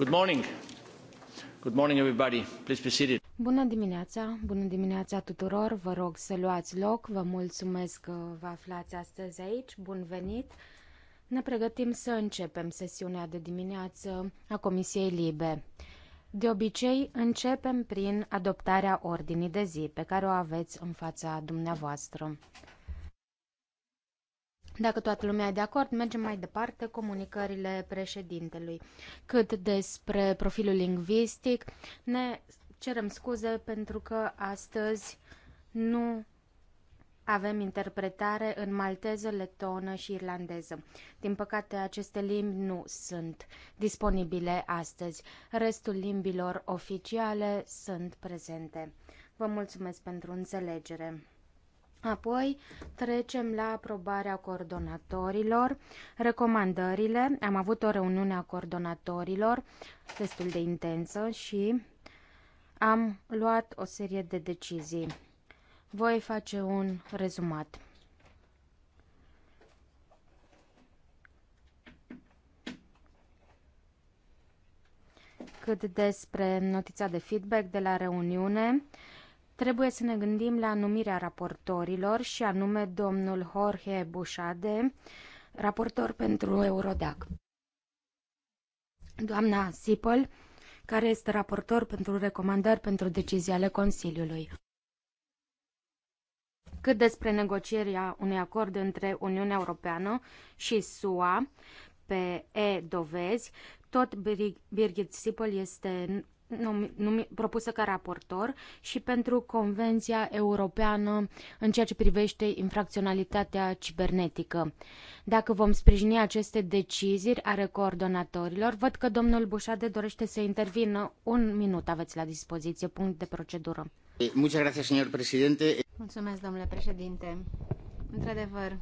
Good morning. Good morning everybody. Please be seated. Bună dimineața, bună dimineața tuturor, vă rog să luați loc, vă mulțumesc că vă aflați astăzi aici, bun venit. Ne pregătim să începem sesiunea de dimineață a Comisiei Libe. De obicei, începem prin adoptarea ordinii de zi pe care o aveți în fața dumneavoastră. Dacă toată lumea e de acord, mergem mai departe, comunicările președintelui. Cât despre profilul lingvistic, ne cerem scuze pentru că astăzi nu avem interpretare în malteză, letonă și irlandeză. Din păcate, aceste limbi nu sunt disponibile astăzi. Restul limbilor oficiale sunt prezente. Vă mulțumesc pentru înțelegere. Apoi trecem la aprobarea coordonatorilor, recomandările. Am avut o reuniune a coordonatorilor destul de intensă și am luat o serie de decizii. Voi face un rezumat. Cât despre notița de feedback de la reuniune, Trebuie să ne gândim la numirea raportorilor și anume domnul Jorge Bușade, raportor pentru Eurodac. Doamna Sipol, care este raportor pentru recomandări pentru decizii ale Consiliului. Cât despre negocierea unui acord între Uniunea Europeană și SUA pe e-dovezi, tot Birgit Sipol este propusă ca raportor și pentru Convenția Europeană în ceea ce privește infracționalitatea cibernetică. Dacă vom sprijini aceste decizii ale coordonatorilor, văd că domnul Bușade dorește să intervină. Un minut aveți la dispoziție, punct de procedură. Mulțumesc, domnule președinte. Într-adevăr,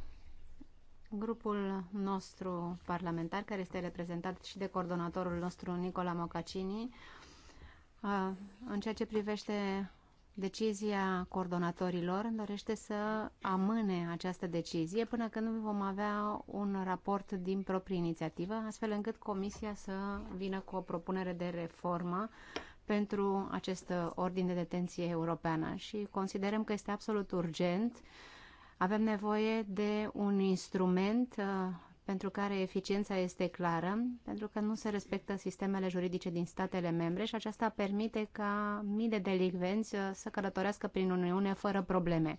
grupul nostru parlamentar, care este reprezentat și de coordonatorul nostru, Nicola Mocacini, în ceea ce privește decizia coordonatorilor, dorește să amâne această decizie până când vom avea un raport din proprie inițiativă, astfel încât Comisia să vină cu o propunere de reformă pentru acest ordin de detenție europeană și considerăm că este absolut urgent. Avem nevoie de un instrument pentru care eficiența este clară, pentru că nu se respectă sistemele juridice din statele membre și aceasta permite ca mii de delicvenți uh, să călătorească prin Uniune fără probleme.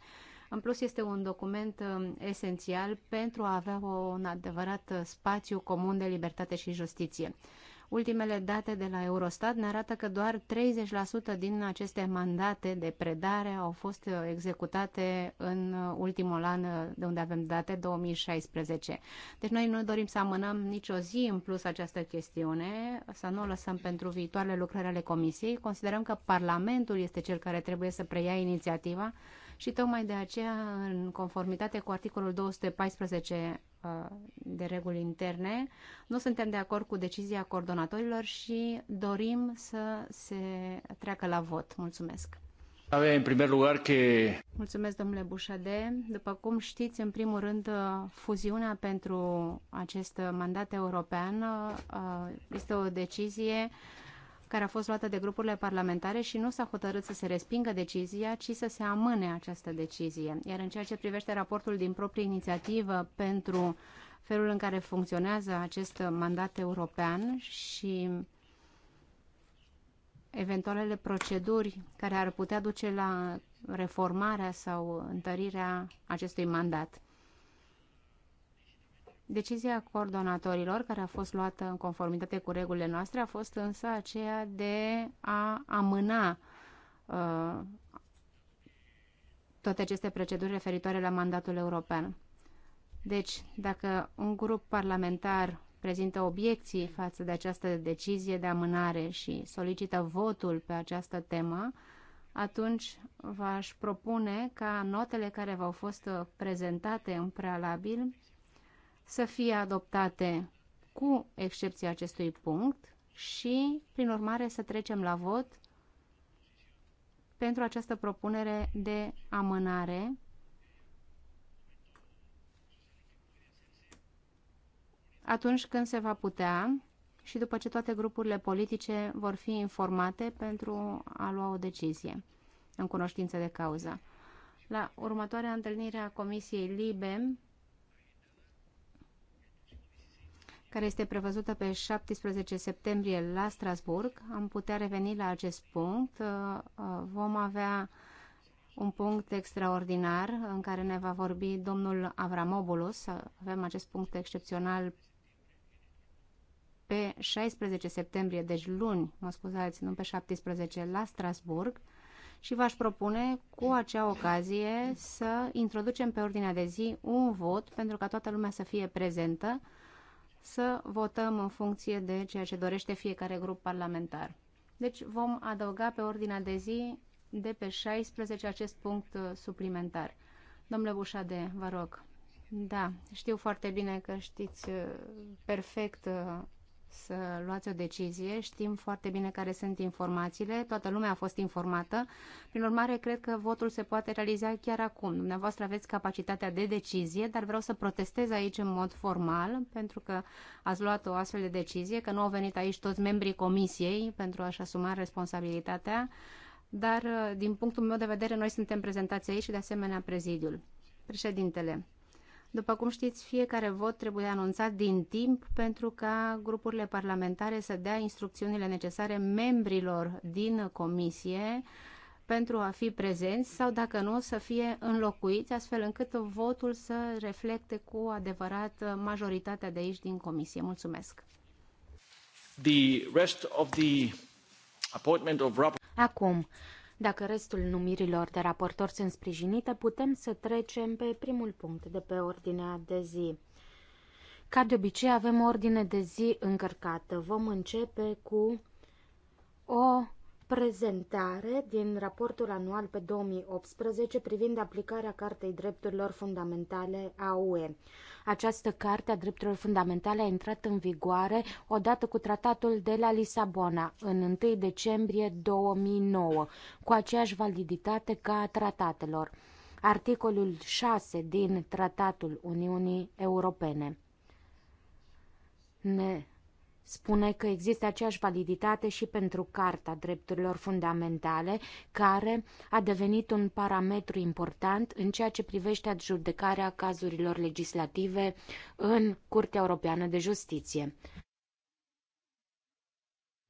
În plus, este un document uh, esențial pentru a avea un adevărat uh, spațiu comun de libertate și justiție. Ultimele date de la Eurostat ne arată că doar 30% din aceste mandate de predare au fost uh, executate în uh, ultimul an uh, de unde avem date, 2016. Deci noi nu dorim să amânăm nicio zi în plus această chestiune, să nu o lăsăm pentru viitoarele lucrări ale Comisiei. Considerăm că Parlamentul este cel care trebuie să preia inițiativa și tocmai de aceea, în conformitate cu articolul 214 uh, de reguli interne, nu suntem de acord cu decizia coordonatorilor și dorim să se treacă la vot. Mulțumesc! În primul lugar că... Mulțumesc, domnule Bușade. După cum știți, în primul rând, uh, fuziunea pentru acest mandat european uh, este o decizie care a fost luată de grupurile parlamentare și nu s-a hotărât să se respingă decizia, ci să se amâne această decizie. Iar în ceea ce privește raportul din proprie inițiativă pentru felul în care funcționează acest mandat european și eventualele proceduri care ar putea duce la reformarea sau întărirea acestui mandat. Decizia coordonatorilor, care a fost luată în conformitate cu regulile noastre, a fost însă aceea de a amâna uh, toate aceste proceduri referitoare la mandatul european. Deci, dacă un grup parlamentar prezintă obiecții față de această decizie de amânare și solicită votul pe această temă, atunci v-aș propune ca notele care v-au fost prezentate în prealabil să fie adoptate cu excepția acestui punct și, prin urmare, să trecem la vot pentru această propunere de amânare atunci când se va putea și după ce toate grupurile politice vor fi informate pentru a lua o decizie în cunoștință de cauză. La următoarea întâlnire a Comisiei LIBE care este prevăzută pe 17 septembrie la Strasburg. Am putea reveni la acest punct. Uh, uh, vom avea un punct extraordinar în care ne va vorbi domnul Avramobulus. Avem acest punct excepțional pe 16 septembrie, deci luni, mă scuzați, nu pe 17, la Strasburg și v-aș propune cu acea ocazie să introducem pe ordinea de zi un vot pentru ca toată lumea să fie prezentă să votăm în funcție de ceea ce dorește fiecare grup parlamentar. Deci vom adăuga pe ordinea de zi de pe 16 acest punct uh, suplimentar. Domnule Bușade, vă rog. Da, știu foarte bine că știți uh, perfect uh, să luați o decizie. Știm foarte bine care sunt informațiile, toată lumea a fost informată. Prin urmare, cred că votul se poate realiza chiar acum. Dumneavoastră aveți capacitatea de decizie, dar vreau să protestez aici în mod formal, pentru că ați luat o astfel de decizie, că nu au venit aici toți membrii comisiei pentru a-și asuma responsabilitatea, dar din punctul meu de vedere noi suntem prezentați aici și de asemenea prezidiul. Președintele, după cum știți, fiecare vot trebuie anunțat din timp pentru ca grupurile parlamentare să dea instrucțiunile necesare membrilor din comisie pentru a fi prezenți sau, dacă nu, să fie înlocuiți, astfel încât votul să reflecte cu adevărat majoritatea de aici din comisie. Mulțumesc! The rest of the appointment of Acum, dacă restul numirilor de raportori sunt sprijinite, putem să trecem pe primul punct de pe ordinea de zi. Ca de obicei, avem ordine de zi încărcată. Vom începe cu o prezentare din raportul anual pe 2018 privind aplicarea Cartei Drepturilor Fundamentale a UE. Această carte a drepturilor fundamentale a intrat în vigoare odată cu tratatul de la Lisabona în 1 decembrie 2009, cu aceeași validitate ca a tratatelor. Articolul 6 din Tratatul Uniunii Europene ne spune că există aceeași validitate și pentru Carta Drepturilor Fundamentale, care a devenit un parametru important în ceea ce privește adjudecarea cazurilor legislative în Curtea Europeană de Justiție.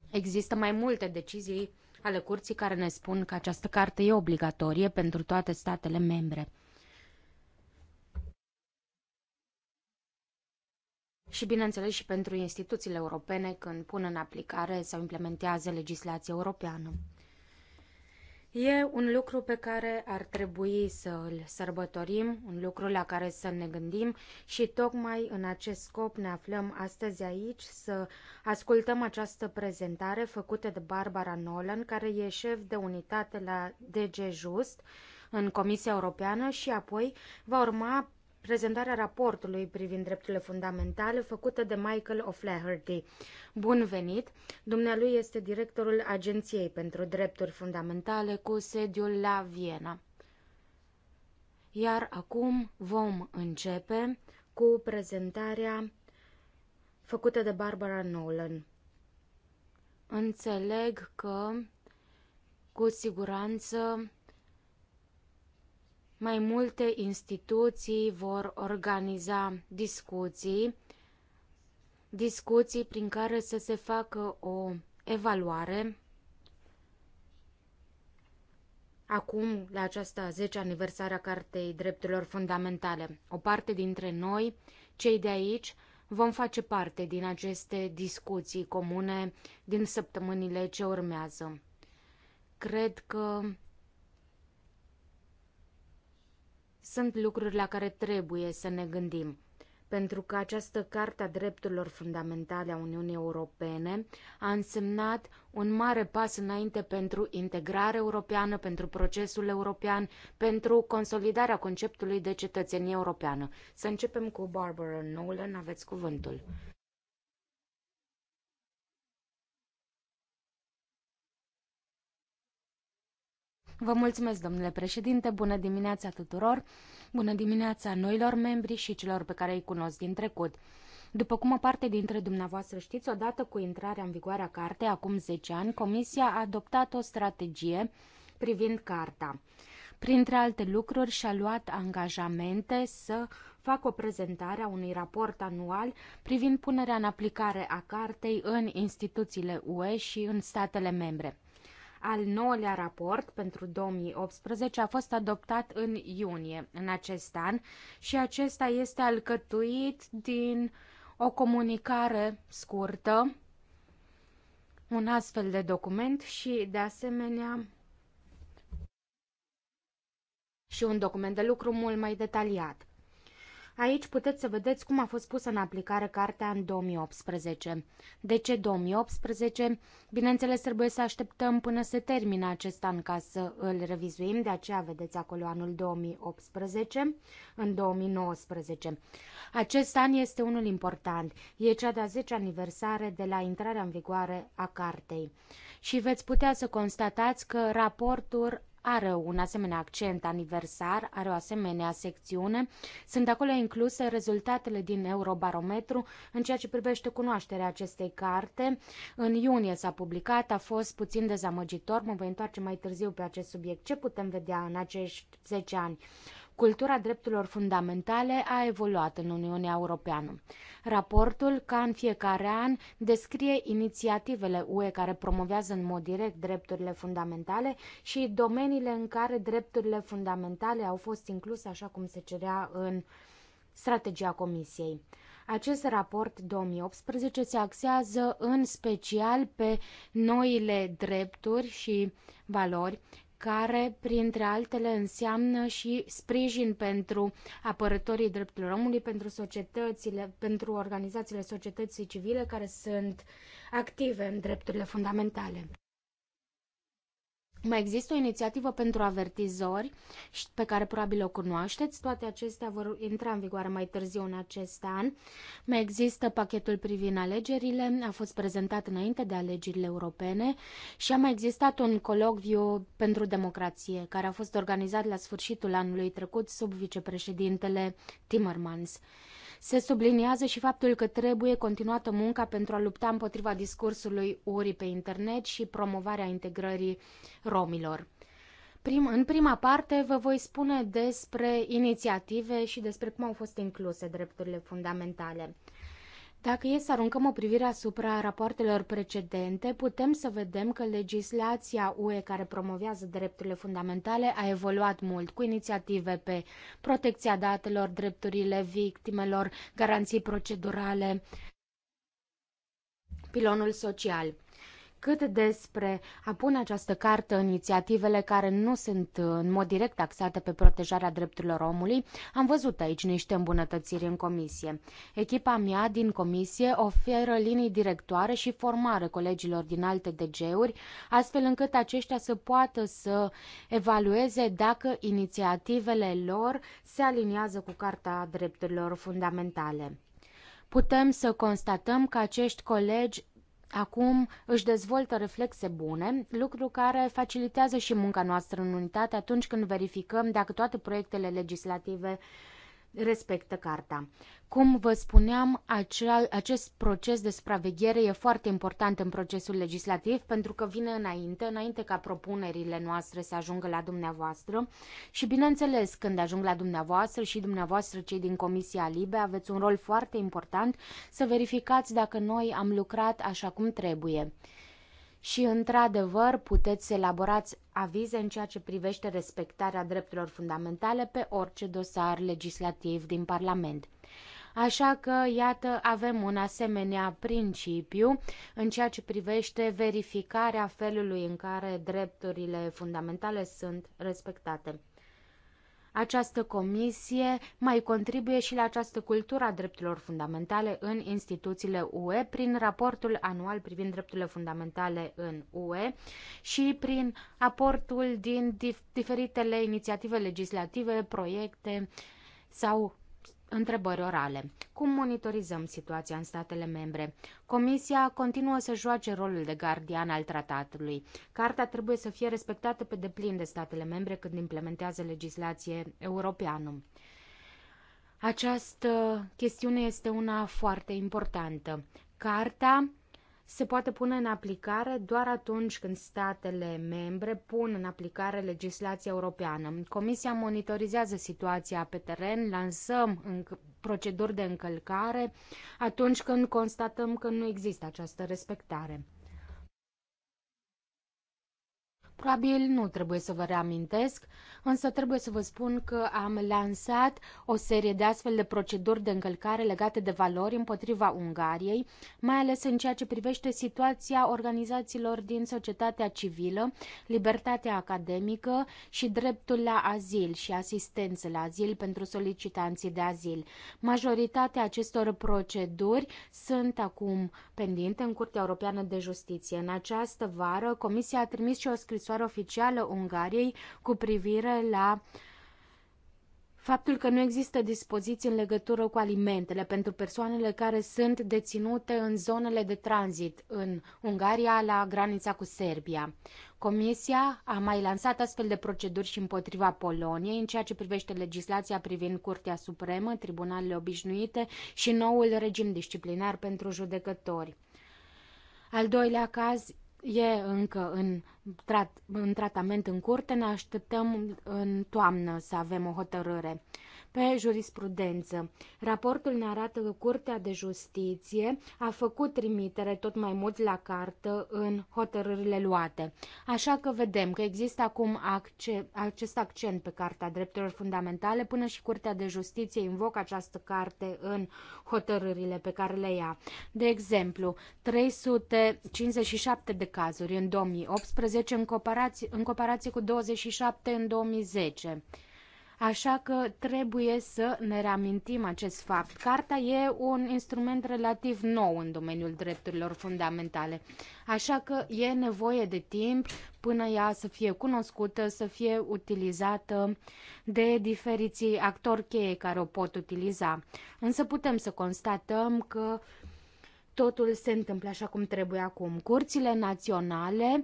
Există mai multe decizii ale curții care ne spun că această carte e obligatorie pentru toate statele membre. și, bineînțeles, și pentru instituțiile europene când pun în aplicare sau implementează legislația europeană. E un lucru pe care ar trebui să îl sărbătorim, un lucru la care să ne gândim și tocmai în acest scop ne aflăm astăzi aici să ascultăm această prezentare făcută de Barbara Nolan, care e șef de unitate la DG Just în Comisia Europeană și apoi va urma prezentarea raportului privind drepturile fundamentale făcută de Michael O'Flaherty. Bun venit! Dumnealui este directorul Agenției pentru Drepturi Fundamentale cu sediul la Viena. Iar acum vom începe cu prezentarea făcută de Barbara Nolan. Înțeleg că, cu siguranță, mai multe instituții vor organiza discuții, discuții prin care să se facă o evaluare acum, la această 10 aniversare a Cartei Drepturilor Fundamentale. O parte dintre noi, cei de aici, vom face parte din aceste discuții comune din săptămânile ce urmează. Cred că Sunt lucruri la care trebuie să ne gândim, pentru că această Carte a Drepturilor Fundamentale a Uniunii Europene a însemnat un mare pas înainte pentru integrare europeană, pentru procesul european, pentru consolidarea conceptului de cetățenie europeană. Să începem cu Barbara Nolan, aveți cuvântul. Vă mulțumesc, domnule președinte, bună dimineața tuturor, bună dimineața noilor membri și celor pe care îi cunosc din trecut. După cum o parte dintre dumneavoastră știți, odată cu intrarea în vigoare a cartei, acum 10 ani, Comisia a adoptat o strategie privind carta. Printre alte lucruri, și-a luat angajamente să fac o prezentare a unui raport anual privind punerea în aplicare a cartei în instituțiile UE și în statele membre. Al nouălea raport pentru 2018 a fost adoptat în iunie în acest an și acesta este alcătuit din o comunicare scurtă, un astfel de document și, de asemenea, și un document de lucru mult mai detaliat. Aici puteți să vedeți cum a fost pusă în aplicare cartea în 2018. De ce 2018? Bineînțeles, trebuie să așteptăm până se termină acest an ca să îl revizuim, de aceea vedeți acolo anul 2018 în 2019. Acest an este unul important. E cea de-a 10 aniversare de la intrarea în vigoare a cartei. Și veți putea să constatați că raportul are un asemenea accent aniversar, are o asemenea secțiune. Sunt acolo incluse rezultatele din Eurobarometru în ceea ce privește cunoașterea acestei carte. În iunie s-a publicat, a fost puțin dezamăgitor, mă voi întoarce mai târziu pe acest subiect. Ce putem vedea în acești 10 ani? Cultura drepturilor fundamentale a evoluat în Uniunea Europeană. Raportul, ca în fiecare an, descrie inițiativele UE care promovează în mod direct drepturile fundamentale și domeniile în care drepturile fundamentale au fost incluse așa cum se cerea în strategia Comisiei. Acest raport 2018 se axează în special pe noile drepturi și valori care, printre altele, înseamnă și sprijin pentru apărătorii drepturilor omului, pentru societățile, pentru organizațiile societății civile care sunt active în drepturile fundamentale. Mai există o inițiativă pentru avertizori pe care probabil o cunoașteți. Toate acestea vor intra în vigoare mai târziu în acest an. Mai există pachetul privind alegerile, a fost prezentat înainte de alegerile europene și a mai existat un colocviu pentru democrație care a fost organizat la sfârșitul anului trecut sub vicepreședintele Timmermans. Se subliniază și faptul că trebuie continuată munca pentru a lupta împotriva discursului urii pe internet și promovarea integrării romilor. Prim, în prima parte vă voi spune despre inițiative și despre cum au fost incluse drepturile fundamentale. Dacă e să aruncăm o privire asupra rapoartelor precedente, putem să vedem că legislația UE care promovează drepturile fundamentale a evoluat mult, cu inițiative pe protecția datelor, drepturile victimelor, garanții procedurale, pilonul social cât despre a pune această carte în inițiativele care nu sunt uh, în mod direct axate pe protejarea drepturilor omului, am văzut aici niște îmbunătățiri în comisie. Echipa mea din comisie oferă linii directoare și formare colegilor din alte DG-uri, astfel încât aceștia să poată să evalueze dacă inițiativele lor se aliniază cu Carta Drepturilor Fundamentale putem să constatăm că acești colegi Acum își dezvoltă reflexe bune, lucru care facilitează și munca noastră în unitate atunci când verificăm dacă toate proiectele legislative respectă carta. Cum vă spuneam, acea, acest proces de supraveghere e foarte important în procesul legislativ pentru că vine înainte, înainte ca propunerile noastre să ajungă la dumneavoastră și bineînțeles când ajung la dumneavoastră și dumneavoastră cei din Comisia Libe aveți un rol foarte important să verificați dacă noi am lucrat așa cum trebuie și, într-adevăr, puteți să elaborați avize în ceea ce privește respectarea drepturilor fundamentale pe orice dosar legislativ din Parlament. Așa că, iată, avem un asemenea principiu în ceea ce privește verificarea felului în care drepturile fundamentale sunt respectate. Această comisie mai contribuie și la această cultură a drepturilor fundamentale în instituțiile UE prin raportul anual privind drepturile fundamentale în UE și prin aportul din diferitele inițiative legislative, proiecte sau întrebări orale. Cum monitorizăm situația în statele membre? Comisia continuă să joace rolul de gardian al tratatului. Carta trebuie să fie respectată pe deplin de statele membre când implementează legislație europeană. Această chestiune este una foarte importantă. Carta se poate pune în aplicare doar atunci când statele membre pun în aplicare legislația europeană. Comisia monitorizează situația pe teren, lansăm în proceduri de încălcare atunci când constatăm că nu există această respectare. Probabil nu trebuie să vă reamintesc, însă trebuie să vă spun că am lansat o serie de astfel de proceduri de încălcare legate de valori împotriva Ungariei, mai ales în ceea ce privește situația organizațiilor din societatea civilă, libertatea academică și dreptul la azil și asistență la azil pentru solicitanții de azil. Majoritatea acestor proceduri sunt acum pendinte în Curtea Europeană de Justiție. În această vară, Comisia a trimis și o scrisoare scrisoare oficială Ungariei cu privire la faptul că nu există dispoziții în legătură cu alimentele pentru persoanele care sunt deținute în zonele de tranzit în Ungaria la granița cu Serbia. Comisia a mai lansat astfel de proceduri și împotriva Poloniei în ceea ce privește legislația privind Curtea Supremă, tribunalele obișnuite și noul regim disciplinar pentru judecători. Al doilea caz e încă în, trat, în tratament în curte, ne așteptăm în toamnă să avem o hotărâre pe jurisprudență. Raportul ne arată că Curtea de Justiție a făcut trimitere tot mai mult la cartă în hotărârile luate. Așa că vedem că există acum acce, acest accent pe Carta Drepturilor Fundamentale până și Curtea de Justiție invocă această carte în hotărârile pe care le ia. De exemplu, 357 de cazuri în 2018 în comparație, în comparație cu 27 în 2010. Așa că trebuie să ne reamintim acest fapt. Carta e un instrument relativ nou în domeniul drepturilor fundamentale, așa că e nevoie de timp până ea să fie cunoscută, să fie utilizată de diferiții actori cheie care o pot utiliza. Însă putem să constatăm că totul se întâmplă așa cum trebuie acum. Curțile naționale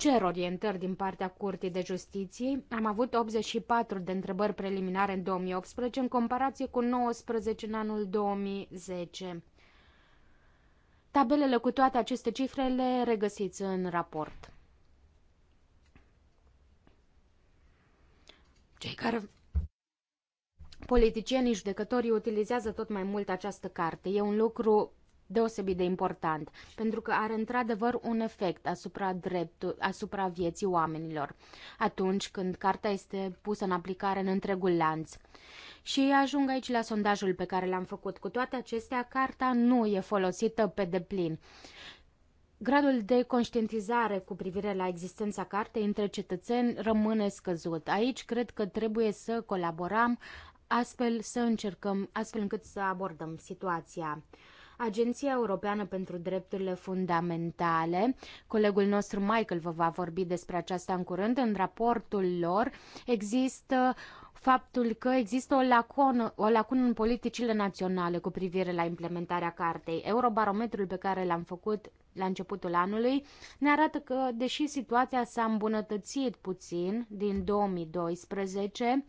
cer orientări din partea Curții de Justiție. Am avut 84 de întrebări preliminare în 2018 în comparație cu 19 în anul 2010. Tabelele cu toate aceste cifre le regăsiți în raport. Cei care politicienii judecătorii utilizează tot mai mult această carte. E un lucru deosebit de important, pentru că are într-adevăr un efect asupra, dreptul, asupra vieții oamenilor, atunci când cartea este pusă în aplicare în întregul lanț. Și ajung aici la sondajul pe care l-am făcut. Cu toate acestea, carta nu e folosită pe deplin. Gradul de conștientizare cu privire la existența cartei între cetățeni rămâne scăzut. Aici cred că trebuie să colaborăm astfel să încercăm, astfel încât să abordăm situația. Agenția Europeană pentru Drepturile Fundamentale, colegul nostru Michael vă va vorbi despre aceasta în curând, în raportul lor există faptul că există o lacună, o lacună în politicile naționale cu privire la implementarea cartei. Eurobarometrul pe care l-am făcut la începutul anului ne arată că, deși situația s-a îmbunătățit puțin din 2012,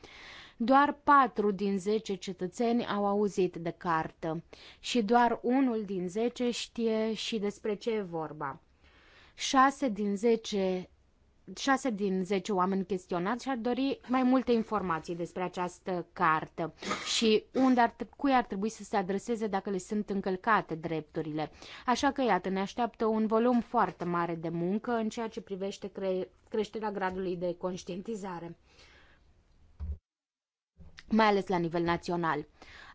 doar patru din zece cetățeni au auzit de cartă și doar unul din zece știe și despre ce e vorba. Șase din zece, 6 din 10 oameni chestionați și-ar dori mai multe informații despre această carte și unde ar, cui ar trebui să se adreseze dacă le sunt încălcate drepturile. Așa că, iată, ne așteaptă un volum foarte mare de muncă în ceea ce privește cre- creșterea gradului de conștientizare mai ales la nivel național.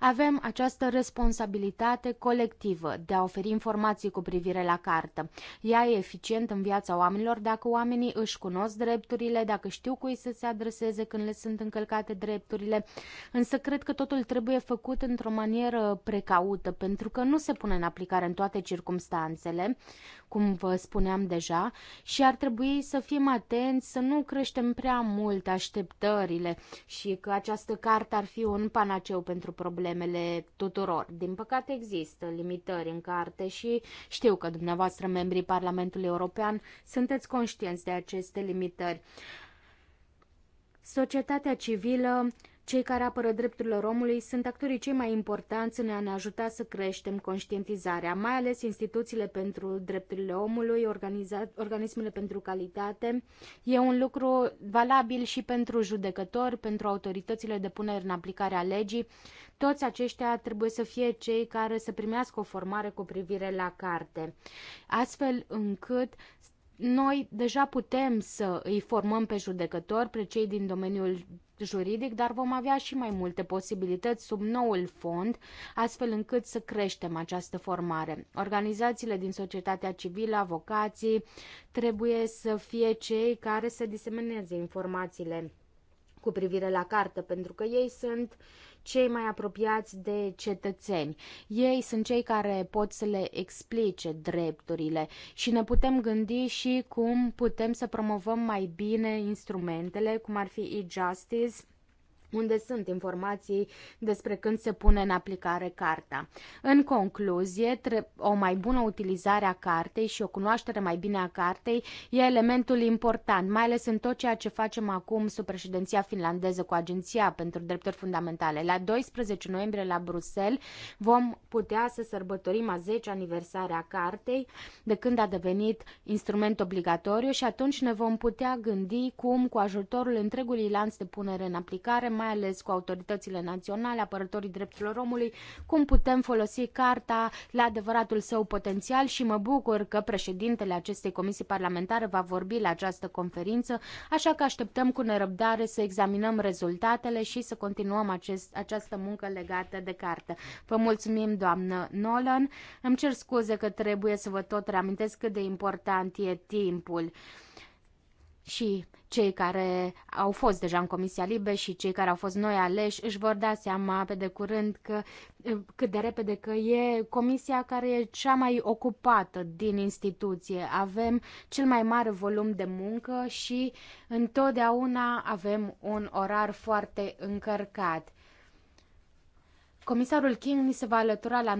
Avem această responsabilitate colectivă de a oferi informații cu privire la cartă. Ea e eficient în viața oamenilor dacă oamenii își cunosc drepturile, dacă știu cui să se adreseze când le sunt încălcate drepturile, însă cred că totul trebuie făcut într-o manieră precaută, pentru că nu se pune în aplicare în toate circumstanțele, cum vă spuneam deja, și ar trebui să fim atenți să nu creștem prea mult așteptările și că această carte ar fi un panaceu pentru probleme problemele tuturor. Din păcate există limitări în carte și știu că dumneavoastră, membrii Parlamentului European, sunteți conștienți de aceste limitări. Societatea civilă cei care apără drepturile omului sunt actorii cei mai importanți în a ne ajuta să creștem conștientizarea, mai ales instituțiile pentru drepturile omului, organismele pentru calitate. E un lucru valabil și pentru judecători, pentru autoritățile de punere în aplicare a legii. Toți aceștia trebuie să fie cei care să primească o formare cu privire la carte, astfel încât noi deja putem să îi formăm pe judecători, pe cei din domeniul juridic, dar vom avea și mai multe posibilități sub noul fond, astfel încât să creștem această formare. Organizațiile din societatea civilă, avocații, trebuie să fie cei care să disemineze informațiile cu privire la carte, pentru că ei sunt cei mai apropiați de cetățeni. Ei sunt cei care pot să le explice drepturile și ne putem gândi și cum putem să promovăm mai bine instrumentele, cum ar fi e-justice, unde sunt informații despre când se pune în aplicare carta. În concluzie, o mai bună utilizare a cartei și o cunoaștere mai bine a cartei e elementul important, mai ales în tot ceea ce facem acum sub președinția finlandeză cu Agenția pentru Drepturi Fundamentale. La 12 noiembrie la Bruxelles vom putea să sărbătorim a 10 aniversare a cartei de când a devenit instrument obligatoriu și atunci ne vom putea gândi cum cu ajutorul întregului lanț de punere în aplicare, mai mai ales cu autoritățile naționale, apărătorii drepturilor omului, cum putem folosi carta la adevăratul său potențial și mă bucur că președintele acestei comisii parlamentare va vorbi la această conferință, așa că așteptăm cu nerăbdare să examinăm rezultatele și să continuăm acest, această muncă legată de carte. Vă mulțumim, doamnă Nolan. Îmi cer scuze că trebuie să vă tot reamintesc cât de important e timpul și cei care au fost deja în Comisia Libe și cei care au fost noi aleși își vor da seama pe de curând că, cât de repede că e comisia care e cea mai ocupată din instituție. Avem cel mai mare volum de muncă și întotdeauna avem un orar foarte încărcat. Comisarul King ni se va alătura la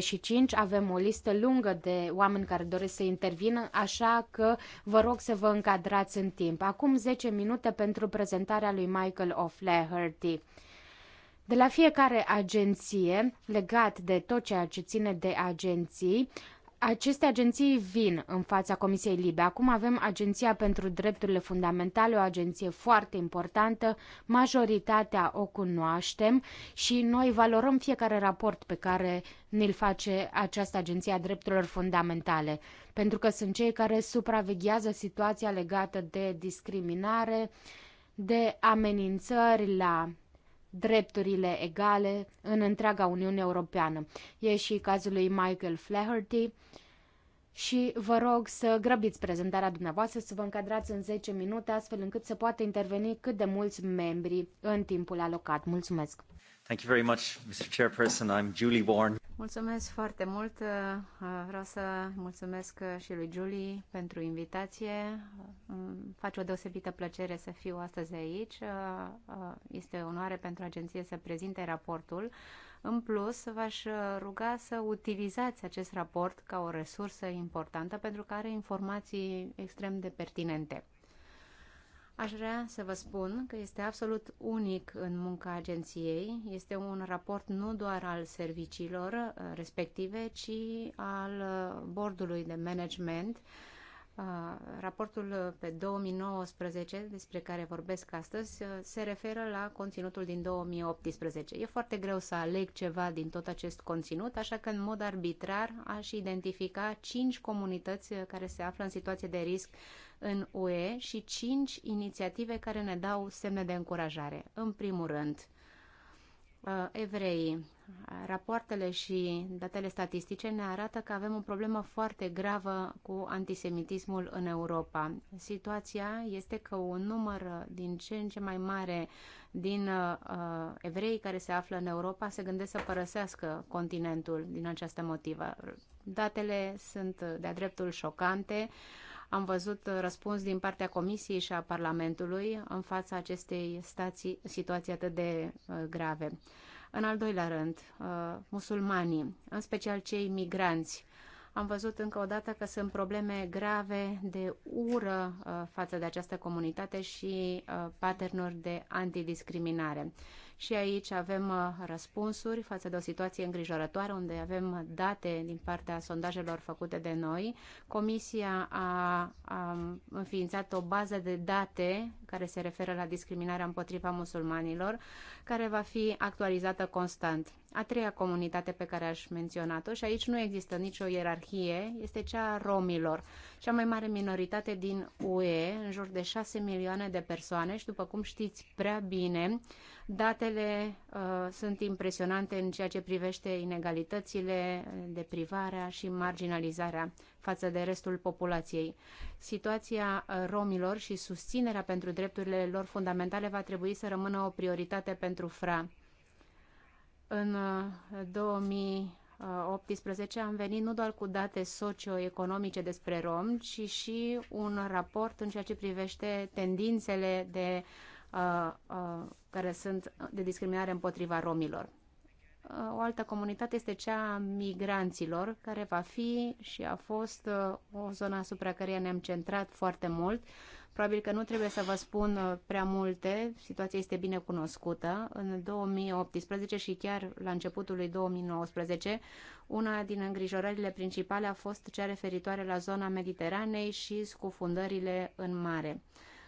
9.45. Avem o listă lungă de oameni care doresc să intervină, așa că vă rog să vă încadrați în timp. Acum 10 minute pentru prezentarea lui Michael O'Flaherty. De la fiecare agenție, legat de tot ceea ce ține de agenții, aceste agenții vin în fața Comisiei Libe. Acum avem Agenția pentru Drepturile Fundamentale, o agenție foarte importantă. Majoritatea o cunoaștem și noi valorăm fiecare raport pe care ne-l face această agenție a drepturilor fundamentale, pentru că sunt cei care supraveghează situația legată de discriminare, de amenințări la drepturile egale în întreaga Uniune Europeană. E și cazul lui Michael Flaherty și vă rog să grăbiți prezentarea dumneavoastră, să vă încadrați în 10 minute, astfel încât să poată interveni cât de mulți membri în timpul alocat. Mulțumesc! Thank you very much, Mr. Chairperson. I'm Julie Warren. Mulțumesc foarte mult. Uh, vreau să mulțumesc uh, și lui Julie pentru invitație. Îmi face o deosebită plăcere să fiu astăzi aici. Uh, este o onoare pentru agenție să prezinte raportul. În plus, v-aș ruga să utilizați acest raport ca o resursă importantă pentru că are informații extrem de pertinente. Aș vrea să vă spun că este absolut unic în munca agenției. Este un raport nu doar al serviciilor uh, respective, ci al uh, bordului de management. Uh, raportul pe 2019, despre care vorbesc astăzi, se referă la conținutul din 2018. E foarte greu să aleg ceva din tot acest conținut, așa că în mod arbitrar aș identifica cinci comunități care se află în situație de risc în UE și cinci inițiative care ne dau semne de încurajare. În primul rând, uh, evreii. Rapoartele și datele statistice ne arată că avem o problemă foarte gravă cu antisemitismul în Europa. Situația este că un număr din ce în ce mai mare din uh, evrei care se află în Europa se gândesc să părăsească continentul din această motivă. Datele sunt de-a dreptul șocante. Uh, am văzut uh, răspuns din partea Comisiei și a Parlamentului în fața acestei stații, situații atât de uh, grave. În al doilea rând, uh, musulmanii, în special cei migranți, am văzut încă o dată că sunt probleme grave de ură față de această comunitate și paternuri de antidiscriminare. Și aici avem uh, răspunsuri față de o situație îngrijorătoare unde avem date din partea sondajelor făcute de noi. Comisia a, a înființat o bază de date care se referă la discriminarea împotriva musulmanilor, care va fi actualizată constant. A treia comunitate pe care aș menționat o și aici nu există nicio ierarhie, este cea a romilor, cea mai mare minoritate din UE, în jur de 6 milioane de persoane și după cum știți prea bine, datele uh, sunt impresionante în ceea ce privește inegalitățile, deprivarea și marginalizarea față de restul populației. Situația romilor și susținerea pentru drepturile lor fundamentale va trebui să rămână o prioritate pentru FRA. În 2018 uh, uh, am venit nu doar cu date socioeconomice despre rom, ci și un raport în ceea ce privește tendințele de, uh, uh, care sunt de discriminare împotriva romilor. Uh, o altă comunitate este cea a migranților, care va fi și a fost o zonă asupra care ne-am centrat foarte mult Probabil că nu trebuie să vă spun uh, prea multe, situația este bine cunoscută. În 2018 și chiar la începutul lui 2019, una din îngrijorările principale a fost cea referitoare la zona Mediteranei și scufundările în mare.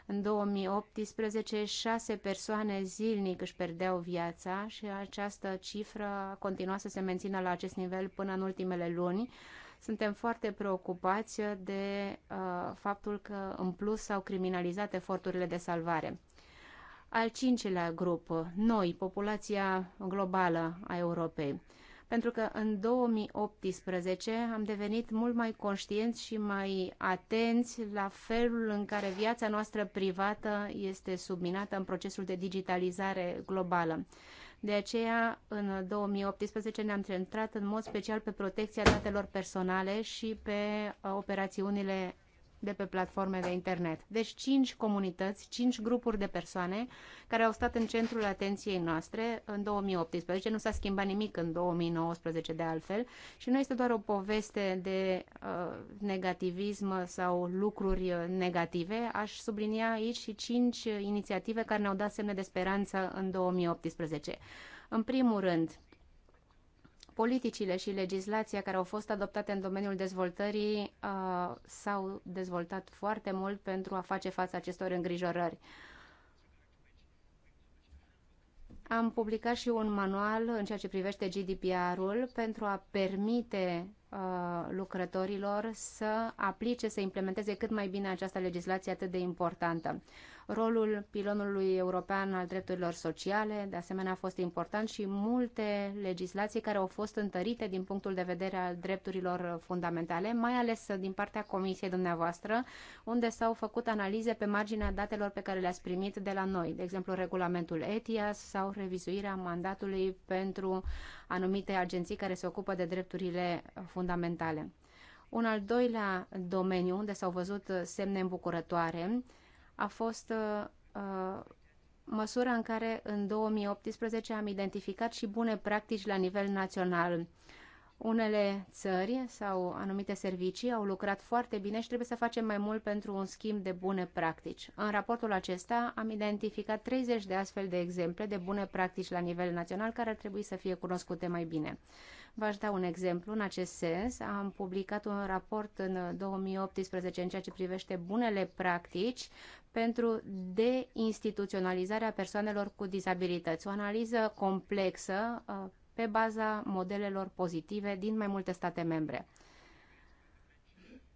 În 2018, șase persoane zilnic își perdeau viața și această cifră continua să se mențină la acest nivel până în ultimele luni, suntem foarte preocupați de uh, faptul că în plus s-au criminalizat eforturile de salvare. Al cincilea grup, noi, populația globală a Europei pentru că în 2018 am devenit mult mai conștienți și mai atenți la felul în care viața noastră privată este subminată în procesul de digitalizare globală. De aceea, în 2018 ne-am centrat în mod special pe protecția datelor personale și pe uh, operațiunile de pe platforme de internet. Deci cinci comunități, cinci grupuri de persoane care au stat în centrul atenției noastre în 2018. Nu s-a schimbat nimic în 2019 de altfel și nu este doar o poveste de uh, negativism sau lucruri negative. Aș sublinia aici și cinci inițiative care ne-au dat semne de speranță în 2018. În primul rând, politicile și legislația care au fost adoptate în domeniul dezvoltării uh, s-au dezvoltat foarte mult pentru a face față acestor îngrijorări. Am publicat și un manual în ceea ce privește GDPR-ul pentru a permite uh, lucrătorilor să aplice, să implementeze cât mai bine această legislație atât de importantă. Rolul pilonului european al drepturilor sociale, de asemenea, a fost important și multe legislații care au fost întărite din punctul de vedere al drepturilor fundamentale, mai ales din partea Comisiei dumneavoastră, unde s-au făcut analize pe marginea datelor pe care le-ați primit de la noi, de exemplu regulamentul ETIAS sau revizuirea mandatului pentru anumite agenții care se ocupă de drepturile fundamentale. Un al doilea domeniu unde s-au văzut semne îmbucurătoare a fost uh, uh, măsura în care în 2018 am identificat și bune practici la nivel național. Unele țări sau anumite servicii au lucrat foarte bine și trebuie să facem mai mult pentru un schimb de bune practici. În raportul acesta am identificat 30 de astfel de exemple de bune practici la nivel național care ar trebui să fie cunoscute mai bine. V-aș da un exemplu în acest sens. Am publicat un raport în 2018 uh, în ceea ce privește bunele practici pentru deinstituționalizarea persoanelor cu dizabilități. O analiză complexă uh, pe baza modelelor pozitive din mai multe state membre.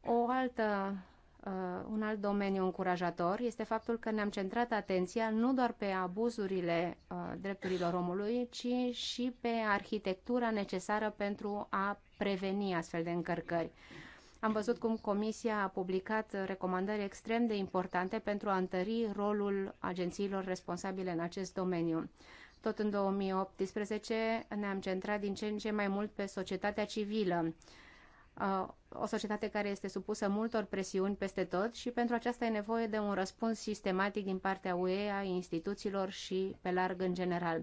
O altă Uh, un alt domeniu încurajator este faptul că ne-am centrat atenția nu doar pe abuzurile uh, drepturilor omului, ci și pe arhitectura necesară pentru a preveni astfel de încărcări. Am văzut cum Comisia a publicat recomandări extrem de importante pentru a întări rolul agențiilor responsabile în acest domeniu. Tot în 2018 ne-am centrat din ce în ce mai mult pe societatea civilă Uh, o societate care este supusă multor presiuni peste tot și pentru aceasta e nevoie de un răspuns sistematic din partea UE, a instituțiilor și pe larg în general.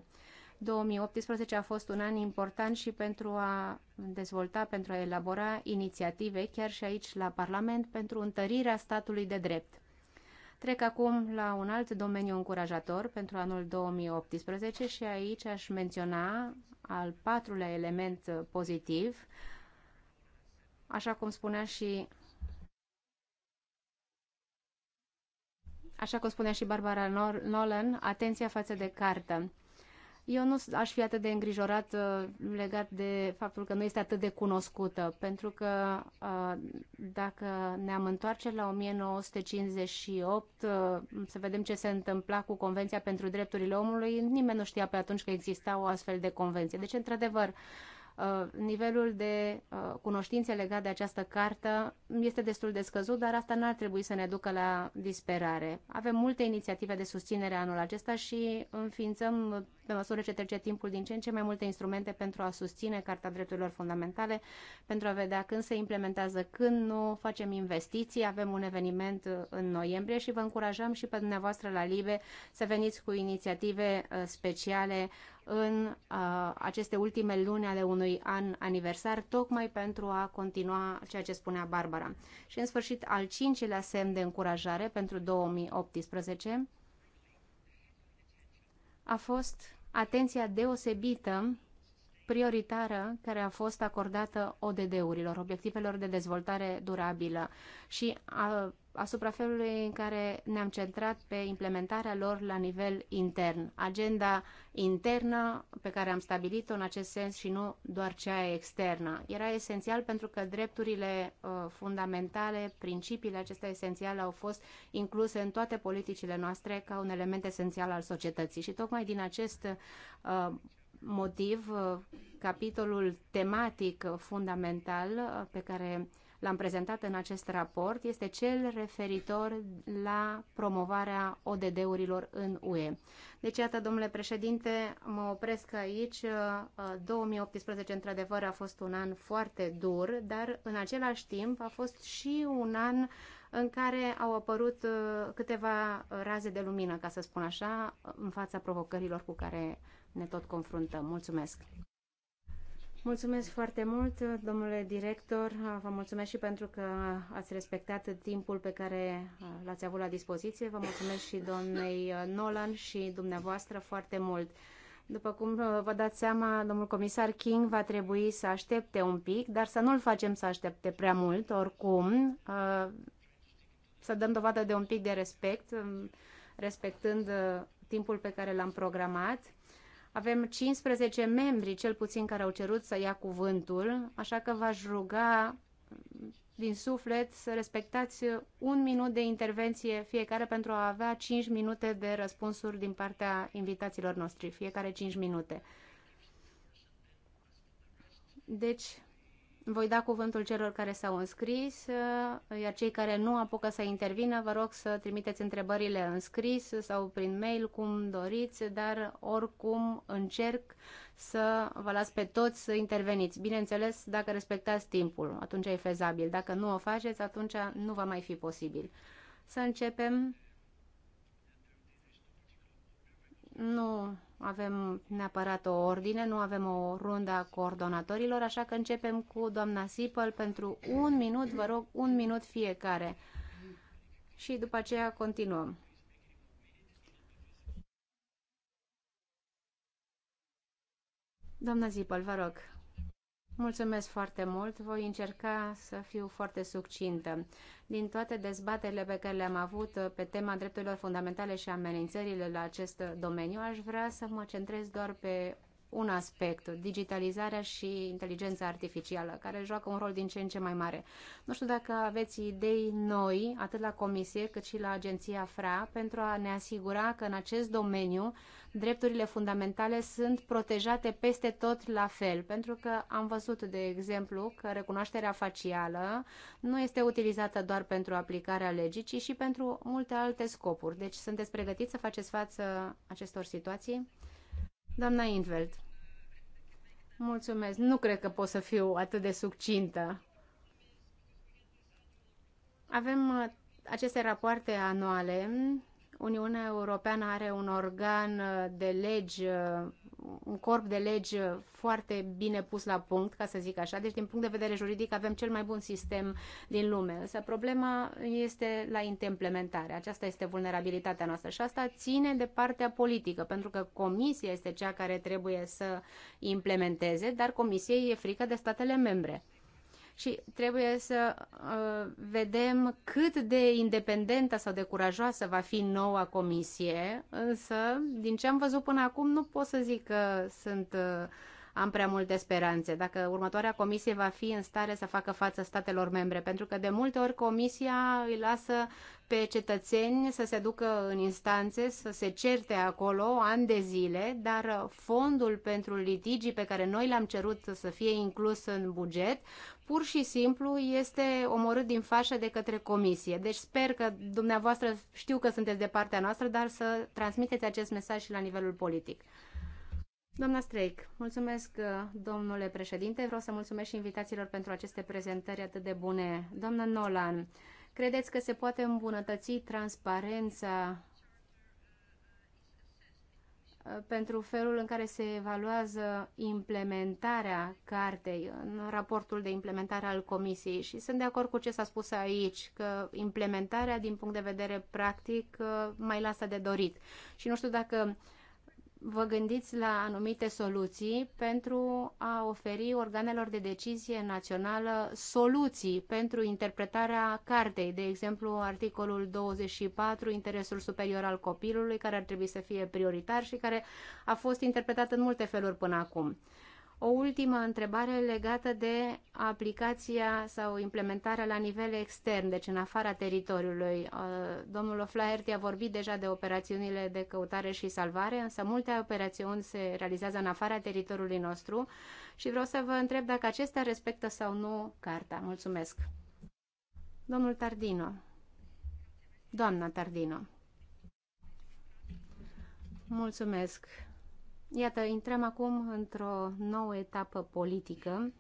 2018 a fost un an important și pentru a dezvolta, pentru a elabora inițiative, chiar și aici la Parlament, pentru întărirea statului de drept. Trec acum la un alt domeniu încurajator pentru anul 2018 și aici aș menționa al patrulea element pozitiv, așa cum spunea și așa cum spunea și Barbara Nolan, atenția față de cartă. Eu nu aș fi atât de îngrijorat uh, legat de faptul că nu este atât de cunoscută, pentru că uh, dacă ne-am întoarce la 1958, uh, să vedem ce se întâmpla cu Convenția pentru Drepturile Omului, nimeni nu știa pe atunci că exista o astfel de convenție. Deci, într-adevăr, Uh, nivelul de uh, cunoștințe legat de această cartă este destul de scăzut, dar asta n-ar trebui să ne ducă la disperare. Avem multe inițiative de susținere anul acesta și înființăm pe măsură ce trece timpul din ce în ce mai multe instrumente pentru a susține Carta Drepturilor Fundamentale, pentru a vedea când se implementează, când nu, facem investiții, avem un eveniment uh, în noiembrie și vă încurajăm și pe dumneavoastră la LIBE să veniți cu inițiative uh, speciale în uh, aceste ultime luni ale unui an aniversar, tocmai pentru a continua ceea ce spunea Barbara. Și în sfârșit, al cincilea semn de încurajare pentru 2018 a fost atenția deosebită prioritară care a fost acordată ODD-urilor, obiectivelor de dezvoltare durabilă și a, asupra felului în care ne-am centrat pe implementarea lor la nivel intern. Agenda internă pe care am stabilit-o în acest sens și nu doar cea externă. Era esențial pentru că drepturile uh, fundamentale, principiile acestea esențiale au fost incluse în toate politicile noastre ca un element esențial al societății și tocmai din acest uh, motiv, uh, capitolul tematic fundamental uh, pe care l-am prezentat în acest raport este cel referitor la promovarea ODD-urilor în UE. Deci, iată, domnule președinte, mă opresc aici. 2018, uh, într-adevăr, a fost un an foarte dur, dar în același timp a fost și un an în care au apărut câteva raze de lumină, ca să spun așa, în fața provocărilor cu care ne tot confruntăm. Mulțumesc! Mulțumesc foarte mult, domnule director. Vă mulțumesc și pentru că ați respectat timpul pe care l-ați avut la dispoziție. Vă mulțumesc și doamnei Nolan și dumneavoastră foarte mult. După cum vă dați seama, domnul comisar King va trebui să aștepte un pic, dar să nu-l facem să aștepte prea mult, oricum. Să dăm dovadă de un pic de respect, respectând timpul pe care l-am programat avem 15 membri, cel puțin, care au cerut să ia cuvântul, așa că v-aș ruga din suflet să respectați un minut de intervenție fiecare pentru a avea 5 minute de răspunsuri din partea invitaților noștri, fiecare 5 minute. Deci, voi da cuvântul celor care s-au înscris, uh, iar cei care nu apucă să intervină, vă rog să trimiteți întrebările în scris sau prin mail, cum doriți, dar oricum încerc să vă las pe toți să interveniți. Bineînțeles, dacă respectați timpul, atunci e fezabil. Dacă nu o faceți, atunci nu va mai fi posibil. Să începem. Nu avem neapărat o ordine, nu avem o rundă a coordonatorilor, așa că începem cu doamna Sipăl pentru un minut, vă rog, un minut fiecare. Și după aceea continuăm. Doamna Zipăl, vă rog. Mulțumesc foarte mult, voi încerca să fiu foarte succintă. Din toate dezbaterile pe care le-am avut uh, pe tema drepturilor fundamentale și amenințările la acest domeniu, aș vrea să mă centrez doar pe un aspect, digitalizarea și inteligența artificială, care joacă un rol din ce în ce mai mare. Nu știu dacă aveți idei noi, atât la Comisie cât și la Agenția FRA, pentru a ne asigura că în acest domeniu drepturile fundamentale sunt protejate peste tot la fel, pentru că am văzut, de exemplu, că recunoașterea facială nu este utilizată doar pentru aplicarea legii, ci și pentru multe alte scopuri. Deci sunteți pregătiți să faceți față acestor situații? Doamna Inveld. Mulțumesc. Nu cred că pot să fiu atât de succintă. Avem uh, aceste rapoarte anuale. Uniunea Europeană are un organ uh, de legi uh, un corp de legi foarte bine pus la punct, ca să zic așa. Deci, din punct de vedere juridic, avem cel mai bun sistem din lume. Însă problema este la implementare. Aceasta este vulnerabilitatea noastră și asta ține de partea politică, pentru că comisia este cea care trebuie să implementeze, dar comisiei e frică de statele membre și trebuie să uh, vedem cât de independentă sau de curajoasă va fi noua comisie, însă, din ce am văzut până acum, nu pot să zic că sunt, uh, am prea multe speranțe. Dacă următoarea comisie va fi în stare să facă față statelor membre, pentru că de multe ori comisia îi lasă pe cetățeni să se ducă în instanțe, să se certe acolo ani de zile, dar fondul pentru litigii pe care noi l-am cerut să fie inclus în buget pur și simplu este omorât din fașă de către comisie. Deci sper că dumneavoastră știu că sunteți de partea noastră, dar să transmiteți acest mesaj și la nivelul politic. Doamna Streic, mulțumesc, uh, domnule președinte. Vreau să mulțumesc și invitațiilor pentru aceste prezentări atât de bune. Doamna Nolan, credeți că se poate îmbunătăți transparența Uh, pentru felul în care se evaluează implementarea cartei în raportul de implementare al Comisiei și sunt de acord cu ce s-a spus aici, că implementarea din punct de vedere practic uh, mai lasă de dorit. Și nu știu dacă uh, vă gândiți la anumite soluții pentru a oferi organelor de decizie națională soluții pentru interpretarea cartei, de exemplu articolul 24, interesul superior al copilului, care ar trebui să fie prioritar și care a fost interpretat în multe feluri până acum. O ultimă întrebare legată de aplicația sau implementarea la nivel extern, deci în afara teritoriului. Uh, domnul O'Flaherty a vorbit deja de operațiunile de căutare și salvare, însă multe operațiuni se realizează în afara teritoriului nostru și vreau să vă întreb dacă acestea respectă sau nu carta. Mulțumesc. Domnul Tardino. Doamna Tardino. Mulțumesc. Iată, intrăm acum într-o nouă etapă politică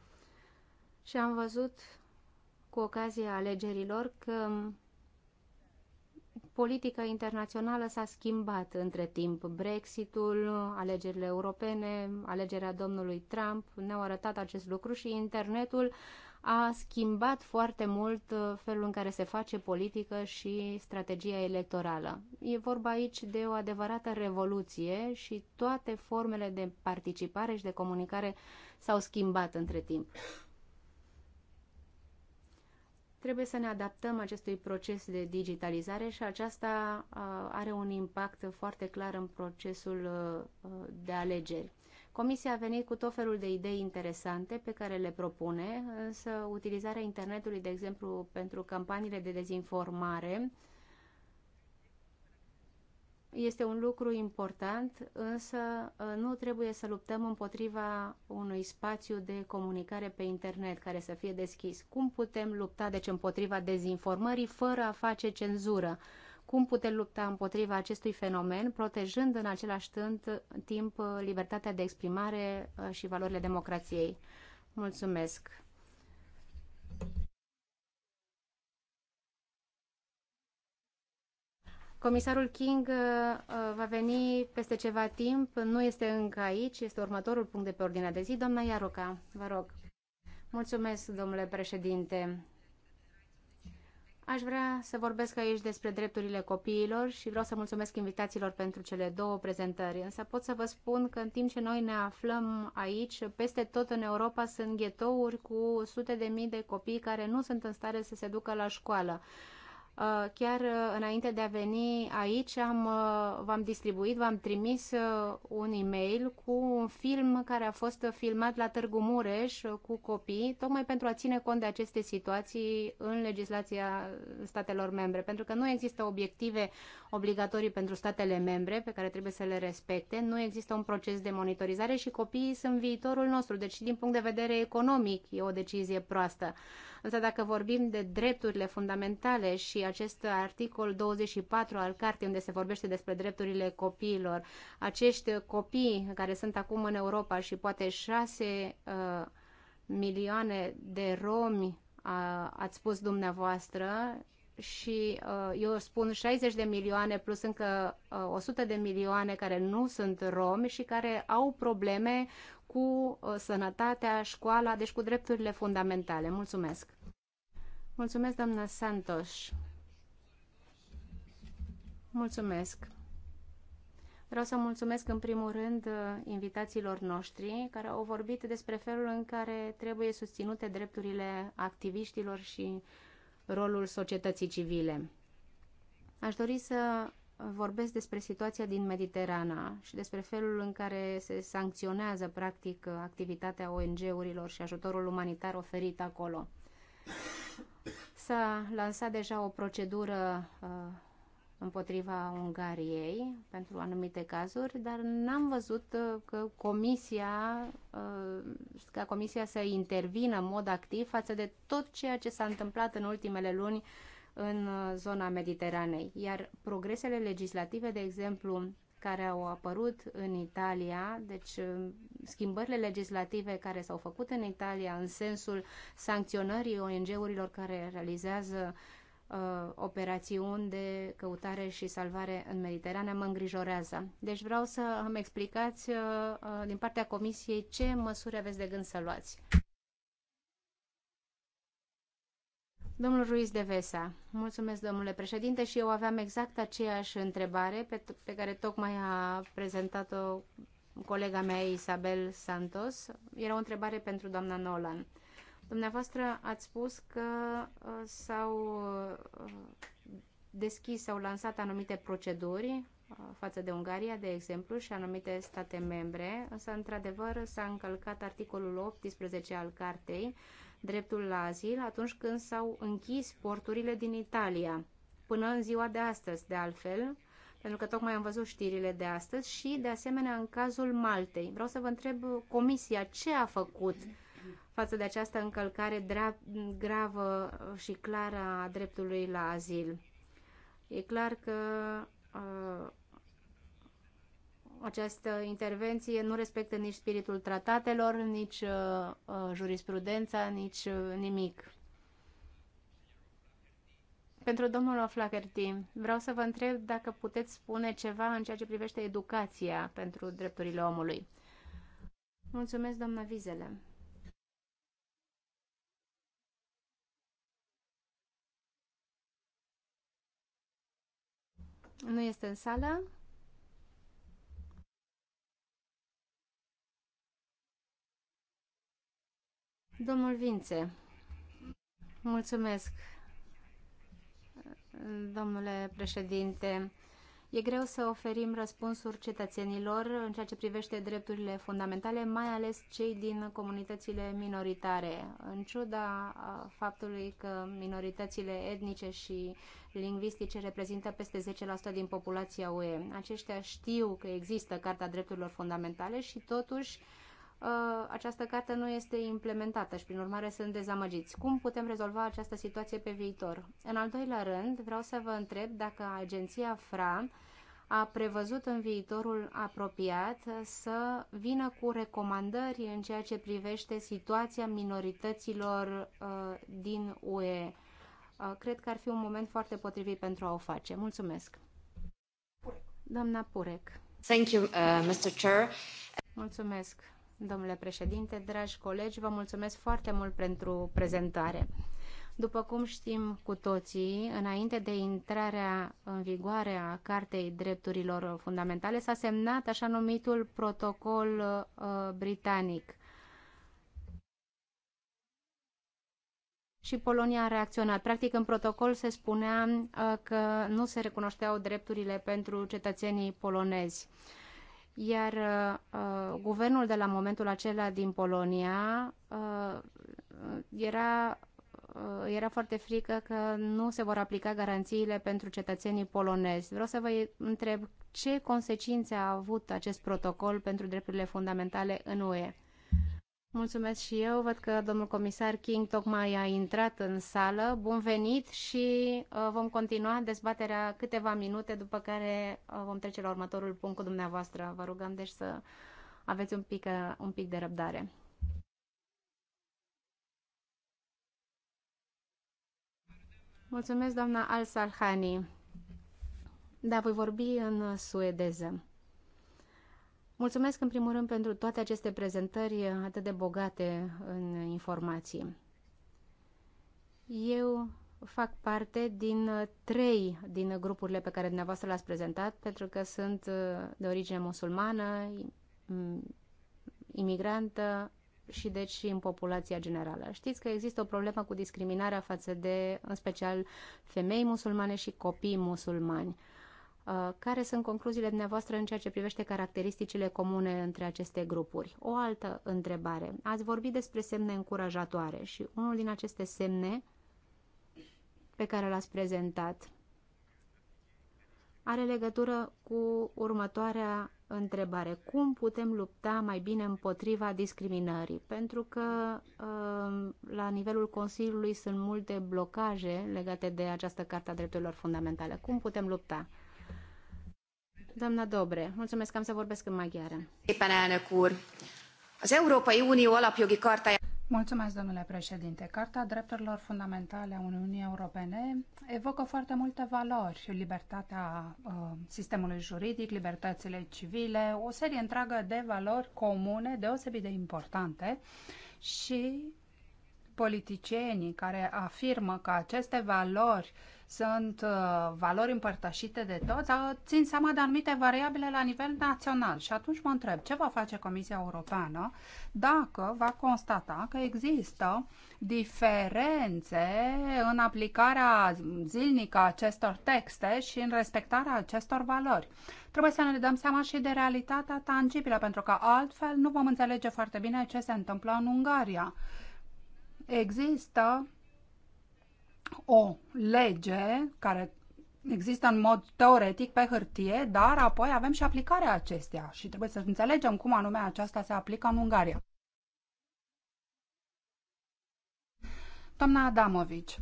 și am văzut cu ocazia alegerilor că politica internațională s-a schimbat între timp. Brexitul, alegerile europene, alegerea domnului Trump ne-au arătat acest lucru și internetul a schimbat foarte mult uh, felul în care se face politică și strategia electorală. E vorba aici de o adevărată revoluție și toate formele de participare și de comunicare s-au schimbat între timp. Trebuie să ne adaptăm acestui proces de digitalizare și aceasta uh, are un impact foarte clar în procesul uh, de alegeri. Comisia a venit cu tot felul de idei interesante pe care le propune, însă utilizarea internetului, de exemplu, pentru campaniile de dezinformare, este un lucru important, însă ă, nu trebuie să luptăm împotriva unui spațiu de comunicare pe internet care să fie deschis. Cum putem lupta deci împotriva dezinformării fără a face cenzură? cum putem lupta împotriva acestui fenomen, protejând în același timp libertatea de exprimare uh, și valorile democrației. Mulțumesc! Comisarul King uh, uh, va veni peste ceva timp, nu este încă aici, este următorul punct de pe ordinea de zi. Doamna Iaroca, vă rog. Mulțumesc, domnule președinte. Aș vrea să vorbesc aici despre drepturile copiilor și vreau să mulțumesc invitațiilor pentru cele două prezentări, însă pot să vă spun că în timp ce noi ne aflăm aici, peste tot în Europa sunt ghetouri cu sute de mii de copii care nu sunt în stare să se ducă la școală. Uh, chiar uh, înainte de a veni aici, am, uh, v-am distribuit, v-am trimis un e-mail cu un film care a fost filmat la Târgu Mureș cu copii, tocmai pentru a ține cont de aceste situații în legislația statelor membre, pentru că nu există obiective obligatorii pentru statele membre pe care trebuie să le respecte, nu există un proces de monitorizare și copiii sunt viitorul nostru, deci din punct de vedere economic e o decizie proastă. Însă dacă vorbim de drepturile fundamentale și acest articol 24 al cartei unde se vorbește despre drepturile copiilor, acești copii care sunt acum în Europa și poate șase uh, milioane de romi a, ați spus dumneavoastră și uh, eu spun 60 de milioane plus încă uh, 100 de milioane care nu sunt romi și care au probleme cu uh, sănătatea, școala, deci cu drepturile fundamentale. Mulțumesc! Mulțumesc, doamna Santos! Mulțumesc! Vreau să mulțumesc în primul rând uh, invitațiilor noștri care au vorbit despre felul în care trebuie susținute drepturile activiștilor și rolul societății civile. Aș dori să vorbesc despre situația din Mediterana și despre felul în care se sancționează practic activitatea ONG-urilor și ajutorul umanitar oferit acolo. S-a lansat deja o procedură uh, împotriva Ungariei pentru anumite cazuri, dar n-am văzut uh, că comisia, uh, ca comisia să intervină în mod activ față de tot ceea ce s-a întâmplat în ultimele luni în uh, zona Mediteranei. Iar progresele legislative, de exemplu, care au apărut în Italia, deci uh, schimbările legislative care s-au făcut în Italia în sensul sancționării ONG-urilor care realizează uh, operațiuni de căutare și salvare în Mediterană mă îngrijorează. Deci vreau să îmi explicați uh, uh, din partea Comisiei ce măsuri aveți de gând să luați. Domnul Ruiz de Vesa, mulțumesc domnule președinte și eu aveam exact aceeași întrebare pe, pe care tocmai a prezentat-o colega mea Isabel Santos. Era o întrebare pentru doamna Nolan. Dumneavoastră ați spus că uh, s-au uh, deschis, s-au lansat anumite proceduri uh, față de Ungaria, de exemplu, și anumite state membre, însă, într-adevăr, s-a încălcat articolul 18 al cartei, uh, dreptul la azil atunci când s-au închis porturile din Italia, până în ziua de astăzi, de altfel, pentru că tocmai am văzut știrile de astăzi și, de asemenea, în cazul Maltei. Vreau să vă întreb Comisia ce a făcut față de această încălcare gravă și clară a dreptului la azil. E clar că uh, această intervenție nu respectă nici spiritul tratatelor, nici uh, uh, jurisprudența, nici uh, nimic. Pentru domnul O'Flaherty, vreau să vă întreb dacă puteți spune ceva în ceea ce privește educația pentru drepturile omului. Mulțumesc, doamna Vizele. Nu este în sală? Domnul Vințe, mulțumesc, domnule președinte. E greu să oferim răspunsuri cetățenilor în ceea ce privește drepturile fundamentale, mai ales cei din comunitățile minoritare. În ciuda faptului că minoritățile etnice și lingvistice reprezintă peste 10% din populația UE, aceștia știu că există Carta Drepturilor Fundamentale și totuși Uh, această carte nu este implementată și, prin urmare, sunt dezamăgiți. Cum putem rezolva această situație pe viitor? În al doilea rând, vreau să vă întreb dacă agenția FRA a prevăzut în viitorul apropiat să vină cu recomandări în ceea ce privește situația minorităților uh, din UE. Uh, cred că ar fi un moment foarte potrivit pentru a o face. Mulțumesc. Doamna Purek. Thank you, uh, Mr. Chair. Mulțumesc, domnule președinte, dragi colegi, vă mulțumesc foarte mult pentru prezentare. După cum știm cu toții, înainte de intrarea în vigoare a Cartei Drepturilor Fundamentale s-a semnat așa numitul protocol uh, britanic. Și Polonia a reacționat. Practic, în protocol se spunea uh, că nu se recunoșteau drepturile pentru cetățenii polonezi. Uh, iar uh, uh, guvernul de la momentul acela din Polonia uh, era, uh, era foarte frică că nu se vor aplica garanțiile pentru cetățenii polonezi. Vreau să vă întreb ce consecințe a avut acest protocol pentru drepturile fundamentale în UE. Mulțumesc și eu. Văd că domnul comisar King tocmai a intrat în sală. Bun venit și uh, vom continua dezbaterea câteva minute, după care uh, vom trece la următorul punct cu dumneavoastră. Vă rugăm deci să aveți un pic, uh, un pic de răbdare. Mulțumesc, doamna Al-Salhani. Da, voi vorbi în suedeză. Mulțumesc în primul rând pentru toate aceste prezentări atât de bogate în informații. Eu fac parte din trei din grupurile pe care dumneavoastră le-ați prezentat, pentru că sunt uh, de origine musulmană, imigrantă și deci în populația generală. Știți că există o problemă cu discriminarea față de, în special, femei musulmane și copii musulmani. Uh, care sunt concluziile dumneavoastră în ceea ce privește caracteristicile comune între aceste grupuri? O altă întrebare. Ați vorbit despre semne încurajatoare și unul din aceste semne pe care l-ați prezentat are legătură cu următoarea întrebare. Cum putem lupta mai bine împotriva discriminării? Pentru că uh, la nivelul Consiliului sunt multe blocaje legate de această Carta Drepturilor Fundamentale. Cum putem lupta? Doamna Dobre, mulțumesc, am să vorbesc în maghiară. Az Európai Unió alapjogi kartája... Mulțumesc, domnule președinte. Carta Drepturilor Fundamentale a Uniunii Europene evocă foarte multe valori, libertatea uh, sistemului juridic, libertățile civile, o serie întreagă de valori comune, deosebit de importante și politicienii care afirmă că aceste valori sunt uh, valori împărtășite de toți, uh, țin seama de anumite variabile la nivel național. Și atunci mă întreb ce va face Comisia Europeană dacă va constata că există diferențe în aplicarea zilnică a acestor texte și în respectarea acestor valori. Trebuie să ne dăm seama și de realitatea tangibilă, pentru că altfel nu vom înțelege foarte bine ce se întâmplă în Ungaria Există o lege care există în mod teoretic pe hârtie, dar apoi avem și aplicarea acesteia și trebuie să înțelegem cum anume aceasta se aplică în Ungaria. Doamna Adamovici,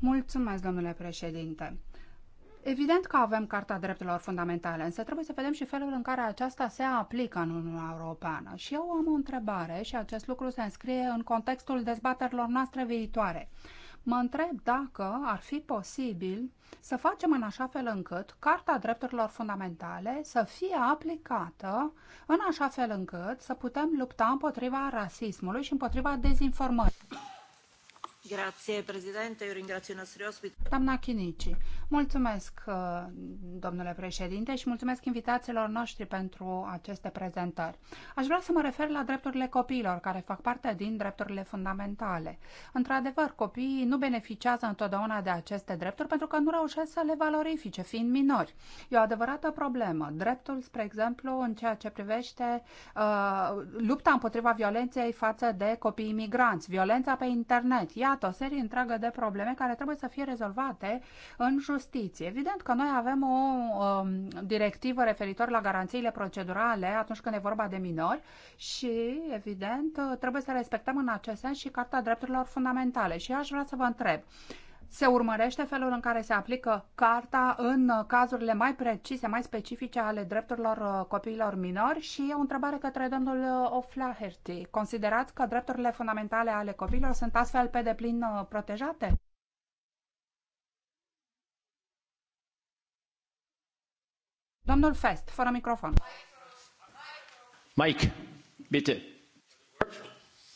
mulțumesc, domnule președinte. Evident că avem Carta Drepturilor Fundamentale, însă trebuie să vedem și felul în care aceasta se aplică în Uniunea Europeană. Și eu am o întrebare și acest lucru se înscrie în contextul dezbaterilor noastre viitoare. Mă întreb dacă ar fi posibil să facem în așa fel încât Carta Drepturilor Fundamentale să fie aplicată în așa fel încât să putem lupta împotriva rasismului și împotriva dezinformării. Grazie, președinte. Eu ringrazio i nostri ospiti. Doamna Chinici, mulțumesc, uh, domnule președinte, și mulțumesc invitațiilor noștri pentru aceste prezentări. Aș vrea să mă refer la drepturile copiilor, care fac parte din drepturile fundamentale. Într-adevăr, copiii nu beneficiază întotdeauna de aceste drepturi pentru că nu reușesc să le valorifice, fiind minori. E o adevărată problemă. Dreptul, spre exemplu, în ceea ce privește uh, lupta împotriva violenței față de copiii migranți, violența pe internet. Iată arată o serie întreagă de probleme care trebuie să fie rezolvate în justiție. Evident că noi avem o um, directivă referitor la garanțiile procedurale atunci când e vorba de minori și, evident, trebuie să respectăm în acest sens și Carta Drepturilor Fundamentale. Și aș vrea să vă întreb, se urmărește felul în care se aplică carta în cazurile mai precise, mai specifice ale drepturilor uh, copiilor minori și e o întrebare către domnul uh, O'Flaherty. Considerați că drepturile fundamentale ale copiilor sunt astfel pe deplin uh, protejate? Domnul Fest, fără microfon. Mike, bitte.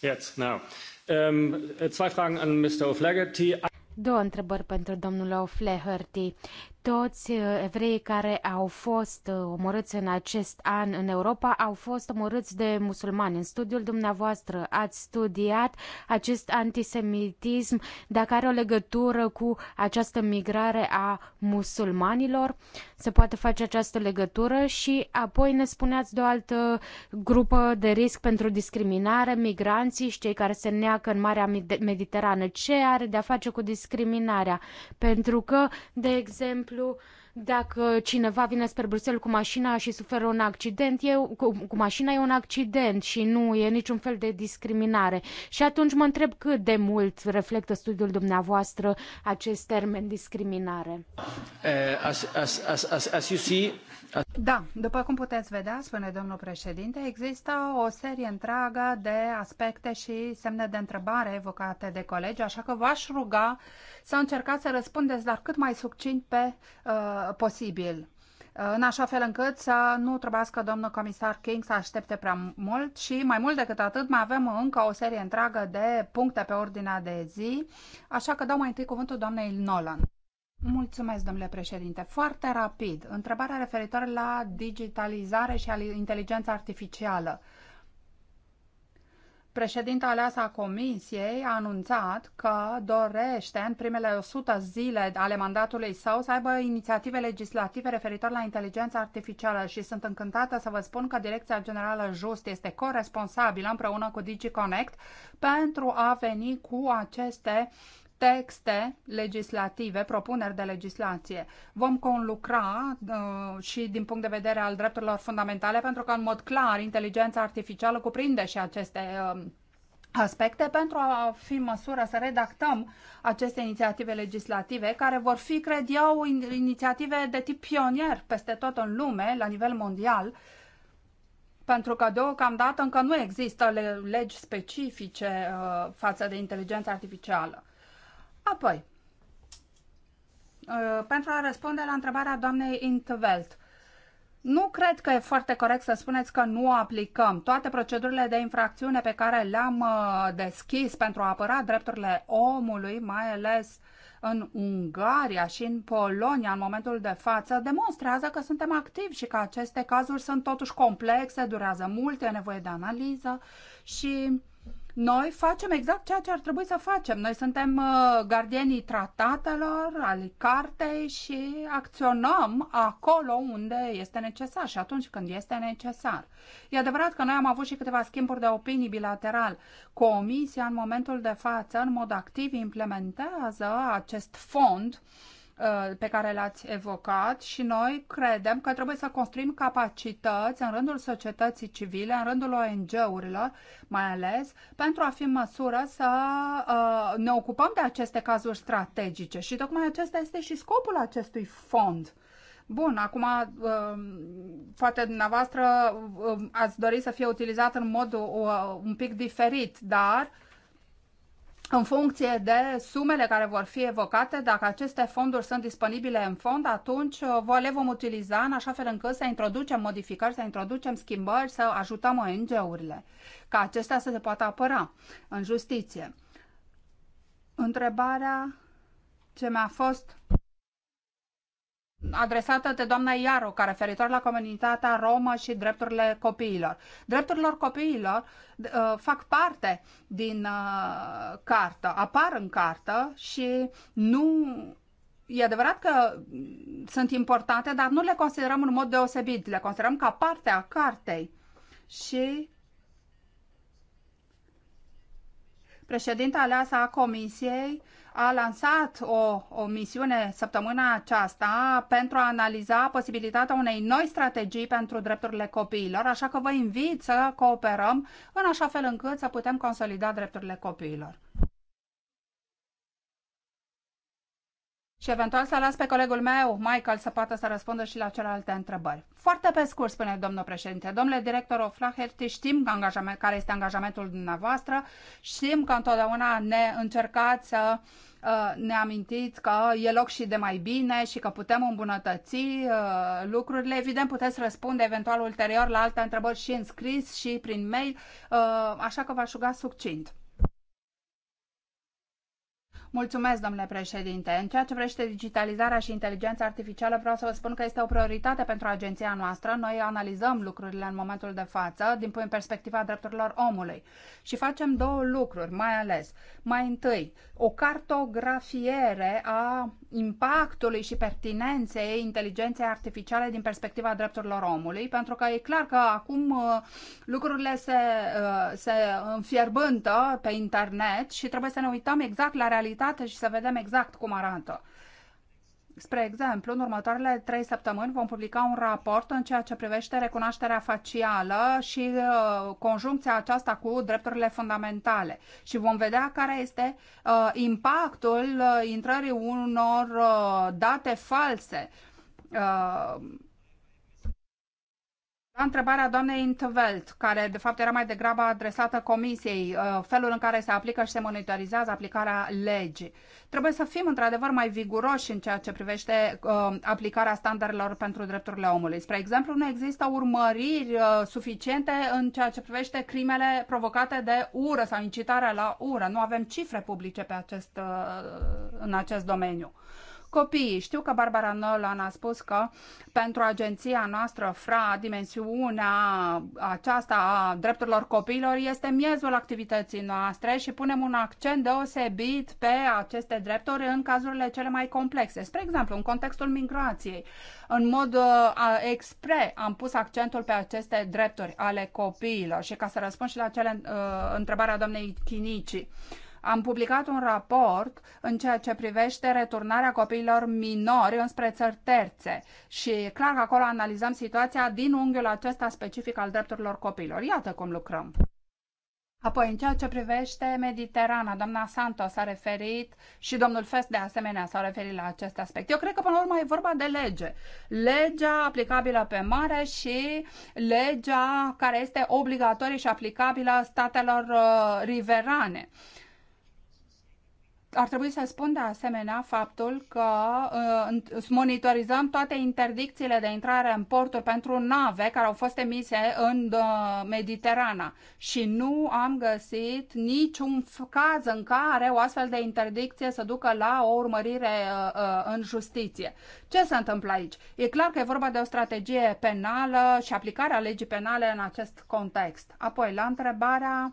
Jetzt, now. Um, zwei Fragen an Mr. O'Flaherty. Două întrebări pentru domnul O'Flaherty. Toți uh, evreii care au fost uh, omorâți în acest an în Europa au fost omorâți de musulmani. În studiul dumneavoastră ați studiat acest antisemitism, dacă are o legătură cu această migrare a musulmanilor, se poate face această legătură și apoi ne spuneați de o altă grupă de risc pentru discriminare, migranții și cei care se neacă în Marea Mediterană. Ce are de a face cu discriminarea? Pentru că, de exemplu, exemplu, dacă cineva vine spre Bruxelles cu mașina și suferă un accident, e, cu, cu mașina e un accident și nu e niciun fel de discriminare. Și atunci mă întreb cât de mult reflectă studiul dumneavoastră acest termen discriminare. Uh, as, as, as, as, as you see, as... Da, după cum puteți vedea, spune domnul președinte, există o serie întreagă de aspecte și semne de întrebare evocate de colegi, așa că v-aș ruga să încercați să răspundeți, dar cât mai succint pe uh, posibil uh, în așa fel încât să nu trebuiască domnul comisar King să aștepte prea mult și mai mult decât atât mai avem încă o serie întreagă de puncte pe ordinea de zi, așa că dau mai întâi cuvântul doamnei Nolan. Mulțumesc, domnule președinte. Foarte rapid, întrebarea referitoare la digitalizare și inteligența artificială. Președinta aleasă a Comisiei a anunțat că dorește în primele 100 zile ale mandatului său să aibă inițiative legislative referitoare la inteligența artificială și sunt încântată să vă spun că Direcția Generală Just este corresponsabilă împreună cu DigiConnect pentru a veni cu aceste texte legislative, propuneri de legislație. Vom conlucra uh, și din punct de vedere al drepturilor fundamentale, pentru că, în mod clar, inteligența artificială cuprinde și aceste uh, aspecte pentru a fi în măsură să redactăm aceste inițiative legislative, care vor fi, cred eu, inițiative de tip pionier peste tot în lume, la nivel mondial, pentru că deocamdată încă nu există legi specifice uh, față de inteligența artificială. Apoi, uh, pentru a răspunde la întrebarea doamnei Intveld, nu cred că e foarte corect să spuneți că nu aplicăm toate procedurile de infracțiune pe care le-am uh, deschis pentru a apăra drepturile omului, mai ales în Ungaria și în Polonia în momentul de față, demonstrează că suntem activi și că aceste cazuri sunt totuși complexe, durează mult, e nevoie de analiză și uh, noi facem exact ceea ce ar trebui să facem. Noi suntem uh, gardienii tratatelor, al cartei și acționăm acolo unde este necesar și atunci când este necesar. E adevărat că noi am avut și câteva schimburi de opinii bilateral. Comisia în momentul de față, în mod activ, implementează acest fond uh, Uh, pe care l-ați evocat și noi credem că trebuie să construim capacități în rândul societății civile, în rândul ONG-urilor mai ales, pentru a fi în măsură să uh, ne ocupăm de aceste cazuri strategice și tocmai acesta este și scopul acestui fond. Bun, acum uh, poate dumneavoastră ați dori să fie utilizat în mod un pic diferit, dar uh, în funcție de sumele care vor fi evocate, dacă aceste fonduri sunt disponibile în fond, atunci uh, le vom utiliza în așa fel încât să introducem modificări, să introducem schimbări, să ajutăm ONG-urile, ca acestea să se poată apăra în justiție. Întrebarea ce mi-a fost adresată de doamna Iaru, care referitor la comunitatea romă și drepturile copiilor. Drepturile copiilor uh, fac parte din uh, cartă, apar în cartă și nu e adevărat că sunt importante, dar nu le considerăm în mod deosebit, le considerăm ca parte a cartei. Și președinta aleasă a comisiei a lansat o, o misiune săptămâna aceasta pentru a analiza posibilitatea unei noi strategii pentru drepturile copiilor, așa că vă invit să cooperăm în așa fel încât să putem consolida drepturile copiilor. și eventual să las pe colegul meu, Michael, să poată să răspundă și la celelalte întrebări. Foarte pe scurt, spune domnul președinte. Domnule director O'Flaherty, știm că angajament, care este angajamentul dumneavoastră, știm că întotdeauna ne încercați să uh, ne amintiți că e loc și de mai bine și că putem îmbunătăți uh, lucrurile. Evident, puteți răspunde eventual ulterior la alte întrebări și în scris și prin mail, uh, așa că v-aș ruga succint. Mulțumesc, domnule președinte. În ceea ce vrește digitalizarea și inteligența artificială, vreau să vă spun că este o prioritate pentru agenția noastră. Noi analizăm lucrurile în momentul de față din perspectiva drepturilor omului și facem două lucruri, mai ales. Mai întâi, o cartografiere a impactului și pertinenței inteligenței artificiale din perspectiva drepturilor omului, pentru că e clar că acum uh, lucrurile se, uh, se înfierbântă pe internet și trebuie să ne uităm exact la realitate state și să vedem exact cum arată. Spre exemplu, în următoarele trei săptămâni vom publica un raport în ceea ce privește recunoașterea facială și uh, conjuncția aceasta cu drepturile fundamentale și vom vedea care este uh, impactul uh, intrării unor uh, date false. Uh, la întrebarea doamnei Intveld, care de fapt era mai degrabă adresată Comisiei, uh, felul în care se aplică și se monitorizează aplicarea legii. Trebuie să fim într-adevăr mai viguroși în ceea ce privește uh, aplicarea standardelor pentru drepturile omului. Spre exemplu, nu există urmăriri uh, suficiente în ceea ce privește crimele provocate de ură sau incitarea la ură. Nu avem cifre publice pe acest, în acest domeniu copiii. Știu că Barbara Nolan a spus că pentru agenția noastră FRA, dimensiunea aceasta a drepturilor copiilor este miezul activității noastre și punem un accent deosebit pe aceste drepturi în cazurile cele mai complexe. Spre exemplu, în contextul migrației, în mod uh, expre am pus accentul pe aceste drepturi ale copiilor și ca să răspund și la cele, uh, întrebarea doamnei Chinici. Uh, am publicat un raport în ceea ce privește returnarea copiilor minori înspre țări terțe și e clar că acolo analizăm situația din unghiul acesta specific al drepturilor copiilor. Iată cum lucrăm. Apoi, în ceea ce privește Mediterana, doamna Santos s-a referit și domnul Fest de asemenea s a referit la acest aspect. Eu cred că până la urmă e vorba de lege. Legea aplicabilă pe mare și legea care este obligatorie și aplicabilă statelor uh, riverane. Uh, ar trebui să spun de asemenea faptul că uh, monitorizăm toate interdicțiile de intrare în porturi pentru nave care au fost emise în uh, Mediterana și nu am găsit niciun caz în care o astfel de interdicție să ducă la o urmărire uh, uh, în justiție. Ce se întâmplă aici? E clar că e vorba de o strategie penală și aplicarea legii penale în acest context. Apoi, la întrebarea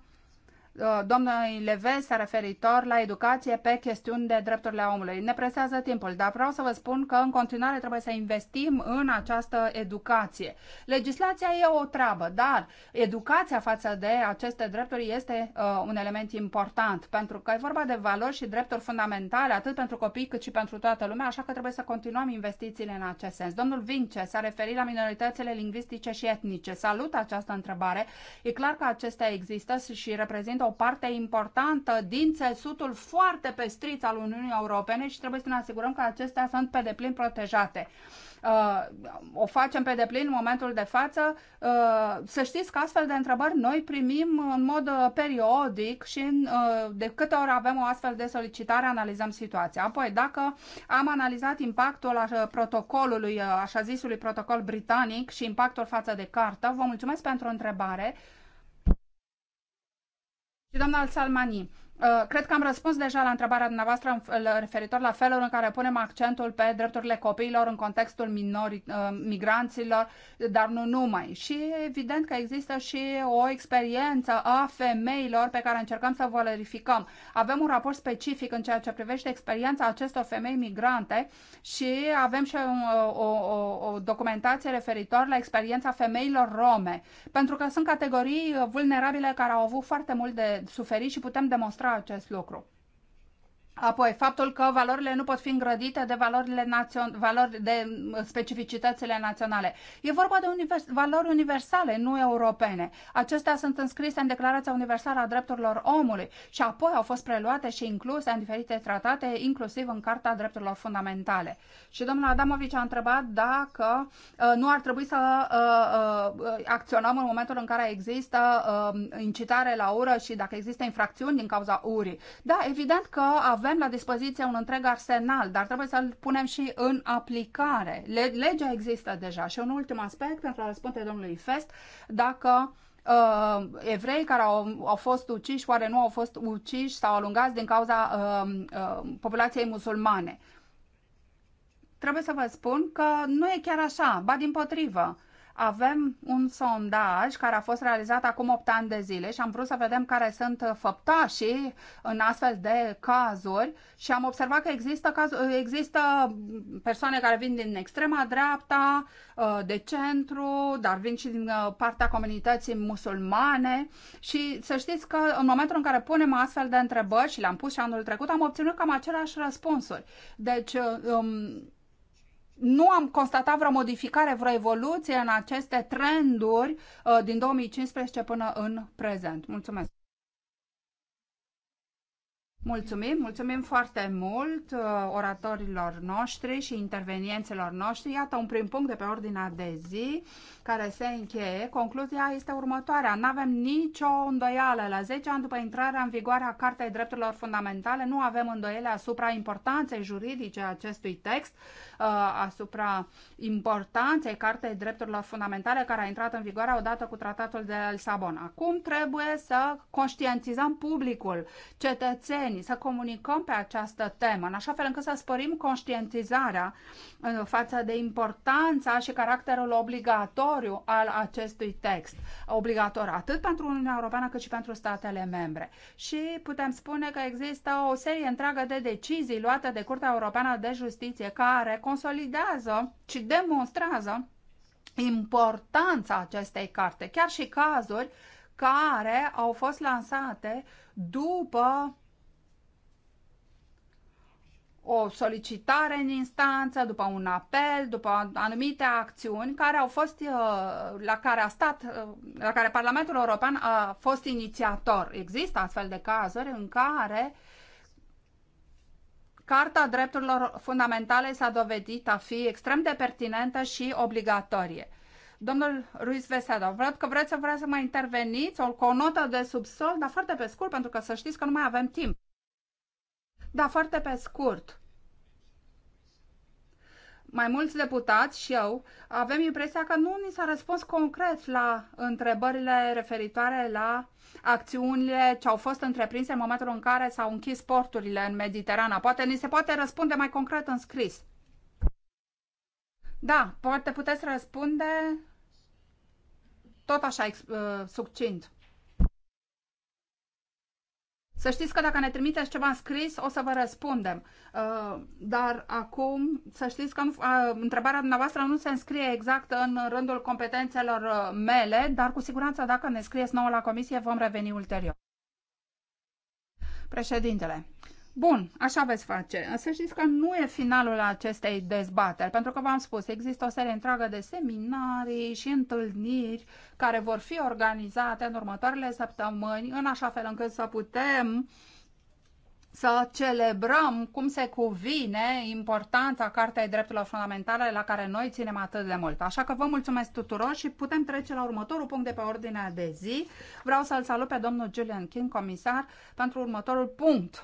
Uh, domnului Levesa referitor la educație pe chestiuni de drepturile omului. Ne presează timpul, dar vreau să vă spun că în continuare trebuie să investim în această educație. Legislația e o treabă, dar educația față de aceste drepturi este uh, un element important, pentru că e vorba de valori și drepturi fundamentale, atât pentru copii cât și pentru toată lumea, așa că trebuie să continuăm investițiile în acest sens. Domnul Vince s-a referit la minoritățile lingvistice și etnice. Salut această întrebare. E clar că acestea există și reprezintă o parte importantă din țesutul foarte pestriț al Uniunii Europene și trebuie să ne asigurăm că acestea sunt pe deplin protejate. Uh, o facem pe deplin în momentul de față. Uh, să știți că astfel de întrebări noi primim în mod uh, periodic și în, uh, de câte ori avem o astfel de solicitare analizăm situația. Apoi, dacă am analizat impactul a uh, protocolului, uh, așa zisului protocol britanic și impactul față de cartă, vă mulțumesc pentru întrebare. Și doamna Salmani, Uh, cred că am răspuns deja la întrebarea dumneavoastră referitor la felul în care punem accentul pe drepturile copiilor în contextul minori, uh, migranților, dar nu numai. Și evident că există și o experiență a femeilor pe care încercăm să valorificăm. Avem un raport specific în ceea ce privește experiența acestor femei migrante și avem și uh, o, o, o documentație referitor la experiența femeilor rome, pentru că sunt categorii vulnerabile care au avut foarte mult de suferit și putem demonstra demonstra acest lucru. Apoi, faptul că valorile nu pot fi îngrădite de valorile națion- valori de uh, specificitățile naționale. E vorba de univers- valori universale, nu europene. Acestea sunt înscrise în Declarația Universală a Drepturilor Omului și apoi au fost preluate și incluse în diferite tratate, inclusiv în Carta Drepturilor Fundamentale. Și domnul Adamovici a întrebat dacă uh, nu ar trebui să uh, uh, acționăm în momentul în care există uh, incitare la ură și dacă există infracțiuni din cauza urii. Da, evident că avem avem la dispoziție un întreg arsenal, dar trebuie să-l punem și în aplicare. Legea există deja. Și un ultim aspect, pentru a răspunde domnului Fest, dacă uh, evrei care au, au fost uciși, oare nu au fost uciși sau alungați din cauza uh, uh, populației musulmane. Trebuie să vă spun că nu e chiar așa, ba din potrivă. Uh, avem un sondaj care a fost realizat acum 8 ani de zile și am vrut să vedem care sunt făptașii în astfel de cazuri și am observat că există, cazuri, există persoane care vin din extrema dreapta, uh, de centru, dar vin și din uh, partea comunității musulmane și să știți că în momentul în care punem astfel de întrebări și le-am pus și anul trecut, am obținut cam aceleași răspunsuri. Deci, uh, um, nu am constatat vreo modificare, vreo evoluție în aceste trenduri uh, din 2015 până în prezent. Mulțumesc! Mulțumim, mulțumim foarte mult uh, oratorilor noștri și intervenienților noștri. Iată un prim punct de pe ordinea de zi care se încheie. Concluzia este următoarea. Nu avem nicio îndoială. La 10 ani după intrarea în vigoare a Cartei Drepturilor Fundamentale nu avem îndoiele asupra importanței juridice a acestui text Uh, asupra importanței Cartei Drepturilor Fundamentale care a intrat în vigoare odată cu tratatul de Lisabona. Acum trebuie să conștientizăm publicul, cetățenii, să comunicăm pe această temă, în așa fel încât să spărim conștientizarea uh, față de importanța și caracterul obligatoriu al acestui text. Obligator atât pentru Uniunea Europeană cât și pentru statele membre. Și putem spune că există o serie întreagă de decizii luate de Curtea Europeană de Justiție care consolidează, ci demonstrează importanța acestei carte, chiar și cazuri care au fost lansate după o solicitare în instanță, după un apel, după anumite acțiuni care au fost uh, la care a stat, uh, la care Parlamentul European a fost inițiator. Există astfel de cazuri în care Carta Drepturilor Fundamentale s-a dovedit a fi extrem de pertinentă și obligatorie. Domnul Ruiz Vesedo, văd că vreți să vreți să mai interveniți, o, cu o notă de subsol, dar foarte pe scurt, pentru că să știți că nu mai avem timp. Da, foarte pe scurt mai mulți deputați și eu avem impresia că nu ni s-a răspuns concret la întrebările referitoare la acțiunile ce au fost întreprinse în momentul în care s-au închis porturile în Mediterana. Poate ni se poate răspunde mai concret în scris. Da, poate puteți răspunde tot așa uh, succint. Să știți că dacă ne trimiteți ceva în scris, o să vă răspundem. Uh, dar acum, să știți că uh, întrebarea dumneavoastră nu se înscrie exact în rândul competențelor uh, mele, dar cu siguranță dacă ne scrieți nouă la comisie, vom reveni ulterior. Președintele, Bun, așa veți face. Să știți că nu e finalul acestei dezbateri, pentru că v-am spus, există o serie întreagă de seminarii și întâlniri care vor fi organizate în următoarele săptămâni, în așa fel încât să putem să celebrăm cum se cuvine importanța Cartei Drepturilor Fundamentale la care noi ținem atât de mult. Așa că vă mulțumesc tuturor și putem trece la următorul punct de pe ordinea de zi. Vreau să-l salut pe domnul Julian King, comisar, pentru următorul punct.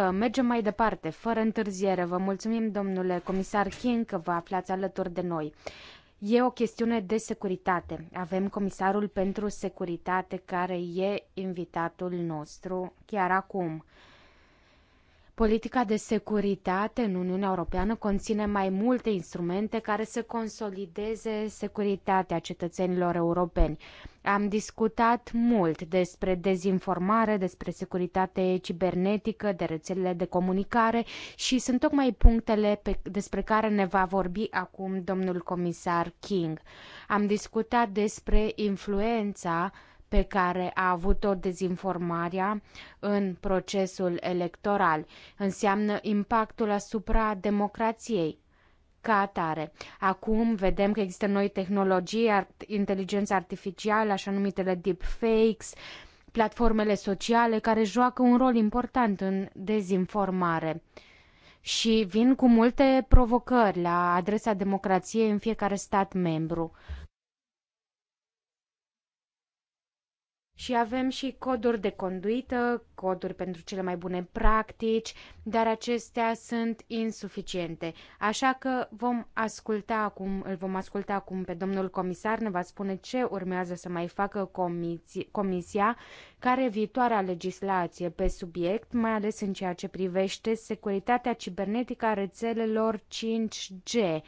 să mergem mai departe, fără întârziere. Vă mulțumim, domnule comisar King, că vă aflați alături de noi. E o chestiune de securitate. Avem comisarul pentru securitate care e invitatul nostru chiar acum. Politica de securitate în Uniunea Europeană conține mai multe instrumente care să consolideze securitatea cetățenilor europeni. Am discutat mult despre dezinformare, despre securitate cibernetică, de rețelele de comunicare și sunt tocmai punctele pe, despre care ne va vorbi acum domnul comisar King. Am discutat despre influența uh, pe care a avut-o dezinformarea în procesul electoral. Înseamnă impactul asupra democrației ca atare. Acum vedem că există noi tehnologii, art, inteligența artificială, așa numitele deepfakes, platformele sociale care joacă un rol important în dezinformare și vin cu multe provocări la adresa democrației în fiecare stat membru. Și avem și coduri de conduită, coduri pentru cele mai bune practici, dar acestea sunt insuficiente. Așa că vom asculta acum, îl vom asculta acum pe domnul comisar, ne va spune ce urmează să mai facă comisia, comisia, care viitoarea legislație pe subiect, mai ales în ceea ce privește securitatea cibernetică a rețelelor 5G,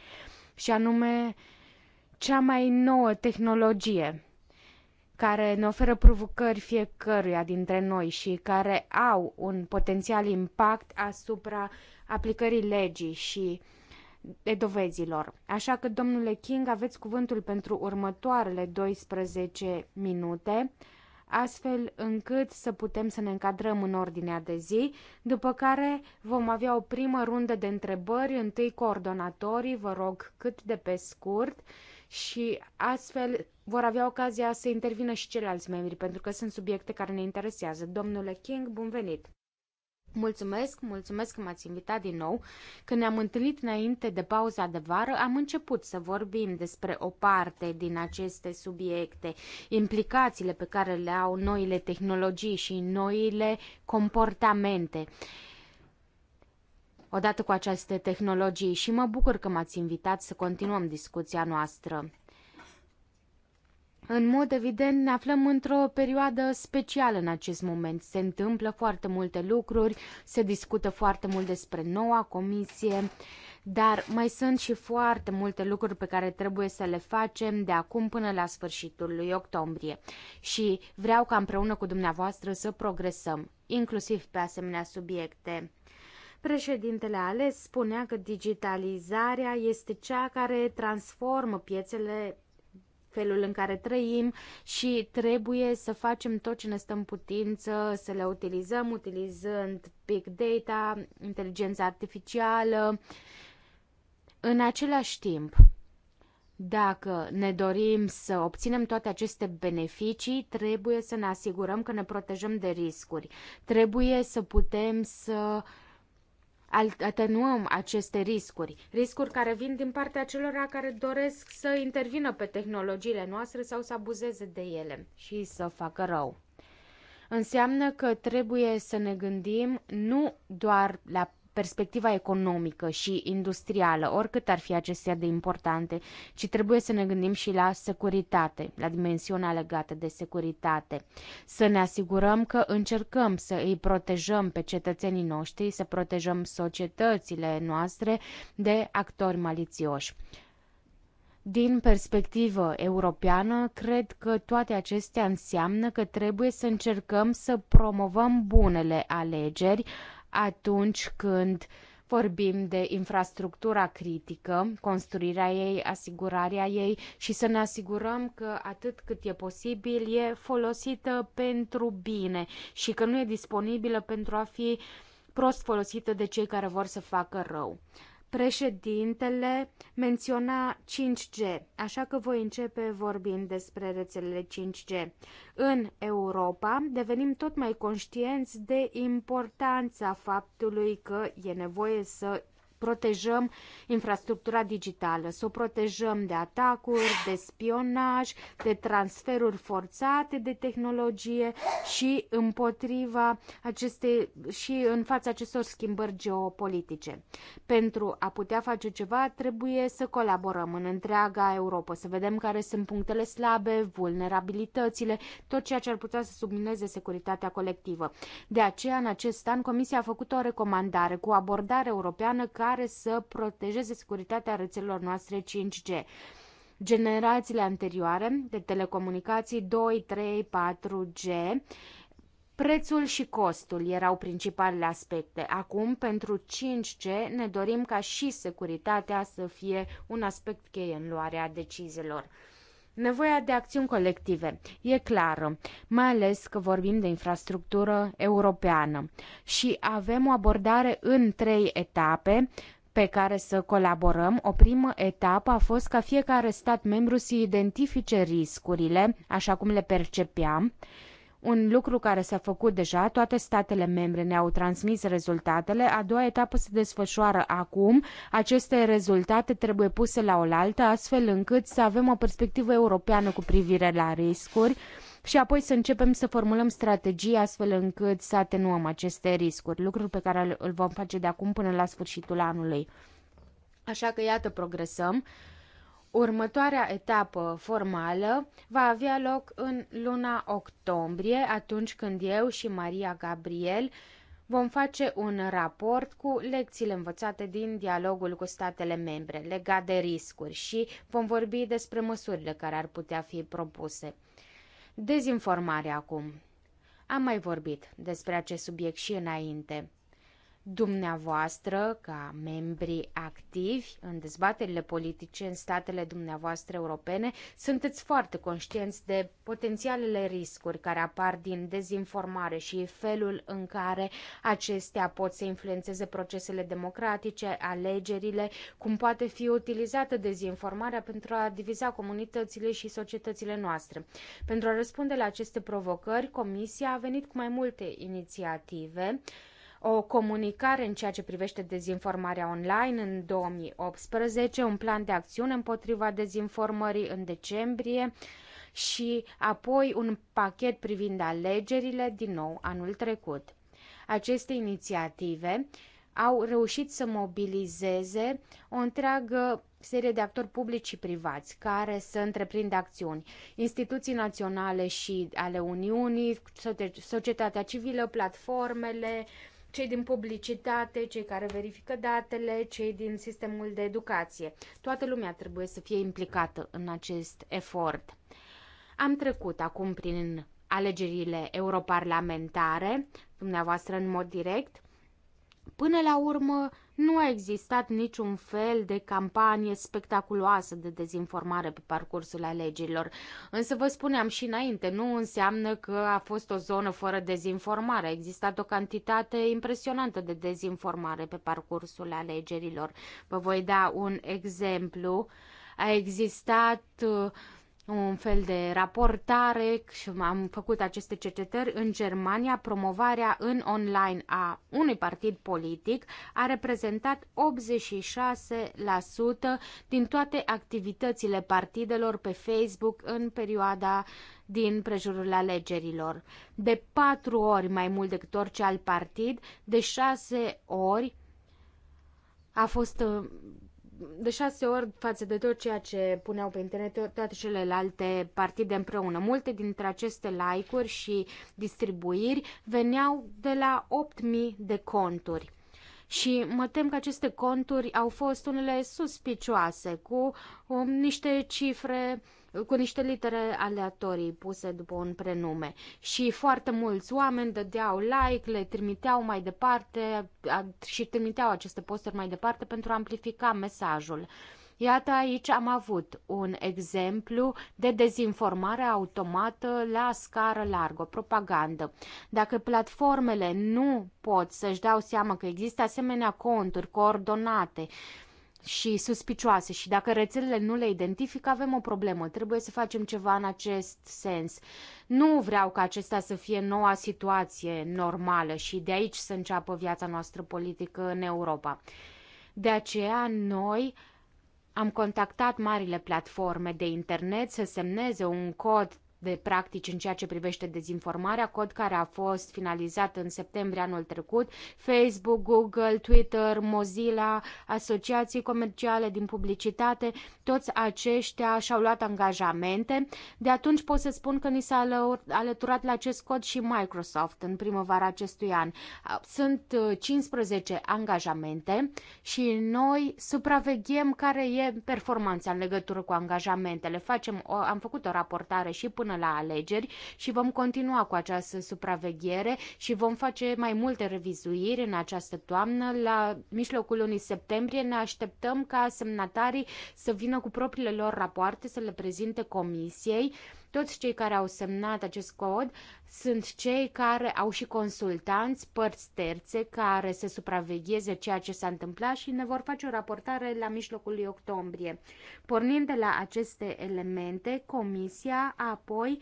și anume cea mai nouă tehnologie care ne oferă provocări fiecăruia dintre noi și care au un potențial impact asupra aplicării legii și de dovezilor. Așa că, domnule King, aveți cuvântul pentru următoarele 12 minute, astfel încât să putem să ne încadrăm în ordinea de zi, după care vom avea o primă rundă de întrebări, întâi coordonatorii, vă rog cât de pe scurt, și astfel vor avea ocazia să intervină și ceilalți membri, pentru că sunt subiecte care ne interesează. Domnule King, bun venit! Mulțumesc, mulțumesc că m-ați invitat din nou. Când ne-am întâlnit înainte de pauza de vară, am început să vorbim despre o parte din aceste subiecte, implicațiile pe care le au noile tehnologii și noile comportamente. Uh, odată cu aceste tehnologii și mă bucur că m-ați invitat să continuăm discuția noastră. În mod evident ne aflăm într-o perioadă specială în acest moment. Se întâmplă foarte multe lucruri, se discută foarte mult despre noua comisie, dar mai sunt și foarte multe lucruri pe care trebuie să le facem de acum până la sfârșitul lui octombrie. Și vreau ca împreună cu dumneavoastră să progresăm, inclusiv pe asemenea subiecte. Președintele ales spunea că digitalizarea este cea care transformă piețele felul în care trăim și trebuie să facem tot ce ne stă în putință, să le utilizăm utilizând big data, inteligența artificială. În același timp, dacă ne dorim să obținem toate aceste beneficii, trebuie să ne asigurăm că ne protejăm de riscuri. Trebuie să putem să uh, atenuăm aceste riscuri, riscuri care vin din partea celor care doresc să intervină pe tehnologiile noastre sau să abuzeze de ele și să facă rău. Înseamnă că trebuie să ne gândim nu doar la perspectiva economică și industrială, oricât ar fi acestea de importante, ci trebuie să ne gândim și la securitate, la dimensiunea legată de securitate. Să ne asigurăm că încercăm să îi protejăm pe cetățenii noștri, să protejăm societățile noastre de actori malițioși. Din perspectivă europeană, cred că toate acestea înseamnă că trebuie să încercăm să promovăm bunele alegeri, atunci când vorbim de infrastructura critică, construirea ei, asigurarea ei și să ne asigurăm că atât cât e posibil e folosită pentru bine și că nu e disponibilă pentru a fi prost folosită de cei care vor să facă rău. Președintele menționa 5G, așa că voi începe vorbind despre rețelele 5G. În Europa devenim tot mai conștienți de importanța faptului că e nevoie să protejăm infrastructura digitală, să o protejăm de atacuri, de spionaj, de transferuri forțate de tehnologie și împotriva acestei și în fața acestor schimbări geopolitice. Pentru a putea face ceva, trebuie să colaborăm în întreaga Europa, să vedem care sunt punctele slabe, vulnerabilitățile, tot ceea ce ar putea să submineze securitatea colectivă. De aceea, în acest an, Comisia a făcut o recomandare cu abordare europeană ca care să protejeze securitatea rețelelor noastre 5G. Generațiile anterioare de telecomunicații 2, 3, 4G Prețul și costul erau principalele aspecte. Acum, pentru 5G, ne dorim ca și securitatea să fie un aspect cheie în luarea deciziilor. Nevoia de acțiuni colective e clară, mai ales că vorbim de infrastructură europeană și avem o abordare în trei etape pe care să colaborăm. O primă etapă a fost ca fiecare stat membru să identifice riscurile, așa cum le percepeam, un lucru care s-a făcut deja, toate statele membre ne-au transmis rezultatele, a doua etapă se desfășoară acum, aceste rezultate trebuie puse la oaltă, astfel încât să avem o perspectivă europeană cu privire la riscuri și apoi să începem să formulăm strategii astfel încât să atenuăm aceste riscuri, lucruri pe care îl vom face de acum până la sfârșitul anului. Așa că iată progresăm Următoarea etapă formală va avea loc în luna octombrie, atunci când eu și Maria Gabriel vom face un raport cu lecțiile învățate din dialogul cu statele membre legat de riscuri și vom vorbi despre măsurile care ar putea fi propuse. Dezinformarea acum. Am mai vorbit despre acest subiect și înainte dumneavoastră, ca membri activi în dezbaterile politice în statele dumneavoastră europene, sunteți foarte conștienți de potențialele riscuri care apar din dezinformare și felul în care acestea pot să influențeze procesele democratice, alegerile, cum poate fi utilizată dezinformarea pentru a diviza comunitățile și societățile noastre. Pentru a răspunde la aceste provocări, Comisia a venit cu mai multe inițiative o comunicare în ceea ce privește dezinformarea online în 2018, un plan de acțiune împotriva dezinformării în decembrie și apoi un pachet privind alegerile din nou anul trecut. Aceste inițiative au reușit să mobilizeze o întreagă serie de actori publici și privați care să întreprindă acțiuni. Instituții naționale și ale Uniunii, societatea civilă, platformele, uh, cei din publicitate, cei care verifică datele, cei din sistemul de educație. Toată lumea trebuie să fie implicată în acest efort. Am trecut acum prin alegerile europarlamentare, dumneavoastră în mod direct. Până la urmă, nu a existat niciun fel de campanie spectaculoasă de dezinformare pe parcursul alegerilor. Însă vă spuneam și înainte, nu înseamnă că a fost o zonă fără dezinformare. A existat o cantitate impresionantă de dezinformare pe parcursul alegerilor. Vă voi da un exemplu. A existat uh, un fel de raportare și am făcut aceste cercetări în Germania, promovarea în online a unui partid politic a reprezentat 86% din toate activitățile partidelor pe Facebook în perioada din prejurul alegerilor. De patru ori mai mult decât orice alt partid, de șase ori a fost uh, de șase ori față de tot ceea ce puneau pe internet toate celelalte partide împreună. Multe dintre aceste like-uri și distribuiri veneau de la 8.000 de conturi. Și mă tem că aceste conturi au fost unele suspicioase, cu um, niște cifre uh, cu niște litere aleatorii puse după un prenume. Și foarte mulți oameni dădeau like, le trimiteau mai departe și trimiteau aceste posturi mai departe pentru a amplifica mesajul. Iată aici am avut un exemplu de dezinformare automată la scară largă, propagandă. Dacă platformele nu pot să-și dau seama că există asemenea conturi coordonate, uh, și suspicioase și dacă rețelele nu le identifică, avem o problemă. Trebuie să facem ceva în acest sens. Nu vreau ca acesta să fie noua situație normală și de aici să înceapă viața noastră politică în Europa. De aceea noi am contactat marile platforme de internet să semneze un cod de practici în ceea ce privește dezinformarea, cod care a fost finalizat în septembrie anul trecut. Facebook, Google, Twitter, Mozilla, asociații comerciale din publicitate, toți aceștia și-au luat angajamente. De atunci pot să spun că ni s-a alăturat la acest cod și Microsoft în primăvara acestui an. Sunt 15 uh, angajamente și noi supraveghem care e performanța în legătură cu angajamentele. Facem o, am făcut o raportare și până la alegeri și vom continua cu această supraveghere și vom face mai multe revizuiri în această toamnă. La mijlocul lunii septembrie ne așteptăm ca semnatarii să vină cu propriile lor rapoarte, să le prezinte comisiei toți cei care au semnat acest cod sunt cei care au și consultanți, părți terțe, care să supravegheze ceea ce s-a întâmplat și ne vor face o raportare la mijlocul lui octombrie. Pornind de la aceste elemente, Comisia apoi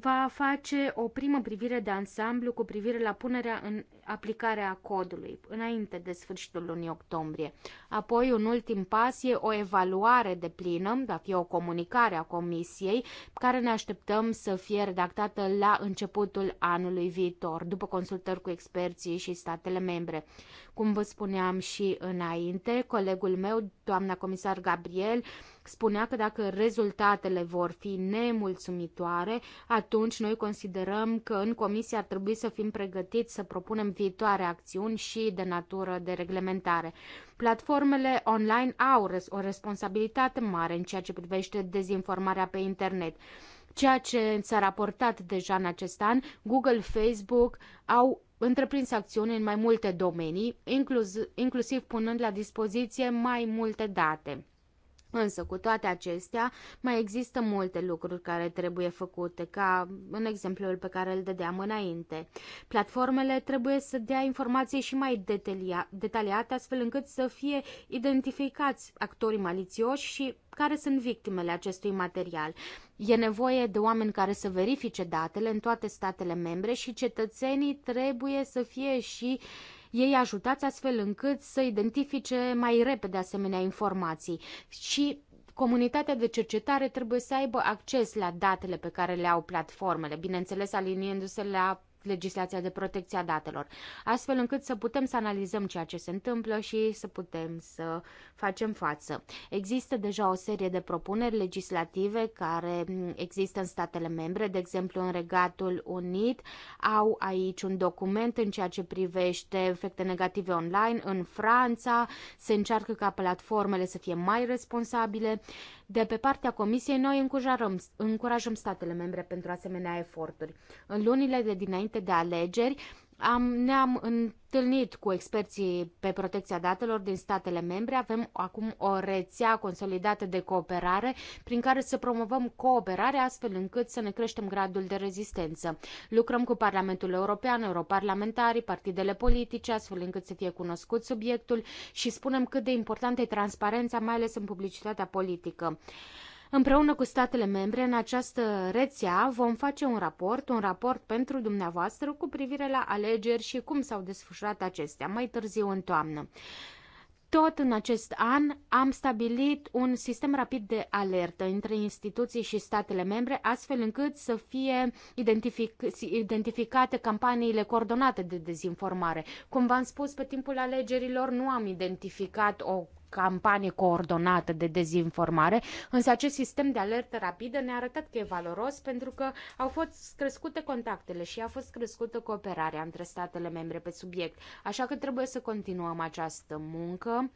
va face o primă privire de ansamblu cu privire la punerea în aplicare a codului înainte de sfârșitul lunii octombrie. Apoi, un ultim pas e o evaluare de plină, va fi o comunicare a comisiei, care ne așteptăm să fie redactată la începutul anului viitor, după consultări cu experții și statele membre. Cum vă spuneam și înainte, colegul meu, doamna comisar Gabriel, spunea că dacă rezultatele vor fi nemulțumitoare, atunci noi considerăm că în comisie ar trebui să fim pregătiți să propunem viitoare acțiuni și de natură de reglementare. Platformele online au o responsabilitate mare în ceea ce privește dezinformarea pe internet ceea ce s-a raportat deja în acest an, Google, Facebook au întreprins acțiuni în mai multe domenii, inclusiv punând la dispoziție mai multe date. Însă, cu toate acestea, mai există multe lucruri care trebuie făcute, ca în exemplul pe care îl dădeam înainte. Platformele trebuie să dea informații și mai detaliate, astfel încât să fie identificați actorii malițioși și care sunt victimele acestui material. E nevoie de oameni care să verifice datele în toate statele membre și cetățenii trebuie să fie și uh, ei ajutați astfel încât să identifice mai repede asemenea informații și Comunitatea de cercetare trebuie să aibă acces la datele pe care le au platformele, bineînțeles aliniindu-se la legislația de protecție a datelor, astfel încât să putem să analizăm ceea ce se întâmplă și să putem să facem față. Există deja o serie de propuneri legislative care există în statele membre, de exemplu în Regatul Unit, au aici un document în ceea ce privește efecte negative online. În Franța se încearcă ca platformele să fie mai responsabile. De pe partea Comisiei, noi încurajăm, încurajăm statele membre pentru asemenea eforturi. În lunile de dinainte de alegeri, am, ne-am întâlnit cu experții pe protecția datelor din statele membre. Avem acum o rețea consolidată de cooperare prin care să promovăm cooperarea astfel încât să ne creștem gradul de rezistență. Lucrăm cu Parlamentul European, europarlamentarii, partidele politice, astfel încât să fie cunoscut subiectul și spunem cât de importantă e transparența, mai ales în publicitatea politică. Împreună cu statele membre, în această rețea vom face un raport, un raport pentru dumneavoastră cu privire la alegeri și cum s-au desfășurat acestea mai târziu în toamnă. Tot în acest an am stabilit un sistem rapid de alertă între instituții și statele membre, astfel încât să fie identific- identificate campaniile coordonate de dezinformare. Cum v-am spus, pe timpul alegerilor nu am identificat o campanie coordonată de dezinformare, însă acest sistem de alertă rapidă ne-a arătat că e valoros pentru că au fost crescute contactele și a fost crescută cooperarea între statele membre pe subiect. Așa că trebuie să continuăm această muncă.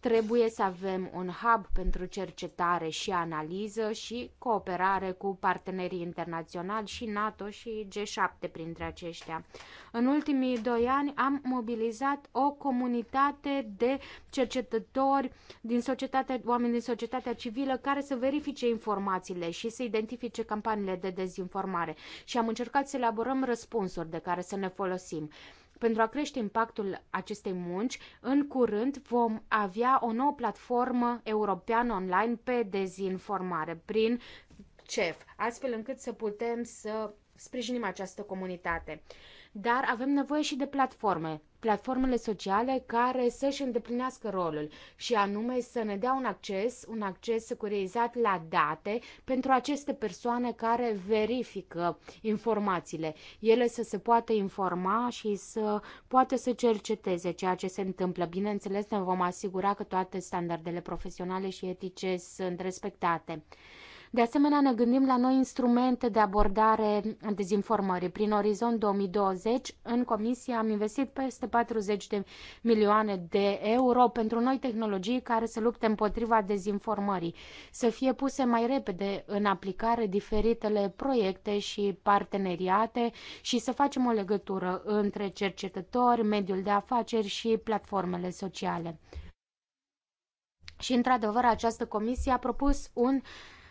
Trebuie să avem un hub pentru cercetare și analiză și cooperare cu partenerii internaționali și NATO și G7 printre aceștia. În ultimii doi ani am mobilizat o comunitate de cercetători din societatea, oameni din societatea civilă care să verifice informațiile și să identifice campaniile de dezinformare și am încercat să elaborăm răspunsuri de care să ne folosim. Pentru a crește impactul acestei munci, în curând vom avea o nouă platformă europeană online pe dezinformare prin CEF, astfel încât să putem să sprijinim această comunitate. Dar avem nevoie și de platforme platformele sociale care să-și îndeplinească rolul și anume să ne dea un acces, un acces securizat la date pentru aceste persoane care verifică informațiile. Ele să se poată informa și să poată să cerceteze ceea ce se întâmplă. Bineînțeles, ne vom asigura că toate standardele profesionale și etice sunt respectate. De asemenea, ne gândim la noi instrumente de abordare a dezinformării. Prin Orizont 2020, în comisie am investit peste 40 de milioane de euro pentru noi tehnologii care să lupte împotriva dezinformării, să fie puse mai repede în aplicare diferitele proiecte și parteneriate și să facem o legătură între cercetători, mediul de afaceri și platformele sociale. Și, într-adevăr, această comisie a propus un uh,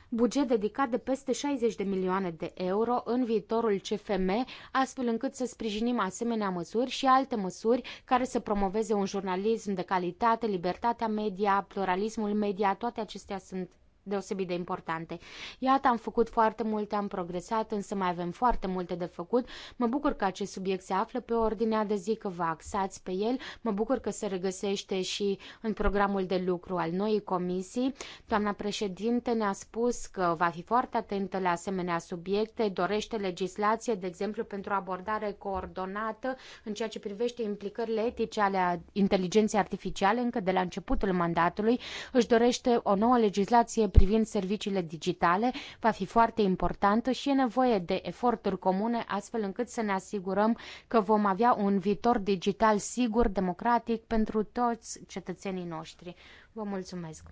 buget dedicat de peste 60 de milioane de euro în viitorul CFM, astfel încât să sprijinim asemenea măsuri și alte măsuri care să promoveze un jurnalism de calitate, libertatea media, pluralismul media, toate acestea sunt deosebit de importante. Iată, am făcut foarte multe, am progresat, însă mai avem foarte multe de făcut. Mă bucur că acest subiect se află pe ordinea de zi, că vă axați pe el. Mă bucur că se regăsește și în programul de lucru al noii comisii. Doamna președinte ne-a spus că va fi foarte atentă la asemenea subiecte, dorește legislație, de exemplu, pentru abordare coordonată în ceea ce privește implicările etice ale inteligenței artificiale încă de la începutul mandatului. Își dorește o nouă legislație privind serviciile digitale va fi foarte importantă și e nevoie de eforturi comune astfel încât să ne asigurăm că vom avea un viitor digital sigur, democratic pentru toți cetățenii noștri. Vă mulțumesc!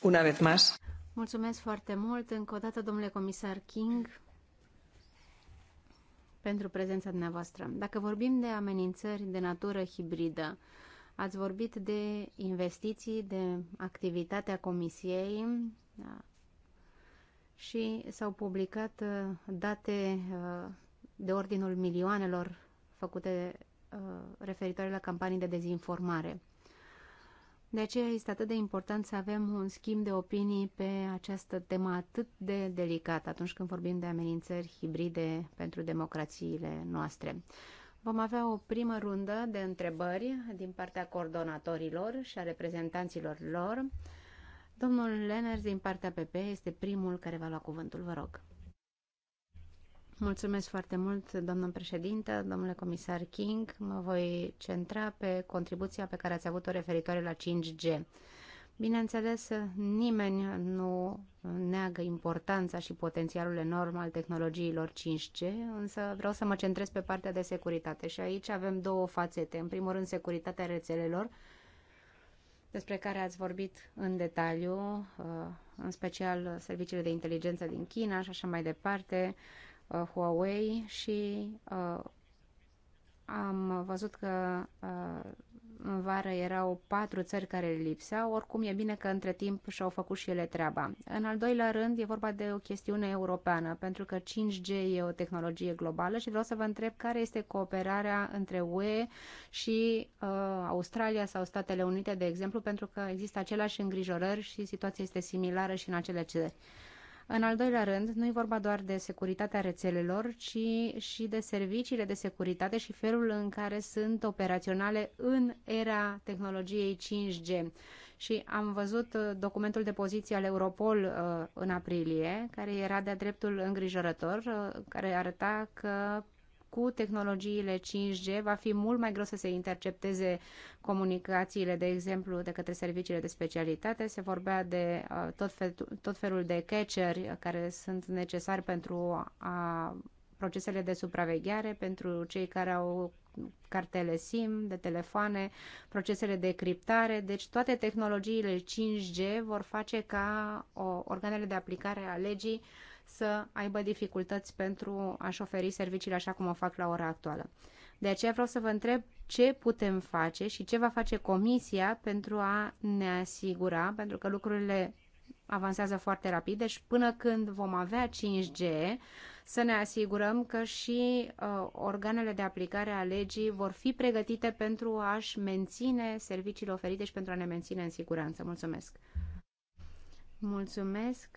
Una vez más. Mulțumesc foarte mult încă o dată, domnule comisar King, pentru prezența dumneavoastră. Dacă vorbim de amenințări de natură hibridă, Ați vorbit de investiții, de activitatea Comisiei da. și s-au publicat uh, date uh, de ordinul milioanelor făcute uh, referitoare la campanii de dezinformare. De aceea este atât de important să avem un schimb de opinii pe această temă atât de delicată atunci când vorbim de amenințări hibride pentru democrațiile noastre. Vom avea o primă rundă de întrebări din partea coordonatorilor și a reprezentanților lor. Domnul Lenners din partea PP este primul care va lua cuvântul, vă rog. Mulțumesc foarte mult, domnul președinte, domnule comisar King. Mă voi centra pe contribuția pe care ați avut-o referitoare la 5G. Bineînțeles, nimeni nu neagă importanța și potențialul enorm al tehnologiilor 5G, însă vreau să mă centrez pe partea de securitate și aici avem două fațete. În primul rând, securitatea rețelelor, despre care ați vorbit în detaliu, uh, în special serviciile de inteligență din China și așa mai departe, uh, Huawei și uh, am văzut că în vară erau patru țări care lipseau, oricum e bine că între timp și-au făcut și ele treaba. În al doilea rând, e vorba de o chestiune europeană, pentru că 5G e o tehnologie globală și vreau să vă întreb care este cooperarea între UE și uh, Australia sau Statele Unite, de exemplu, pentru că există aceleași îngrijorări și situația este similară și în acele țări. În al doilea rând, nu e vorba doar de securitatea rețelelor, ci și de serviciile de securitate și felul în care sunt operaționale în era tehnologiei 5G. Și am văzut uh, documentul de poziție al Europol uh, în aprilie, care era de-a dreptul îngrijorător, uh, care arăta că cu tehnologiile 5G va fi mult mai greu să se intercepteze comunicațiile, de exemplu, de către serviciile de specialitate. Se vorbea de uh, tot, fel, tot felul de catcheri care sunt necesari pentru a procesele de supraveghere pentru cei care au cartele SIM, de telefoane, procesele de criptare. Deci toate tehnologiile 5G vor face ca o, organele de aplicare a legii să aibă dificultăți pentru a-și oferi serviciile așa cum o fac la ora actuală. De aceea vreau să vă întreb ce putem face și ce va face Comisia pentru a ne asigura, pentru că lucrurile avansează foarte rapid, deci până când vom avea 5G, să ne asigurăm că și uh, organele de aplicare a legii vor fi pregătite pentru a-și menține serviciile oferite și pentru a ne menține în siguranță. Mulțumesc! Mulțumesc!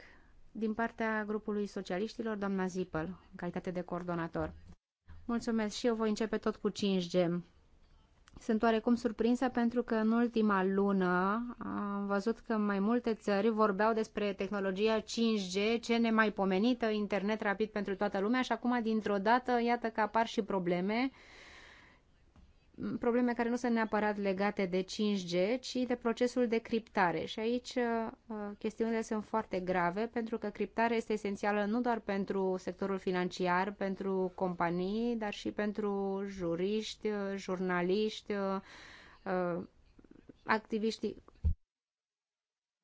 din partea grupului socialiștilor, doamna Zipăl, în calitate de coordonator. Mulțumesc și eu voi începe tot cu 5G. Sunt oarecum surprinsă pentru că în ultima lună am văzut că mai multe țări vorbeau despre tehnologia 5G, ce nemaipomenită pomenită, internet rapid pentru toată lumea și acum dintr-o dată iată că apar și probleme probleme care nu sunt neapărat legate de 5G, ci de procesul de criptare. Și aici uh, chestiunile sunt foarte grave, pentru că criptarea este esențială nu doar pentru sectorul financiar, pentru companii, dar și pentru juriști, uh, jurnaliști, uh, activiștii,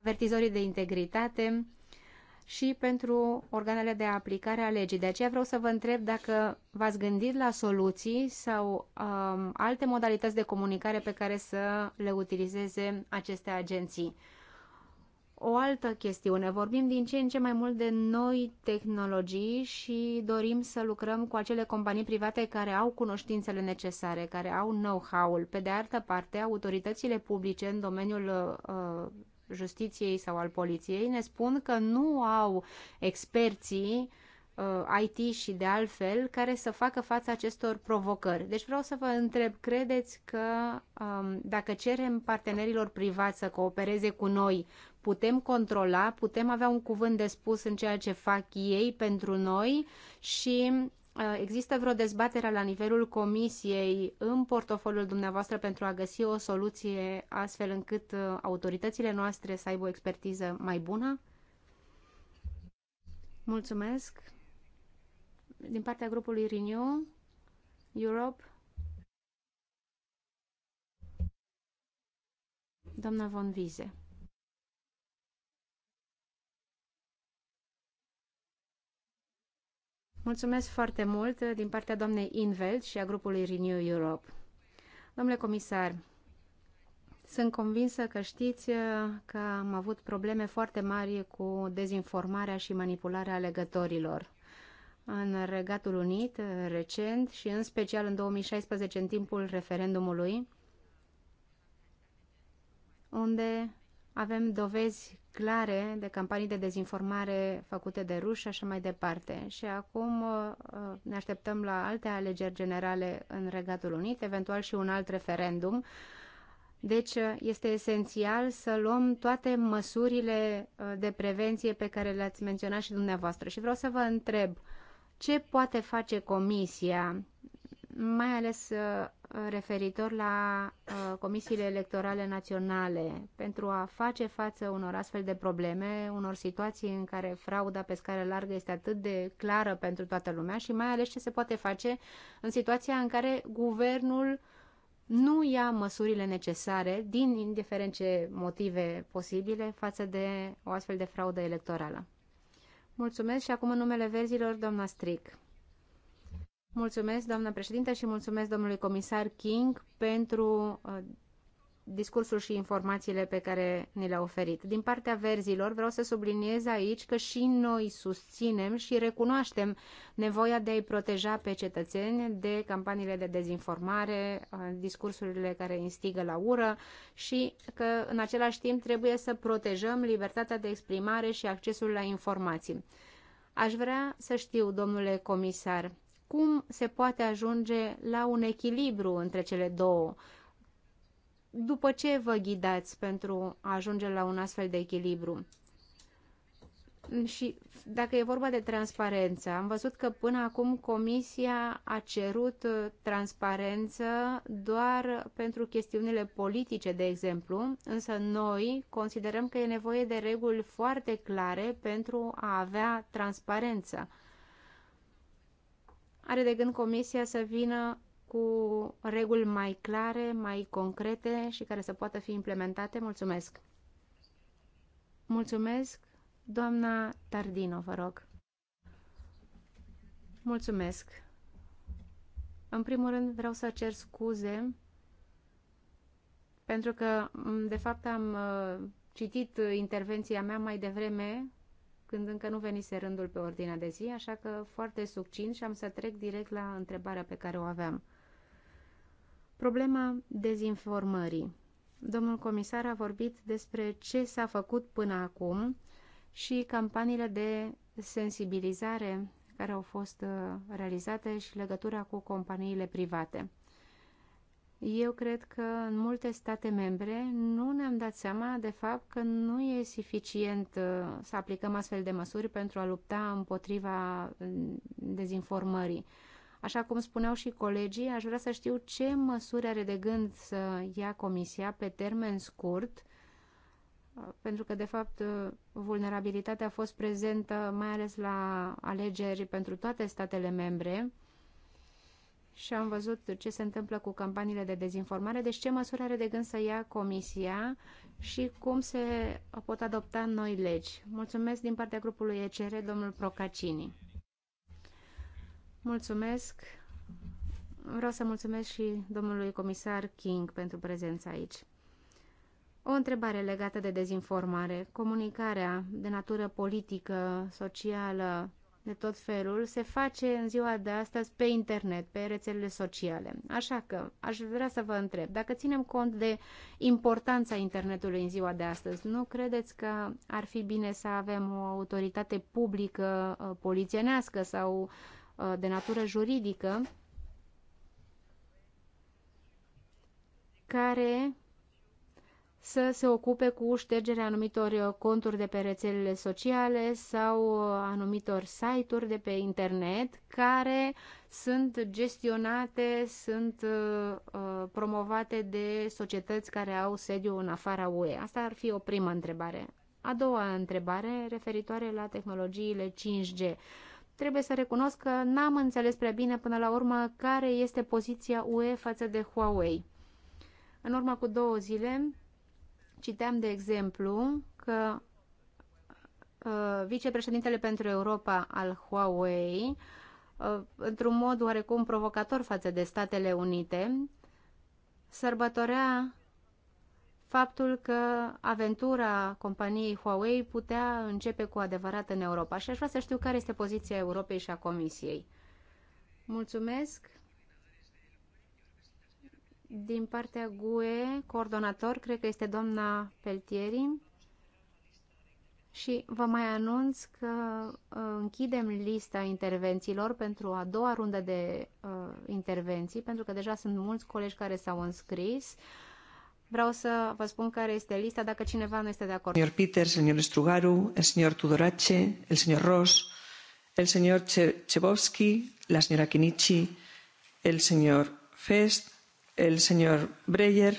avertizorii de integritate, și pentru organele de aplicare a legii. De aceea vreau să vă întreb dacă v-ați gândit la soluții sau um, alte modalități de comunicare pe care să le utilizeze aceste agenții. O altă chestiune, vorbim din ce în ce mai mult de noi tehnologii și dorim să lucrăm cu acele companii private care au cunoștințele necesare, care au know-how-ul. Pe de altă parte, autoritățile publice în domeniul uh, justiției sau al poliției ne spun că nu au experții uh, IT și de altfel care să facă față acestor provocări. Deci vreau să vă întreb, credeți că um, dacă cerem partenerilor privați să coopereze cu noi, putem controla, putem avea un cuvânt de spus în ceea ce fac ei pentru noi și Uh, există vreo dezbatere la nivelul comisiei în portofoliul dumneavoastră pentru a găsi o soluție astfel încât uh, autoritățile noastre să aibă o expertiză mai bună? Mulțumesc. Din partea grupului Renew Europe. Doamna Von Wiese. Mulțumesc foarte mult uh, din partea doamnei Inveld și a grupului Renew Europe. Domnule comisar, sunt convinsă că știți uh, că am avut probleme foarte mari cu dezinformarea și manipularea alegătorilor în Regatul Unit uh, recent și în special în 2016 în timpul referendumului, unde avem dovezi clare de campanii de dezinformare făcute de ruși și așa mai departe. Și acum uh, uh, ne așteptăm la alte alegeri generale în Regatul Unit, eventual și un alt referendum. Deci uh, este esențial să luăm toate măsurile de prevenție pe care le-ați menționat și dumneavoastră. Și vreau să vă întreb, ce poate face Comisia, mai ales referitor la uh, comisiile electorale naționale pentru a face față unor astfel de probleme, unor situații în care frauda pe scară largă este atât de clară pentru toată lumea și mai ales ce se poate face în situația în care guvernul nu ia măsurile necesare din indiferente motive posibile față de o astfel de fraudă electorală. Mulțumesc și acum în numele verzilor, doamna Stric. Mulțumesc, doamnă președinte, și mulțumesc domnului comisar King pentru uh, discursul și informațiile pe care ne le-a oferit. Din partea verzilor, vreau să subliniez aici că și noi susținem și recunoaștem nevoia de a-i proteja pe cetățeni de campaniile de dezinformare, uh, discursurile care instigă la ură și că în același timp trebuie să protejăm libertatea de exprimare și accesul la informații. Aș vrea să știu, domnule comisar, cum se poate ajunge la un echilibru între cele două. După ce vă ghidați pentru a ajunge la un astfel de echilibru? Și dacă e vorba de transparență, am văzut că până acum Comisia a cerut uh, transparență doar pentru chestiunile politice, de exemplu, însă noi considerăm că e nevoie de reguli foarte clare pentru a avea transparență. Are de gând Comisia să vină cu reguli mai clare, mai concrete și care să poată fi implementate? Mulțumesc! Mulțumesc, doamna Tardino, vă rog. Mulțumesc. În primul rând vreau să cer scuze pentru că, de fapt, am uh, citit intervenția mea mai devreme când încă nu venise rândul pe ordinea de zi, așa că foarte succint și am să trec direct la întrebarea pe care o aveam. Problema dezinformării. Domnul comisar a vorbit despre ce s-a făcut până acum și campaniile de sensibilizare care au fost uh, realizate și legătura cu companiile private. Eu cred că în multe state membre nu ne-am dat seama de fapt că nu e suficient uh, să aplicăm astfel de măsuri pentru a lupta împotriva uh, dezinformării. Așa cum spuneau și colegii, aș vrea să știu ce măsuri are de gând să ia Comisia pe termen scurt, uh, pentru că, de fapt, vulnerabilitatea a fost prezentă mai ales la alegeri pentru toate statele membre, și am văzut ce se întâmplă cu campaniile de dezinformare, deci ce măsuri are de gând să ia Comisia și cum se pot adopta noi legi. Mulțumesc din partea grupului ECR, domnul Procacini. Mulțumesc. Vreau să mulțumesc și domnului comisar King pentru prezența aici. O întrebare legată de dezinformare, comunicarea de natură politică, socială, de tot felul se face în ziua de astăzi pe internet, pe rețelele sociale. Așa că aș vrea să vă întreb, dacă ținem cont de importanța internetului în ziua de astăzi, nu credeți că ar fi bine să avem o autoritate publică uh, polițienească sau uh, de natură juridică care să se ocupe cu ștergerea anumitor uh, conturi de pe rețelele sociale sau uh, anumitor site-uri de pe internet care sunt gestionate, sunt uh, uh, promovate de societăți care au sediu în afara UE. Asta ar fi o primă întrebare. A doua întrebare referitoare la tehnologiile 5G. Trebuie să recunosc că n-am înțeles prea bine până la urmă care este poziția UE față de Huawei. În urmă cu două zile, Citeam, de exemplu, că uh, vicepreședintele pentru Europa al Huawei, uh, într-un mod oarecum provocator față de Statele Unite, sărbătorea faptul că aventura companiei Huawei putea începe cu adevărat în Europa. Și aș vrea să știu care este poziția Europei și a Comisiei. Mulțumesc! Din partea GUE, coordonator, cred că este doamna Peltieri. Și vă mai anunț că uh, închidem lista intervențiilor pentru a doua rundă de uh, intervenții, pentru că deja sunt mulți colegi care s-au înscris. Vreau să vă spun care este lista, dacă cineva nu este de acord. Señor Peter, señor Strugaru, el señor Tudorache, el señor Ross, el señor che Chebowski, la señora Kinichi, el señor Fest, el señor Breyer,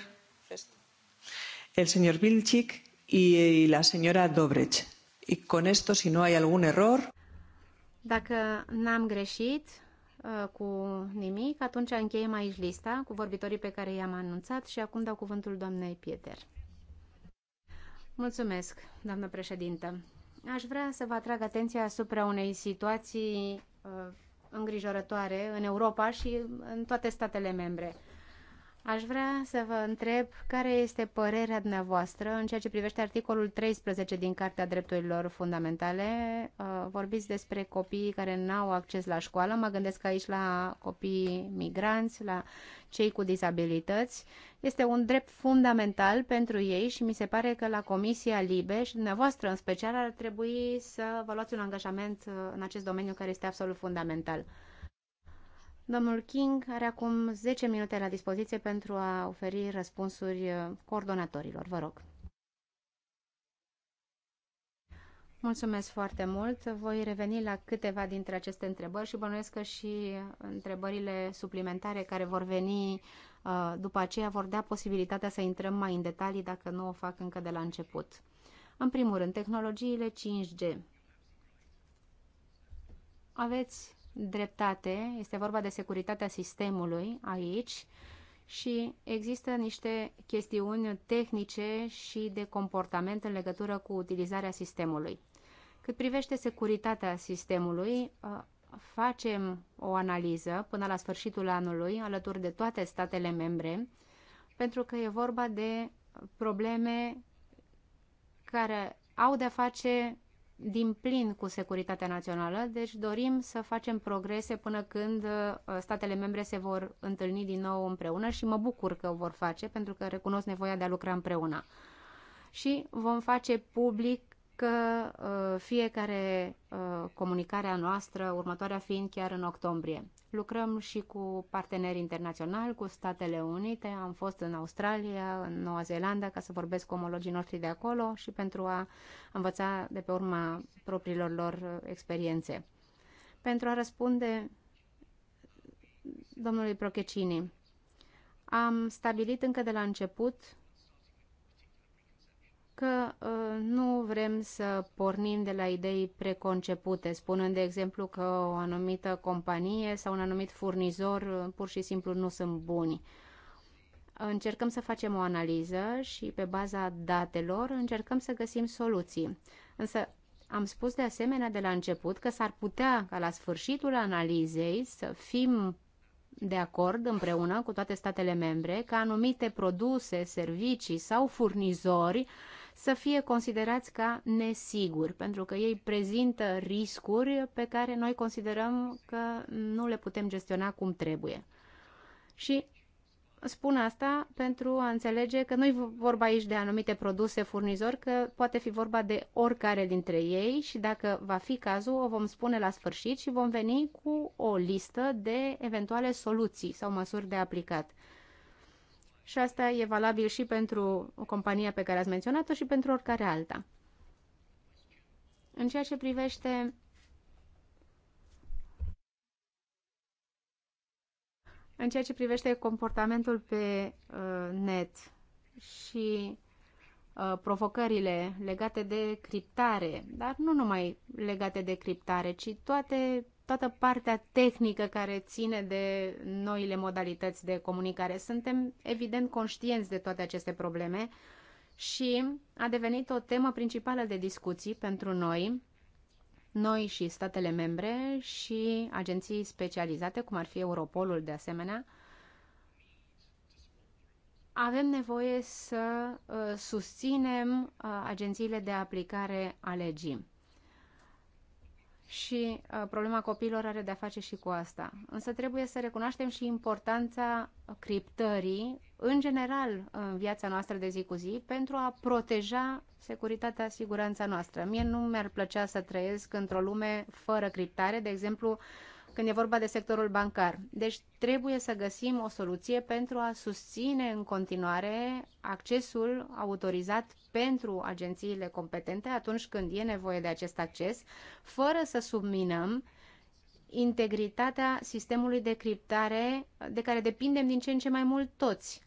el señor Vilchik y la señora Dobrech. Y con esto, si no hay algún error. Dacă n-am greșit uh, cu nimic, atunci încheiem aici lista cu vorbitorii pe care i-am anunțat și acum dau cuvântul doamnei Pieter. Mulțumesc, doamnă președintă. Aș vrea să vă atrag atenția asupra unei situații uh, îngrijorătoare în Europa și în toate statele membre. Aș vrea să vă întreb care este părerea dumneavoastră în ceea ce privește articolul 13 din Cartea Drepturilor Fundamentale. Uh, vorbiți despre copiii care n-au acces la școală. Mă gândesc aici la copiii migranți, la cei cu dizabilități. Este un drept fundamental pentru ei și mi se pare că la Comisia Libe și dumneavoastră în special ar trebui să vă luați un angajament uh, în acest domeniu care este absolut fundamental. Domnul King are acum 10 minute la dispoziție pentru a oferi răspunsuri uh, coordonatorilor. Vă rog. Mulțumesc foarte mult. Voi reveni la câteva dintre aceste întrebări și bănuiesc că și întrebările suplimentare care vor veni uh, după aceea vor da posibilitatea să intrăm mai în detalii dacă nu o fac încă de la început. În primul rând, tehnologiile 5G. Aveți dreptate, este vorba de securitatea sistemului aici și există niște chestiuni tehnice și de comportament în legătură cu utilizarea sistemului. Cât privește securitatea sistemului, ă, facem o analiză până la sfârșitul anului alături de toate statele membre, pentru că e vorba de probleme care au de-a face din plin cu securitatea națională, deci dorim să facem progrese până când uh, statele membre se vor întâlni din nou împreună și mă bucur că o vor face pentru că recunosc nevoia de a lucra împreună. Și vom face public că uh, fiecare uh, comunicare a noastră, următoarea fiind chiar în octombrie. Lucrăm și cu parteneri internaționali, cu Statele Unite, am fost în Australia, în Noua Zeelandă, ca să vorbesc cu omologii noștri de acolo și pentru a învăța de pe urma propriilor lor uh, experiențe. Pentru a răspunde domnului Prochecini, am stabilit încă de la început că ă, nu vrem să pornim de la idei preconcepute, spunând, de exemplu, că o anumită companie sau un anumit furnizor ă, pur și simplu nu sunt buni. Încercăm să facem o analiză și pe baza datelor încercăm să găsim soluții. Însă am spus de asemenea de la început că s-ar putea ca la sfârșitul analizei să fim de acord împreună cu toate statele membre că anumite produse, servicii sau furnizori să fie considerați ca nesiguri, pentru că ei prezintă riscuri pe care noi considerăm că nu le putem gestiona cum trebuie. Și spun asta pentru a înțelege că nu-i vorba aici de anumite produse furnizori, că poate fi vorba de oricare dintre ei și dacă va fi cazul, o vom spune la sfârșit și vom veni cu o listă de eventuale soluții sau măsuri de aplicat și asta e valabil și pentru o companie pe care ați menționat-o și pentru oricare alta. În ceea ce privește în ceea ce privește comportamentul pe uh, net și uh, provocările legate de criptare, dar nu numai legate de criptare, ci toate toată partea tehnică care ține de noile modalități de comunicare. Suntem evident conștienți de toate aceste probleme și a devenit o temă principală de discuții pentru noi, noi și statele membre și agenții specializate, cum ar fi Europolul de asemenea, avem nevoie să uh, susținem uh, agențiile de aplicare a legii și uh, problema copiilor are de-a face și cu asta. Însă trebuie să recunoaștem și importanța criptării, în general, în viața noastră de zi cu zi, pentru a proteja securitatea, siguranța noastră. Mie nu mi-ar plăcea să trăiesc într-o lume fără criptare, de exemplu, când e vorba de sectorul bancar. Deci trebuie să găsim o soluție pentru a susține în continuare accesul autorizat pentru agențiile competente atunci când e nevoie de acest acces, fără să subminăm integritatea sistemului de criptare de care depindem din ce în ce mai mult toți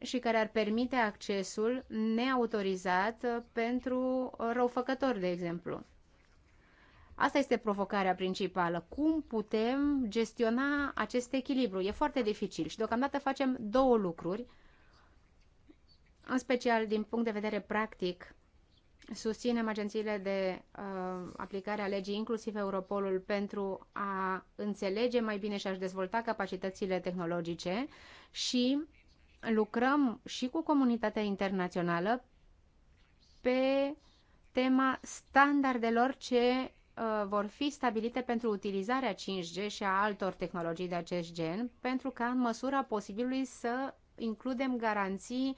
și care ar permite accesul neautorizat pentru răufăcători, de exemplu. Asta este provocarea principală. Cum putem gestiona acest echilibru? E foarte dificil și deocamdată facem două lucruri, în special din punct de vedere practic. Susținem agențiile de uh, aplicare a legii, inclusiv Europolul, pentru a înțelege mai bine și a-și dezvolta capacitățile tehnologice și lucrăm și cu comunitatea internațională pe tema standardelor ce Uh, vor fi stabilite pentru utilizarea 5G și a altor tehnologii de acest gen, pentru ca în măsura posibilului să includem garanții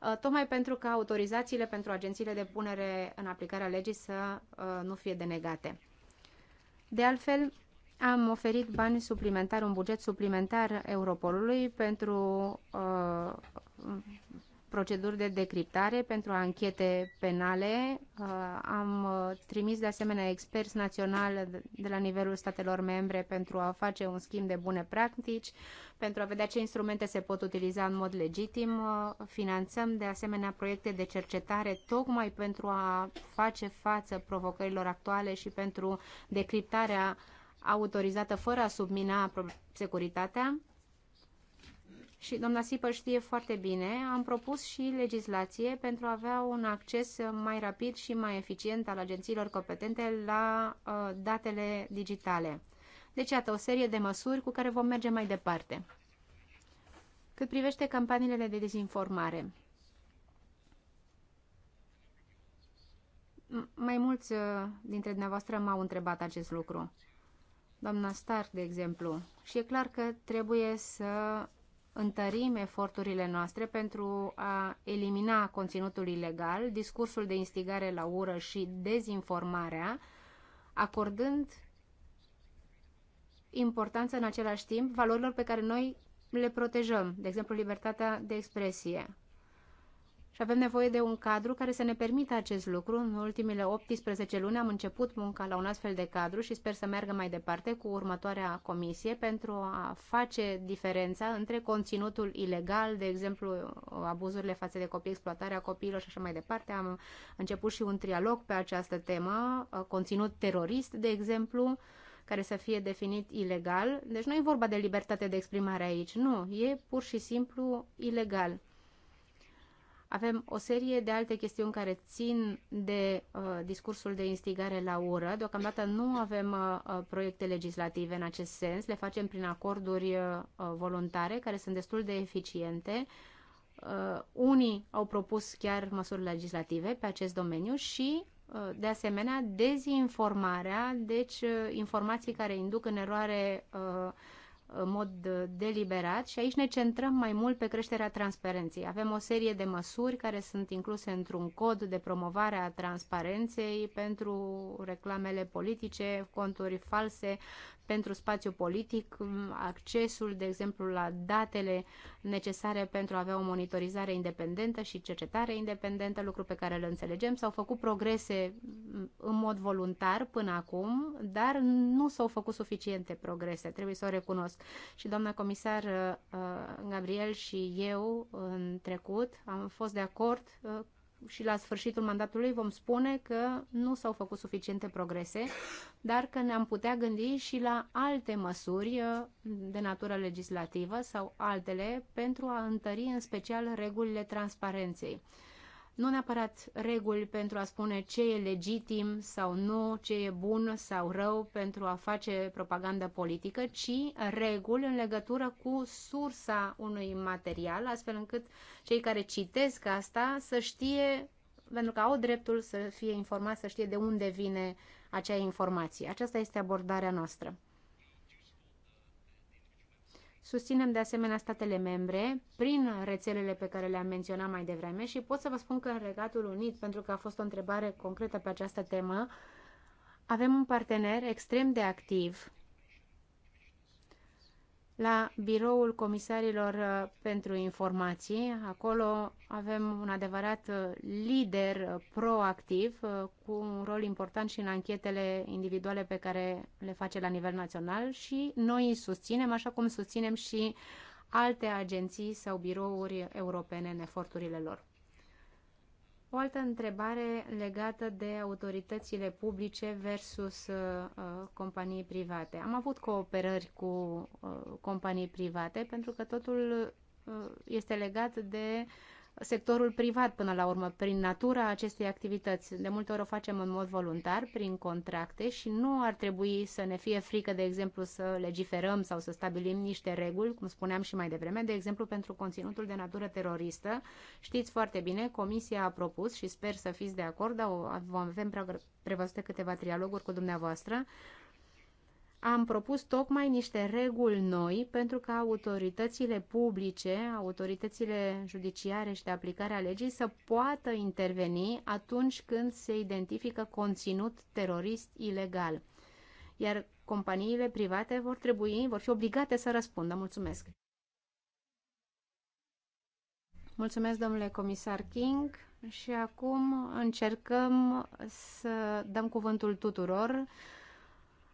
uh, tocmai pentru ca autorizațiile pentru agențiile de punere în aplicare a legii să uh, nu fie denegate. De altfel, am oferit bani suplimentari, un buget suplimentar Europolului pentru uh, proceduri de decriptare pentru anchete penale. Uh, am uh, trimis de asemenea experți naționali de la nivelul statelor membre pentru a face un schimb de bune practici, pentru a vedea ce instrumente se pot utiliza în mod legitim. Uh, finanțăm de asemenea proiecte de cercetare tocmai pentru a face față provocărilor actuale și pentru decriptarea autorizată fără a submina securitatea și doamna Sipă știe foarte bine, am propus și legislație pentru a avea un acces mai rapid și mai eficient al agențiilor competente la uh, datele digitale. Deci, iată, o serie de măsuri cu care vom merge mai departe. Cât privește campaniile de dezinformare, mai mulți uh, dintre dumneavoastră m-au întrebat acest lucru. Doamna Stark, de exemplu. Și e clar că trebuie să întărim eforturile noastre pentru a elimina conținutul ilegal, discursul de instigare la ură și dezinformarea, acordând importanță în același timp valorilor pe care noi le protejăm, de exemplu libertatea de expresie, și avem nevoie de un cadru care să ne permită acest lucru. În ultimile 18 luni am început munca la un astfel de cadru și sper să meargă mai departe cu următoarea comisie pentru a face diferența între conținutul ilegal, de exemplu abuzurile față de copii, exploatarea copiilor și așa mai departe. Am început și un trialog pe această temă, conținut terorist, de exemplu, care să fie definit ilegal. Deci nu e vorba de libertate de exprimare aici, nu, e pur și simplu ilegal. Avem o serie de alte chestiuni care țin de uh, discursul de instigare la ură. Deocamdată nu avem uh, uh proiecte legislative în acest sens. Le facem prin acorduri uh, uh, voluntare care sunt destul de eficiente. Uh, unii au propus chiar măsuri legislative pe acest domeniu și uh, de asemenea, dezinformarea, deci informații care induc în eroare uh, în mod deliberat și aici ne centrăm mai mult pe creșterea transparenței. Avem o serie de măsuri care sunt incluse într-un cod de promovare a transparenței pentru reclamele politice, conturi false, pentru spațiu politic, accesul, de exemplu, la datele necesare pentru a avea o monitorizare independentă și cercetare independentă, lucru pe care îl înțelegem. S-au făcut progrese în mod voluntar până acum, dar nu s-au făcut suficiente progrese, trebuie să o recunosc. Și doamna comisar uh, uh, Gabriel și eu în trecut am fost de acord uh, și la sfârșitul mandatului vom spune că nu s-au făcut suficiente progrese, dar că ne-am putea gândi și la alte măsuri de natură legislativă sau altele pentru a întări în special regulile transparenței nu neapărat reguli pentru a spune ce e legitim sau nu, ce e bun sau rău pentru a face propagandă politică, ci reguli în legătură cu sursa unui material, astfel încât cei care citesc asta să știe, pentru că au dreptul să fie informați, să știe de unde vine acea informație. Aceasta este abordarea noastră. Susținem de asemenea statele membre prin rețelele pe care le-am menționat mai devreme și pot să vă spun că în Regatul Unit, pentru că a fost o întrebare concretă pe această temă, avem un partener extrem de activ la biroul comisarilor uh, pentru informații. Acolo avem un adevărat uh, lider uh, proactiv cu un rol important și în anchetele individuale pe care le face la nivel național și noi îi susținem, așa cum susținem și alte agenții sau birouri europene în eforturile lor. O altă întrebare legată de autoritățile publice versus uh, companii private. Am avut cooperări cu uh, companii private pentru că totul uh, este legat de uh, sectorul privat până la urmă, prin natura acestei activități. De multe ori o facem în mod voluntar, prin contracte și nu ar trebui să ne fie frică, de exemplu, să legiferăm sau să stabilim niște reguli, cum spuneam și mai devreme, de exemplu, pentru conținutul de natură teroristă. Știți foarte bine, Comisia a propus și sper să fiți de acord, dar vom avem prevăzute câteva trialoguri cu dumneavoastră, am propus tocmai niște reguli noi pentru ca autoritățile publice, autoritățile judiciare și de aplicare a legii să poată interveni atunci când se identifică conținut terorist ilegal. Iar companiile private vor trebui, vor fi obligate să răspundă. Mulțumesc! Mulțumesc, domnule comisar King. Și acum încercăm să dăm cuvântul tuturor.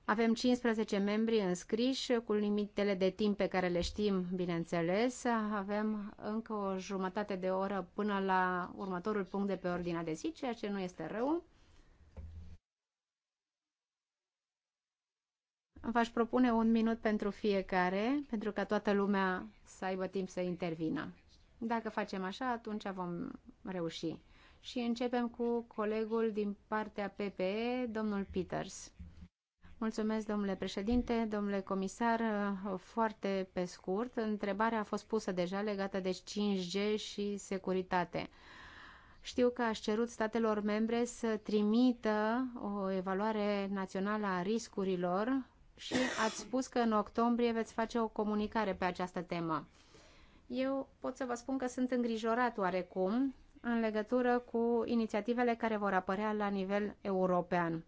Avem 15 membri înscriși cu limitele de timp pe care le știm, bineînțeles. Avem încă o jumătate de oră până la următorul punct de pe ordinea de zi, ceea ce nu este rău. V-aș propune un minut pentru fiecare, pentru ca toată lumea să aibă timp să intervină. Dacă facem așa, atunci vom reuși. Și începem cu colegul din partea PPE, domnul Peters. Mulțumesc, domnule președinte, domnule comisar. Foarte pe scurt, întrebarea a fost pusă deja legată de 5G și securitate. Știu că aș cerut statelor membre să trimită o evaluare națională a riscurilor și ați spus că în octombrie veți face o comunicare pe această temă. Eu pot să vă spun că sunt îngrijorat oarecum în legătură cu inițiativele care vor apărea la nivel european.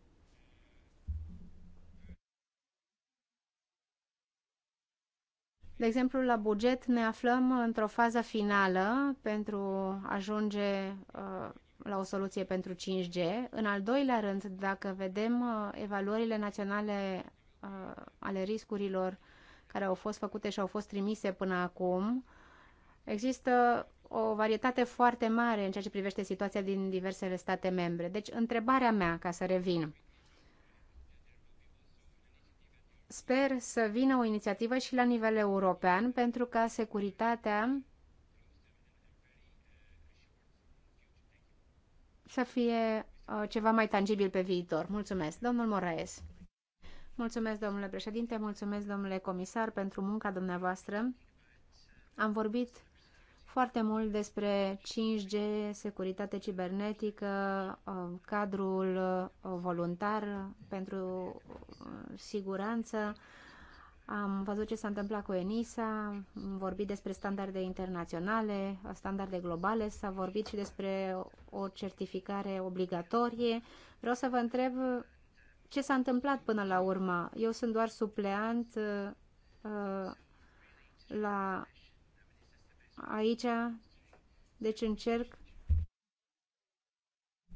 De exemplu, la buget ne aflăm într-o fază finală pentru a ajunge uh, la o soluție pentru 5G. În al doilea rând, dacă vedem uh, evaluările naționale uh, ale riscurilor care au fost făcute și au fost trimise până acum, există o varietate foarte mare în ceea ce privește situația din diversele state membre. Deci, întrebarea mea, ca să revin, sper să vină o inițiativă și la nivel european pentru ca securitatea să fie uh, ceva mai tangibil pe viitor. Mulțumesc, domnul Moraes. Mulțumesc, domnule președinte, mulțumesc, domnule comisar, pentru munca dumneavoastră. Am vorbit foarte mult despre 5G, securitate cibernetică, uh, cadrul uh, voluntar pentru uh, siguranță. Am văzut ce s-a întâmplat cu ENISA, am vorbit despre standarde internaționale, standarde globale, s-a vorbit și despre o certificare obligatorie. Vreau să vă întreb ce s-a întâmplat până la urmă. Eu sunt doar supleant la Aici, deci încerc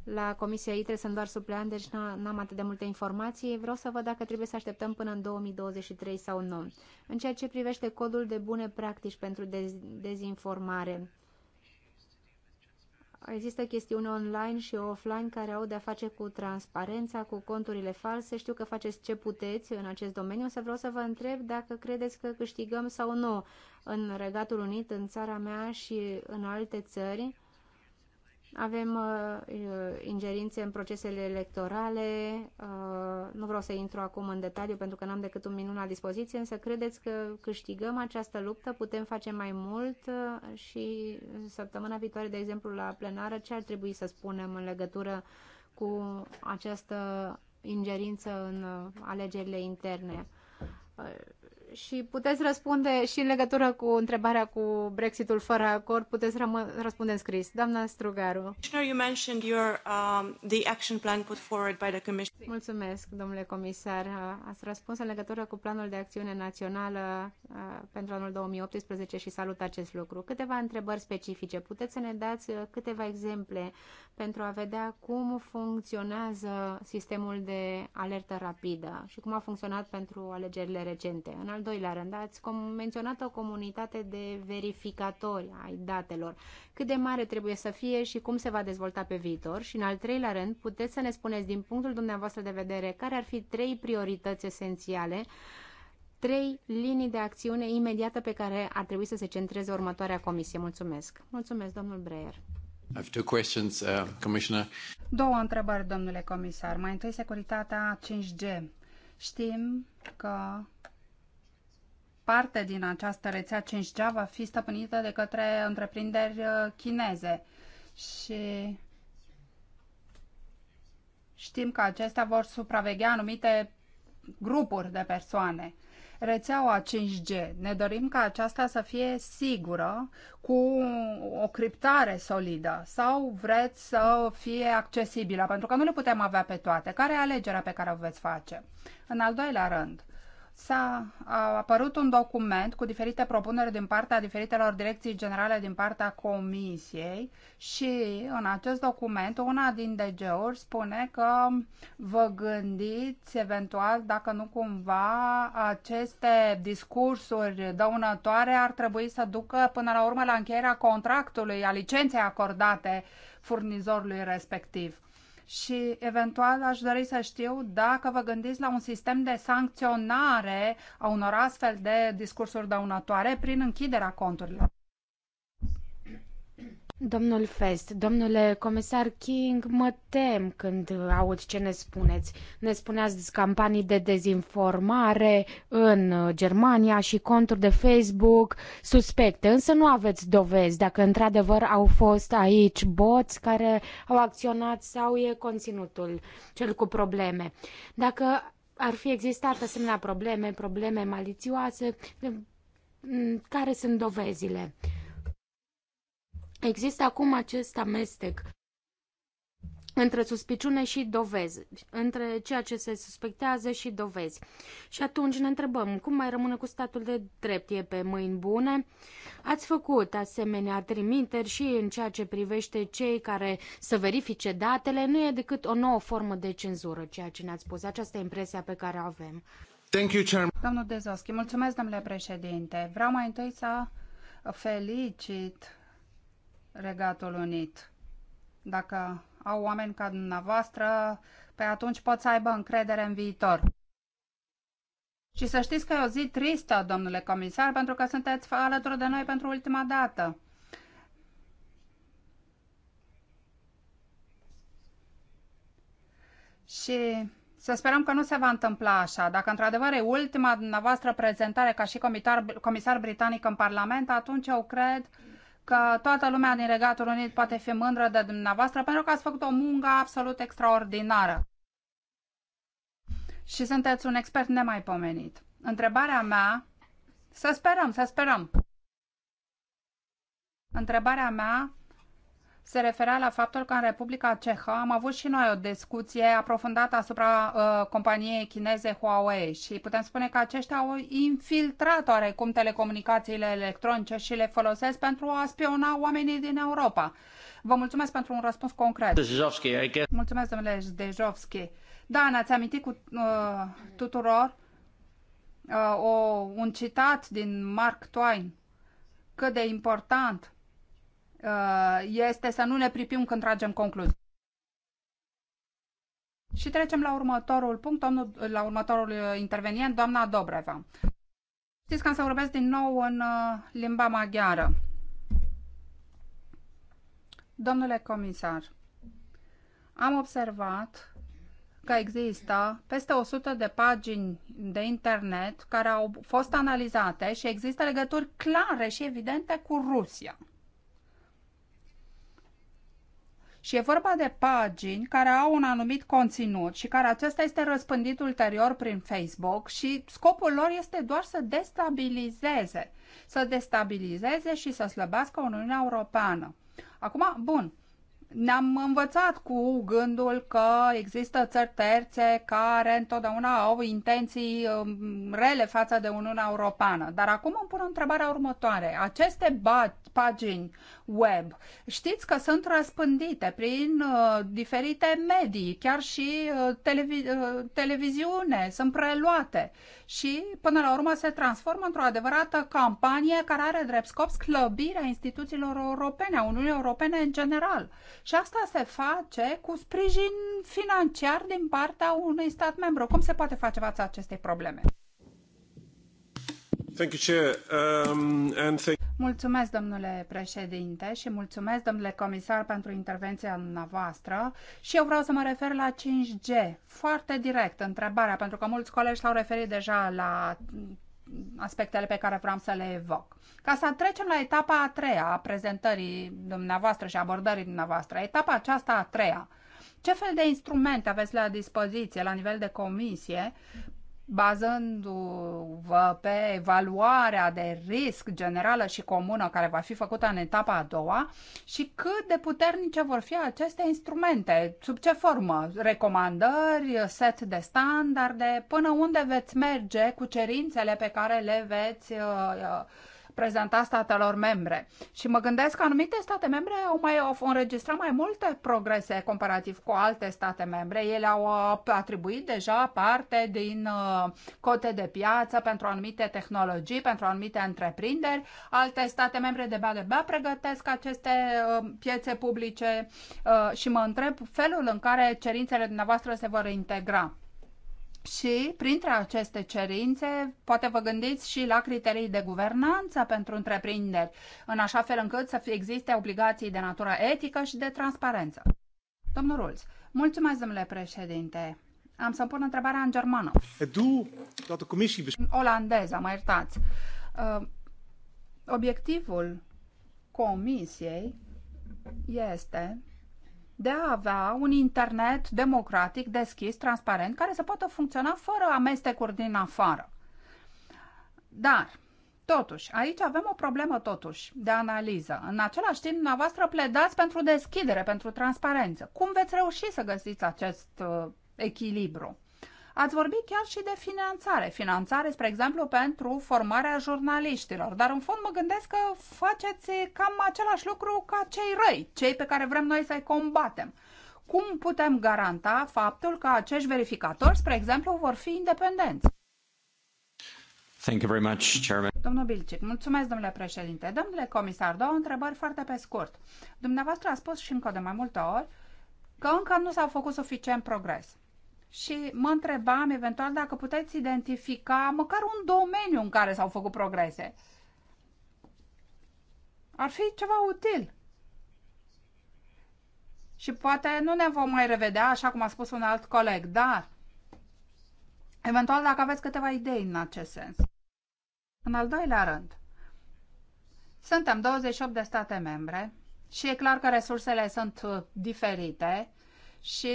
la Comisia ITRE sunt doar suplean, deci n-am atât de multe informații. Vreau să văd dacă trebuie să așteptăm până în 2023 sau nu. În ceea ce privește codul de bune practici pentru dez dezinformare, Există chestiuni online și offline care au de-a face cu transparența, cu conturile false. Știu că faceți ce puteți în acest domeniu, să vreau să vă întreb dacă credeți că câștigăm sau nu în Regatul Unit, în țara mea și în alte țări avem uh, uh, ingerințe în procesele electorale, uh, nu vreau să intru acum în detaliu pentru că n-am decât un minut la dispoziție, însă credeți că câștigăm această luptă, putem face mai mult uh, și săptămâna viitoare, de exemplu, la plenară, ce ar trebui să spunem în legătură cu această ingerință în uh, alegerile interne? Uh, și puteți răspunde și în legătură cu întrebarea cu Brexitul fără acord, puteți răspunde în scris. Doamna Strugaru. Um, Mulțumesc, domnule comisar. Ați răspuns în legătură cu planul de acțiune națională pentru anul 2018 și salut acest lucru. Câteva întrebări specifice. Puteți să ne dați uh, câteva exemple pentru a vedea cum funcționează sistemul de alertă rapidă și cum a funcționat pentru alegerile recente. În al doilea rând, ați menționat o comunitate de verificatori ai datelor. Cât de mare trebuie să fie și cum se va dezvolta pe viitor? Și în al treilea rând, puteți să ne spuneți din punctul dumneavoastră de vedere care ar fi trei priorități esențiale trei linii de acțiune imediată pe care ar trebui să se centreze următoarea comisie. Mulțumesc. Mulțumesc, domnul Breyer. I have two questions, uh, Commissioner. Două întrebări, domnule comisar. Mai întâi, securitatea 5G. Știm că parte din această rețea 5G va fi stăpânită de către întreprinderi uh, chineze și știm că acestea vor supraveghea anumite grupuri de persoane rețeaua 5G. Ne dorim ca aceasta să fie sigură, cu o criptare solidă sau vreți să fie accesibilă, pentru că nu le putem avea pe toate. Care e alegerea pe care o veți face? În al doilea rând, s-a apărut un document cu diferite propuneri din partea diferitelor direcții generale din partea Comisiei și în acest document una din DG-uri spune că vă gândiți eventual dacă nu cumva aceste discursuri dăunătoare ar trebui să ducă până la urmă la încheierea contractului, a licenței acordate furnizorului respectiv și eventual aș dori să știu dacă vă gândiți la un sistem de sancționare a unor astfel de discursuri dăunătoare prin închiderea conturilor. Domnul Fest, domnule comisar King, mă tem când aud ce ne spuneți. Ne spuneați campanii de dezinformare în uh, Germania și conturi de Facebook suspecte, însă nu aveți dovezi dacă într-adevăr au fost aici boți care au acționat sau e conținutul cel cu probleme. Dacă ar fi existat asemenea probleme, probleme malițioase, mm, care sunt dovezile? Există acum acest amestec între suspiciune și dovezi, între ceea ce se suspectează și dovezi. Și atunci ne întrebăm, cum mai rămâne cu statul de drept? E pe mâini bune? Ați făcut asemenea trimiteri și în ceea ce privește cei care să verifice datele, nu e decât o nouă formă de cenzură, ceea ce ne-ați spus. Această impresia pe care o avem. Thank you, Chairman. Domnul Dezoschi, mulțumesc, domnule președinte. Vreau mai întâi să felicit Regatul Unit. Dacă au oameni ca dumneavoastră, pe atunci pot să aibă încredere în viitor. Și să știți că e o zi tristă, domnule comisar, pentru că sunteți alături de noi pentru ultima dată. Și să sperăm că nu se va întâmpla așa. Dacă într-adevăr e ultima dumneavoastră prezentare ca și comisar, comisar britanic în Parlament, atunci eu cred că toată lumea din Regatul Unit poate fi mândră de dumneavoastră pentru că ați făcut o muncă absolut extraordinară. Și sunteți un expert nemaipomenit. Întrebarea mea, să sperăm, să sperăm. Întrebarea mea se referea la faptul că în Republica Cehă am avut și noi o discuție aprofundată asupra uh, companiei chineze Huawei și putem spune că aceștia au infiltrat oarecum telecomunicațiile electronice și le folosesc pentru a spiona oamenii din Europa. Vă mulțumesc pentru un răspuns concret. Mulțumesc, domnule Dejovski. Da, ne-ați amintit cu uh, tuturor uh, o, un citat din Mark Twain. Cât de important Uh, este să nu ne pripim când tragem concluzii. Și trecem la următorul punct, la următorul uh, intervenient, doamna Dobreva. Știți că am să vorbesc din nou în uh, limba maghiară. Domnule comisar, am observat că există peste 100 de pagini de internet care au fost analizate și există legături clare și evidente cu Rusia. Și e vorba de pagini care au un anumit conținut și care acesta este răspândit ulterior prin Facebook și scopul lor este doar să destabilizeze, să destabilizeze și să slăbească Uniunea Europeană. Acum, bun, ne-am învățat cu gândul că există țări terțe care întotdeauna au intenții um, rele față de Uniunea Europeană. Dar acum îmi pun întrebarea următoare. Aceste pagini web, știți că sunt răspândite prin uh, diferite medii, chiar și uh, televi- uh, televiziune, sunt preluate și până la urmă se transformă într-o adevărată campanie care are drept scop sclăbirea instituțiilor europene, a Uniunii Europene în general. Și asta se face cu sprijin financiar din partea unui stat membru. Cum se poate face față acestei probleme? Thank you, Chair. Um, and thank Mulțumesc, domnule președinte, și mulțumesc, domnule comisar, pentru intervenția dumneavoastră. Și eu vreau să mă refer la 5G. Foarte direct întrebarea, pentru că mulți colegi s-au referit deja la aspectele pe care vreau să le evoc. Ca să trecem la etapa a treia a prezentării dumneavoastră și abordării dumneavoastră, etapa aceasta a treia, ce fel de instrumente aveți la dispoziție la nivel de comisie bazându-vă pe evaluarea de risc generală și comună care va fi făcută în etapa a doua și cât de puternice vor fi aceste instrumente, sub ce formă, recomandări, set de standarde, până unde veți merge cu cerințele pe care le veți uh, uh, prezenta statelor membre. Și mă gândesc că anumite state membre au mai au înregistrat mai multe progrese comparativ cu alte state membre. Ele au uh, atribuit deja parte din uh, cote de piață pentru anumite tehnologii, pentru anumite întreprinderi. Alte state membre de bea bea pregătesc aceste uh, piețe publice și mă întreb felul în care cerințele dumneavoastră se vor integra. Și printre aceste cerințe, poate vă gândiți și la criterii de guvernanță pentru întreprinderi, în așa fel încât să existe obligații de natură etică și de transparență. Domnul Rulz, mulțumesc, domnule președinte. Am să-mi pun întrebarea în germană. Du, toată comisii... În olandeză, mă iertați. Uh, obiectivul comisiei este de a avea un internet democratic, deschis, transparent, care să poată funcționa fără amestecuri din afară. Dar, totuși, aici avem o problemă totuși de analiză. În același timp, dumneavoastră pledați pentru deschidere, pentru transparență. Cum veți reuși să găsiți acest uh, echilibru? Ați vorbit chiar și de finanțare. Finanțare, spre exemplu, pentru formarea jurnaliștilor. Dar, în fond, mă gândesc că faceți cam același lucru ca cei răi, cei pe care vrem noi să-i combatem. Cum putem garanta faptul că acești verificatori, spre exemplu, vor fi independenți? Thank you very much, Chairman. Domnul Bilcic, mulțumesc, domnule președinte. Domnule comisar, două întrebări foarte pe scurt. Dumneavoastră a spus și încă de mai multe ori că încă nu s-au făcut suficient progres și mă întrebam eventual dacă puteți identifica măcar un domeniu în care s-au făcut progrese. Ar fi ceva util. Și poate nu ne vom mai revedea, așa cum a spus un alt coleg, dar eventual dacă aveți câteva idei în acest sens. În al doilea rând, suntem 28 de state membre și e clar că resursele sunt uh, diferite și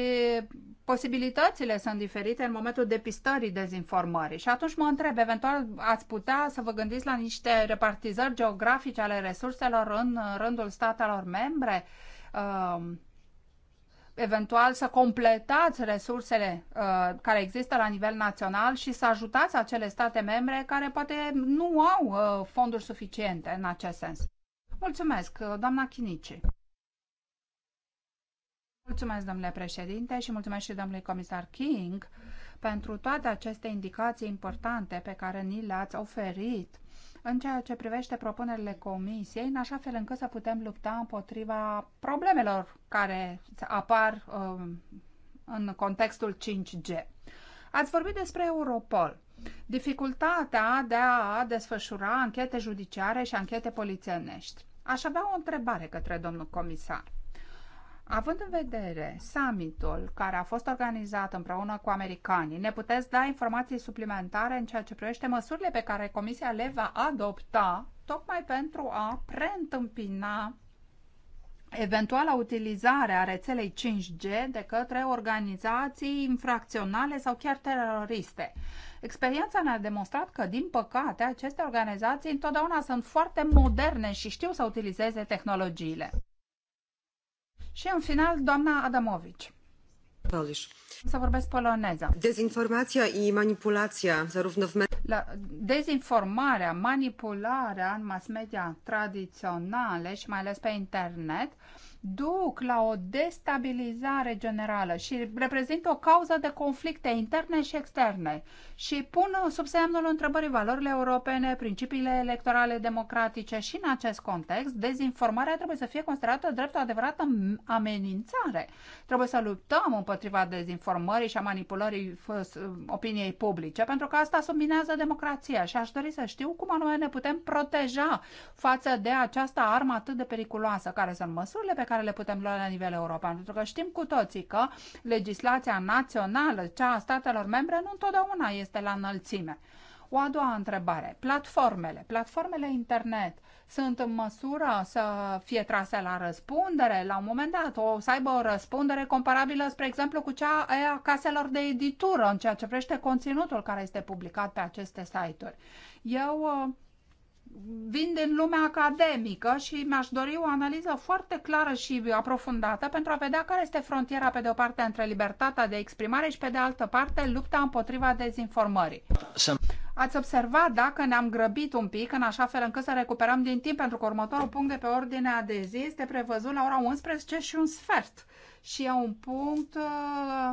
posibilitățile sunt diferite în momentul depistării dezinformării. Și atunci mă întreb, eventual ați putea să vă gândiți la niște repartizări geografice ale resurselor în rândul statelor membre? Um, eventual să completați resursele uh, care există la nivel național și să ajutați acele state membre care poate nu au uh, fonduri suficiente în acest sens. Mulțumesc, uh, doamna Chinici. Mulțumesc, domnule președinte, și mulțumesc și domnului comisar King pentru toate aceste indicații importante pe care ni le-ați oferit în ceea ce privește propunerile comisiei, în așa fel încât să putem lupta împotriva problemelor care apar um, în contextul 5G. Ați vorbit despre Europol. Dificultatea de a desfășura anchete judiciare și anchete polițienești. Aș avea o întrebare către domnul comisar. Având în vedere summitul care a fost organizat împreună cu americanii, ne puteți da informații suplimentare în ceea ce privește măsurile pe care Comisia le va adopta tocmai pentru a preîntâmpina eventuala utilizare a rețelei 5G de către organizații infracționale sau chiar teroriste. Experiența ne-a demonstrat că, din păcate, aceste organizații întotdeauna sunt foarte moderne și știu să utilizeze tehnologiile. Și în final, doamna Adamovici. Polish. Să vorbesc poloneză. Dezinformația și manipulația, zarówno w La dezinformarea, manipularea în mass media tradiționale și mai ales pe internet duc la o destabilizare generală și reprezintă o cauză de conflicte interne și externe și pun sub semnul întrebării valorile europene, principiile electorale democratice și în acest context dezinformarea trebuie să fie considerată drept o adevărată amenințare. Trebuie să luptăm împotriva dezinformării și a manipulării opiniei publice pentru că asta subminează democrația și aș dori să știu cum anume ne putem proteja față de această armă atât de periculoasă care sunt măsurile pe care care le putem lua la nivel european, pentru că știm cu toții că legislația națională, cea a statelor membre, nu întotdeauna este la înălțime. O a doua întrebare. Platformele, platformele internet sunt în măsură să fie trase la răspundere la un moment dat, o să aibă o răspundere comparabilă, spre exemplu, cu cea a caselor de editură în ceea ce privește conținutul care este publicat pe aceste site-uri. Eu uh, vin din lumea academică și mi-aș dori o analiză foarte clară și aprofundată pentru a vedea care este frontiera, pe de o parte, între libertatea de exprimare și, pe de altă parte, lupta împotriva dezinformării. Ați observat dacă ne-am grăbit un pic în așa fel încât să recuperăm din timp, pentru că următorul punct de pe ordinea de zi este prevăzut la ora 11 și un sfert. Și e un punct uh,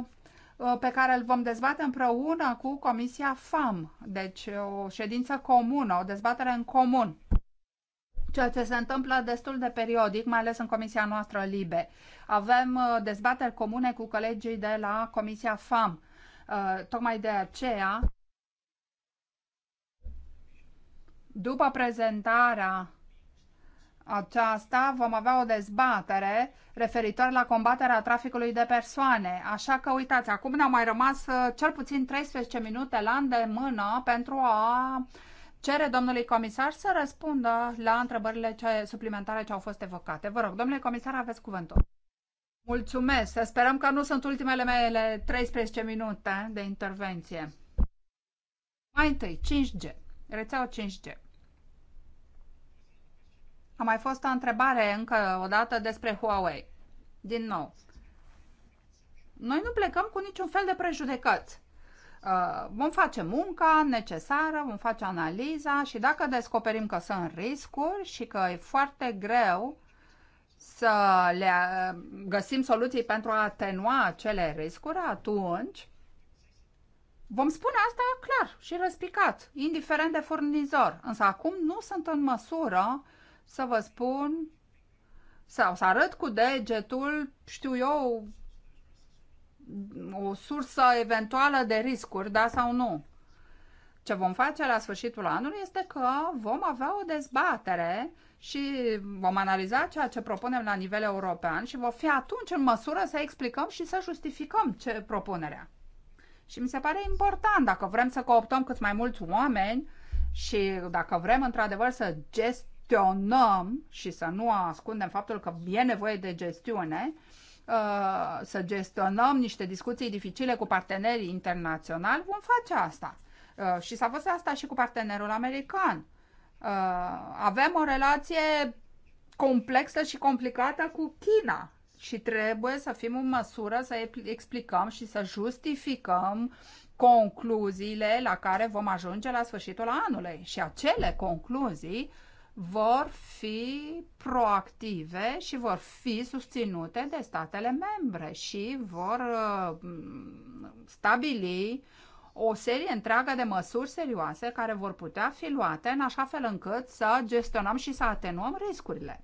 Uh, pe care îl vom dezbate împreună cu Comisia FAM. Deci o ședință comună, o dezbatere în comun. Ceea ce se întâmplă destul de periodic, mai ales în Comisia noastră LIBE. Avem uh, dezbateri comune cu colegii de la Comisia FAM. Uh, tocmai de aceea, după prezentarea aceasta vom avea o dezbatere referitor la combaterea traficului de persoane. Așa că uitați, acum ne-au mai rămas uh, cel puțin 13 minute la îndemână pentru a cere domnului comisar să răspundă la întrebările ce, suplimentare ce au fost evocate. Vă rog, domnule comisar, aveți cuvântul. Mulțumesc. sperăm că nu sunt ultimele mele 13 minute de intervenție. Mai întâi, 5G, rețeaua 5G. A mai fost o întrebare încă o dată despre Huawei. Din nou. Noi nu plecăm cu niciun fel de prejudecăți. Uh, vom face munca necesară, vom face analiza și dacă descoperim că sunt riscuri și că e foarte greu să le uh, găsim soluții pentru a atenua acele riscuri, atunci Vom spune asta clar și răspicat, indiferent de furnizor, însă acum nu sunt în măsură să vă spun sau să arăt cu degetul, știu eu, o sursă eventuală de riscuri, da sau nu. Ce vom face la sfârșitul anului este că vom avea o dezbatere și vom analiza ceea ce propunem la nivel european și vom fi atunci în măsură să explicăm și să justificăm ce propunerea. Și mi se pare important, dacă vrem să cooptăm cât mai mulți oameni și dacă vrem într-adevăr să gest gestionăm și să nu ascundem faptul că e nevoie de gestiune, uh, să gestionăm niște discuții dificile cu partenerii internaționali, vom face asta. Uh, și s-a văzut asta și cu partenerul american. Uh, avem o relație complexă și complicată cu China și trebuie să fim în măsură să explicăm și să justificăm concluziile la care vom ajunge la sfârșitul anului. Și acele concluzii vor fi proactive și vor fi susținute de statele membre și vor uh, stabili o serie întreagă de măsuri serioase care vor putea fi luate în așa fel încât să gestionăm și să atenuăm riscurile.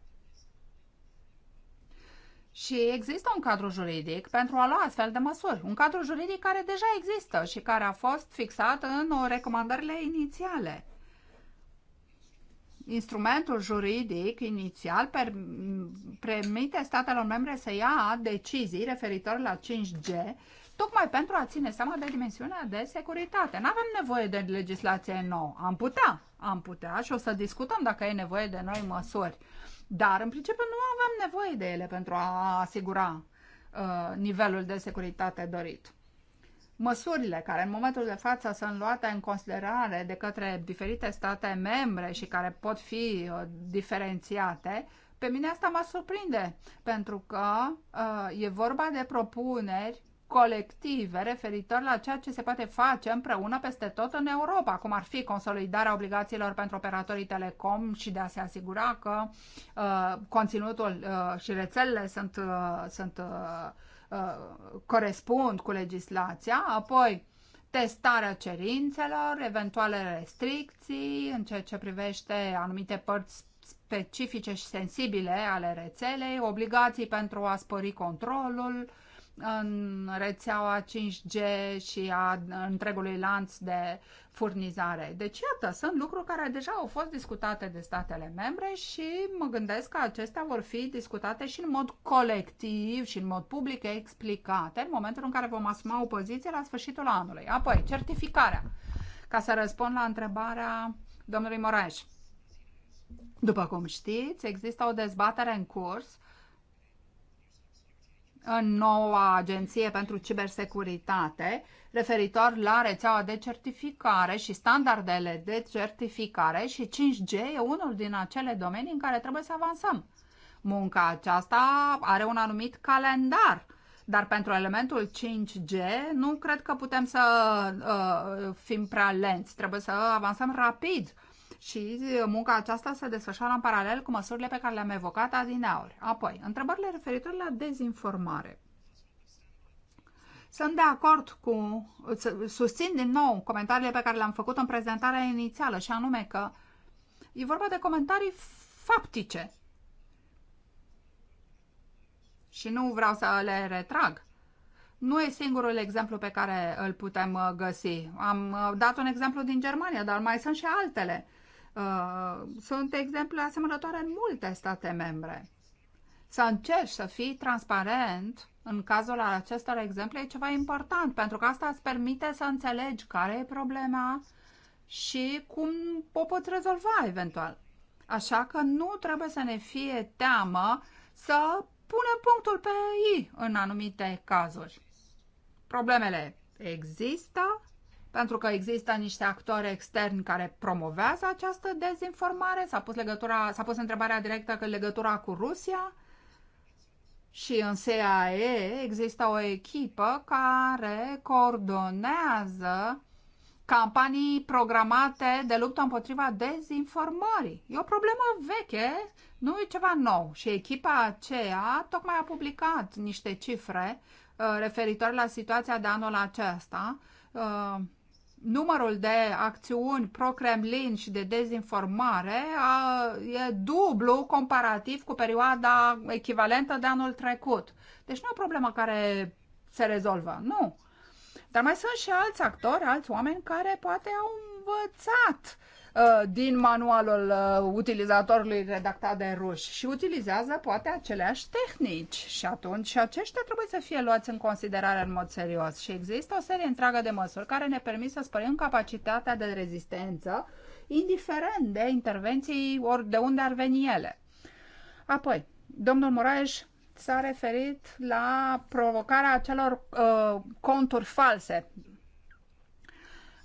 Și există un cadru juridic pentru a lua astfel de măsuri. Un cadru juridic care deja există și care a fost fixat în uh, recomandările inițiale. Instrumentul juridic inițial permite statelor membre să ia decizii referitor la 5G, tocmai pentru a ține seama de dimensiunea de securitate. Nu avem nevoie de legislație nouă. Am putea, am putea și o să discutăm dacă e nevoie de noi măsuri. Dar, în principiu, nu avem nevoie de ele pentru a asigura uh, nivelul de securitate dorit măsurile care în momentul de față sunt luate în considerare de către diferite state membre și care pot fi uh, diferențiate, pe mine asta mă surprinde, pentru că uh, e vorba de propuneri colective referitor la ceea ce se poate face împreună peste tot în Europa, cum ar fi consolidarea obligațiilor pentru operatorii telecom și de a se asigura că uh, conținutul uh, și rețelele sunt, uh, sunt uh, Uh, corespund cu legislația, apoi testarea cerințelor, eventuale restricții în ceea ce privește anumite părți specifice și sensibile ale rețelei, obligații pentru a spori controlul, în rețeaua 5G și a întregului lanț de furnizare. Deci, iată, sunt lucruri care deja au fost discutate de statele membre și mă gândesc că acestea vor fi discutate și în mod colectiv și în mod public explicate în momentul în care vom asuma o poziție la sfârșitul anului. Apoi, certificarea. Ca să răspund la întrebarea domnului Moraes. După cum știți, există o dezbatere în curs în noua agenție pentru cibersecuritate referitor la rețeaua de certificare și standardele de certificare și 5G e unul din acele domenii în care trebuie să avansăm. Munca aceasta are un anumit calendar, dar pentru elementul 5G nu cred că putem să uh, fim prea lenți, trebuie să avansăm rapid și uh, munca aceasta se desfășoară în paralel cu măsurile pe care le-am evocat adineauri. Apoi, întrebările referitoare la dezinformare. Sunt de acord cu, susțin din nou comentariile pe care le-am făcut în prezentarea inițială și anume că e vorba de comentarii faptice și nu vreau să le retrag. Nu e singurul exemplu pe care îl putem uh, găsi. Am uh, dat un exemplu din Germania, dar mai sunt și altele. Uh, sunt exemple asemănătoare în multe state membre. Să încerci să fii transparent în cazul acestor exemple e ceva important, pentru că asta îți permite să înțelegi care e problema și cum o poți rezolva eventual. Așa că nu trebuie să ne fie teamă să punem punctul pe I în anumite cazuri. Problemele există, pentru că există niște actori externi care promovează această dezinformare. S-a pus, legătura, s-a pus întrebarea directă că legătura cu Rusia și în SAE există o echipă care coordonează campanii programate de luptă împotriva dezinformării. E o problemă veche, nu e ceva nou. Și echipa aceea tocmai a publicat niște cifre uh, referitoare la situația de anul acesta. Uh, numărul de acțiuni pro-Kremlin și de dezinformare a, e dublu comparativ cu perioada echivalentă de anul trecut. Deci nu e o problemă care se rezolvă, nu. Dar mai sunt și alți actori, alți oameni care poate au învățat Uh, din manualul uh, utilizatorului redactat de ruși și utilizează poate aceleași tehnici și atunci și aceștia trebuie să fie luați în considerare în mod serios și există o serie întreagă de măsuri care ne permit să spărim capacitatea de rezistență indiferent de intervenții ori de unde ar veni ele. Apoi, domnul Moraes s-a referit la provocarea acelor uh, conturi false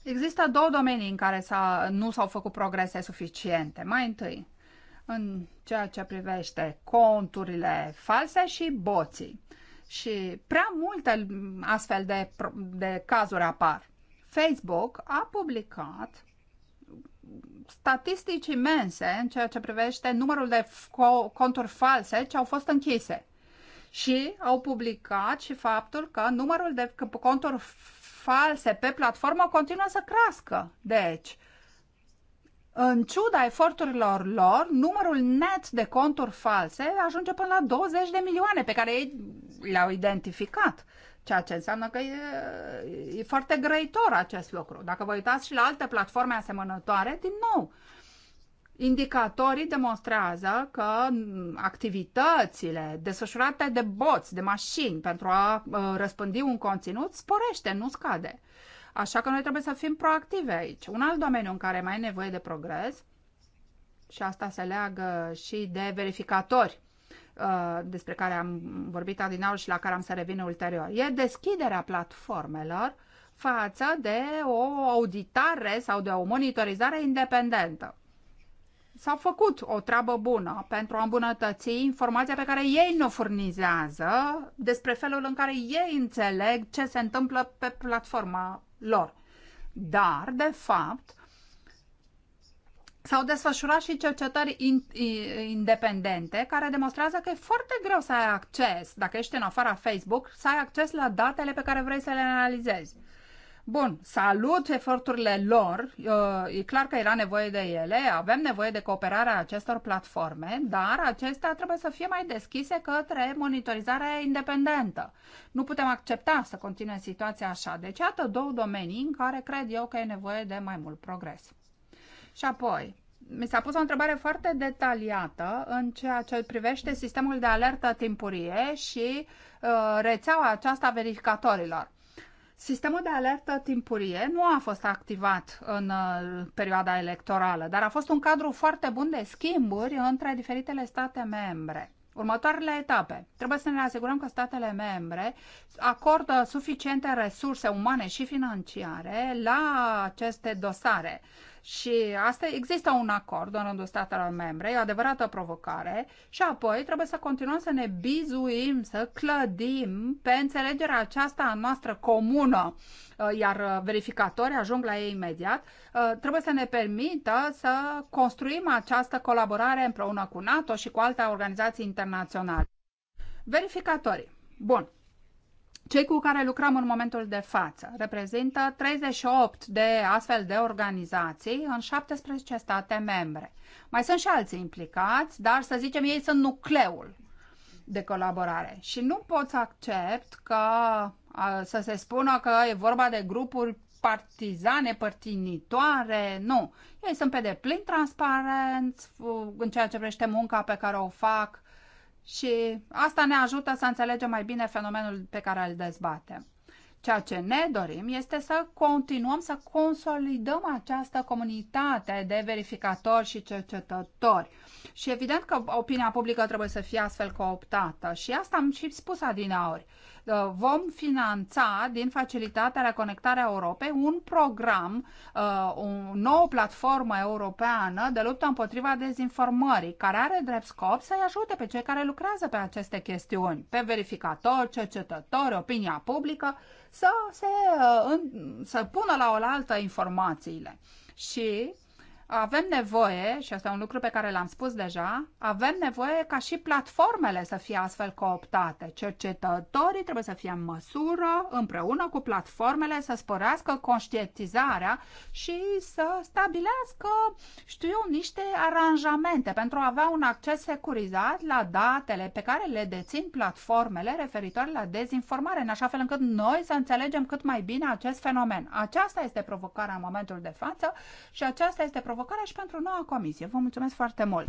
Există două domenii în care nu s-au făcut progrese suficiente. Mai întâi, în ceea ce privește conturile false și boții. Și prea multe astfel de, de cazuri apar. Facebook a publicat statistici imense în ceea ce privește numărul de conturi false ce au fost închise. Și au publicat și faptul că numărul de conturi false pe platformă continuă să crească. Deci, în ciuda eforturilor lor, numărul net de conturi false ajunge până la 20 de milioane pe care ei le-au identificat. Ceea ce înseamnă că e, e foarte grăitor acest lucru. Dacă vă uitați și la alte platforme asemănătoare, din nou, Indicatorii demonstrează că activitățile desfășurate de boți, de mașini pentru a uh, răspândi un conținut sporește, nu scade. Așa că noi trebuie să fim proactive aici. Un alt domeniu în care mai e nevoie de progres, și asta se leagă și de verificatori uh, despre care am vorbit adinaul și la care am să revin ulterior, e deschiderea platformelor față de o auditare sau de o monitorizare independentă s-a făcut o treabă bună pentru a îmbunătăți informația pe care ei ne furnizează despre felul în care ei înțeleg ce se întâmplă pe platforma lor. Dar, de fapt, S-au desfășurat și cercetări in, independente care demonstrează că e foarte greu să ai acces, dacă ești în afara Facebook, să ai acces la datele pe care vrei să le analizezi. Bun, salut eforturile lor, uh, e clar că era nevoie de ele, avem nevoie de cooperarea acestor platforme, dar acestea trebuie să fie mai deschise către monitorizarea independentă. Nu putem accepta să continue situația așa. Deci, iată două domenii în care cred eu că e nevoie de mai mult progres. Și apoi, mi s-a pus o întrebare foarte detaliată în ceea ce privește sistemul de alertă timpurie și uh, rețeaua aceasta verificatorilor. Sistemul de alertă timpurie nu a fost activat în uh, perioada electorală, dar a fost un cadru foarte bun de schimburi între diferitele state membre. Următoarele etape. Trebuie să ne asigurăm că statele membre acordă suficiente resurse umane și financiare la aceste dosare și asta există un acord în rândul statelor membre, e o adevărată provocare și apoi trebuie să continuăm să ne bizuim, să clădim pe înțelegerea aceasta a noastră comună, uh, iar uh, verificatorii ajung la ei imediat, uh, trebuie să ne permită să construim această colaborare împreună cu NATO și cu alte organizații internaționale. Verificatorii. Bun. Cei cu care lucrăm în momentul de față reprezintă 38 de astfel de organizații în 17 state membre. Mai sunt și alții implicați, dar să zicem ei sunt nucleul de colaborare. Și nu pot să accept că să se spună că e vorba de grupuri partizane, părtinitoare, nu. Ei sunt pe deplin transparenți în ceea ce privește munca pe care o fac, și asta ne ajută să înțelegem mai bine fenomenul pe care îl dezbatem. Ceea ce ne dorim este să continuăm să consolidăm această comunitate de verificatori și cercetători. Și evident că opinia publică trebuie să fie astfel cooptată și asta am și spus adineori. Uh, vom finanța din facilitatea la conectarea Europei un program, o uh, nouă platformă europeană de luptă împotriva dezinformării, care are drept scop să-i ajute pe cei care lucrează pe aceste chestiuni, pe verificatori, cercetători, opinia publică, să, se, uh, să pună la oaltă informațiile. Și avem nevoie, și asta e un lucru pe care l-am spus deja, avem nevoie ca și platformele să fie astfel cooptate. Cercetătorii trebuie să fie în măsură, împreună cu platformele, să sporească conștientizarea și să stabilească, știu eu, niște aranjamente pentru a avea un acces securizat la datele pe care le dețin platformele referitoare la dezinformare, în așa fel încât noi să înțelegem cât mai bine acest fenomen. Aceasta este provocarea în momentul de față și aceasta este provocarea provocarea și pentru noua comisie. Vă mulțumesc foarte mult!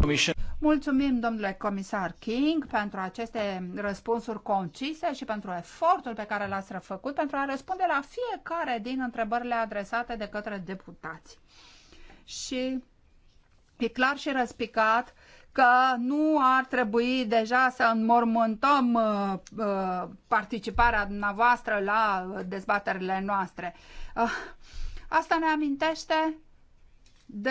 Mulțumim, domnule comisar King, pentru aceste răspunsuri concise și pentru efortul pe care l-ați făcut pentru a răspunde la fiecare din întrebările adresate de către deputați. Și e clar și răspicat că nu ar trebui deja să înmormântăm uh, uh, participarea dumneavoastră la uh, dezbaterile noastre. Uh, asta ne amintește de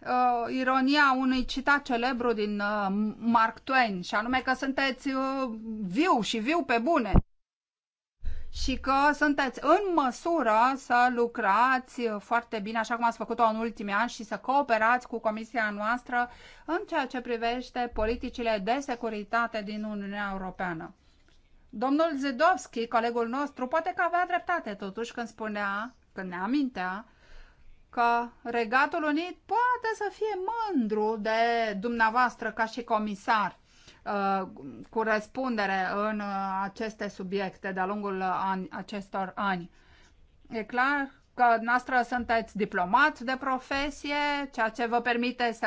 uh, ironia unui citat celebru din uh, Mark Twain, și anume că sunteți uh, viu și viu pe bune și că sunteți în măsură să lucrați uh, foarte bine, așa cum ați făcut-o în ultimii ani, și să cooperați cu comisia noastră în ceea ce privește politicile de securitate din Uniunea Europeană. Domnul Zidovski, colegul nostru, poate că avea dreptate totuși când spunea, când ne amintea, că Regatul Unit poate să fie mândru de dumneavoastră ca și comisar uh, cu răspundere în uh, aceste subiecte de-a lungul uh, an, acestor ani. E clar că noastră sunteți diplomat de profesie, ceea ce vă permite să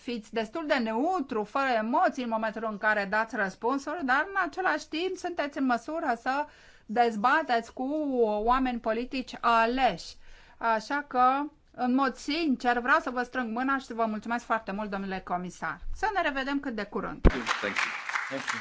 fiți destul de neutru, fără emoții în momentul în care dați răspunsuri, dar în același timp sunteți în măsură să dezbateți cu oameni politici aleși. Așa că în mod sincer, vreau să vă strâng mâna și să vă mulțumesc foarte mult, domnule comisar. Să ne revedem cât de curând. Thank you. Thank you.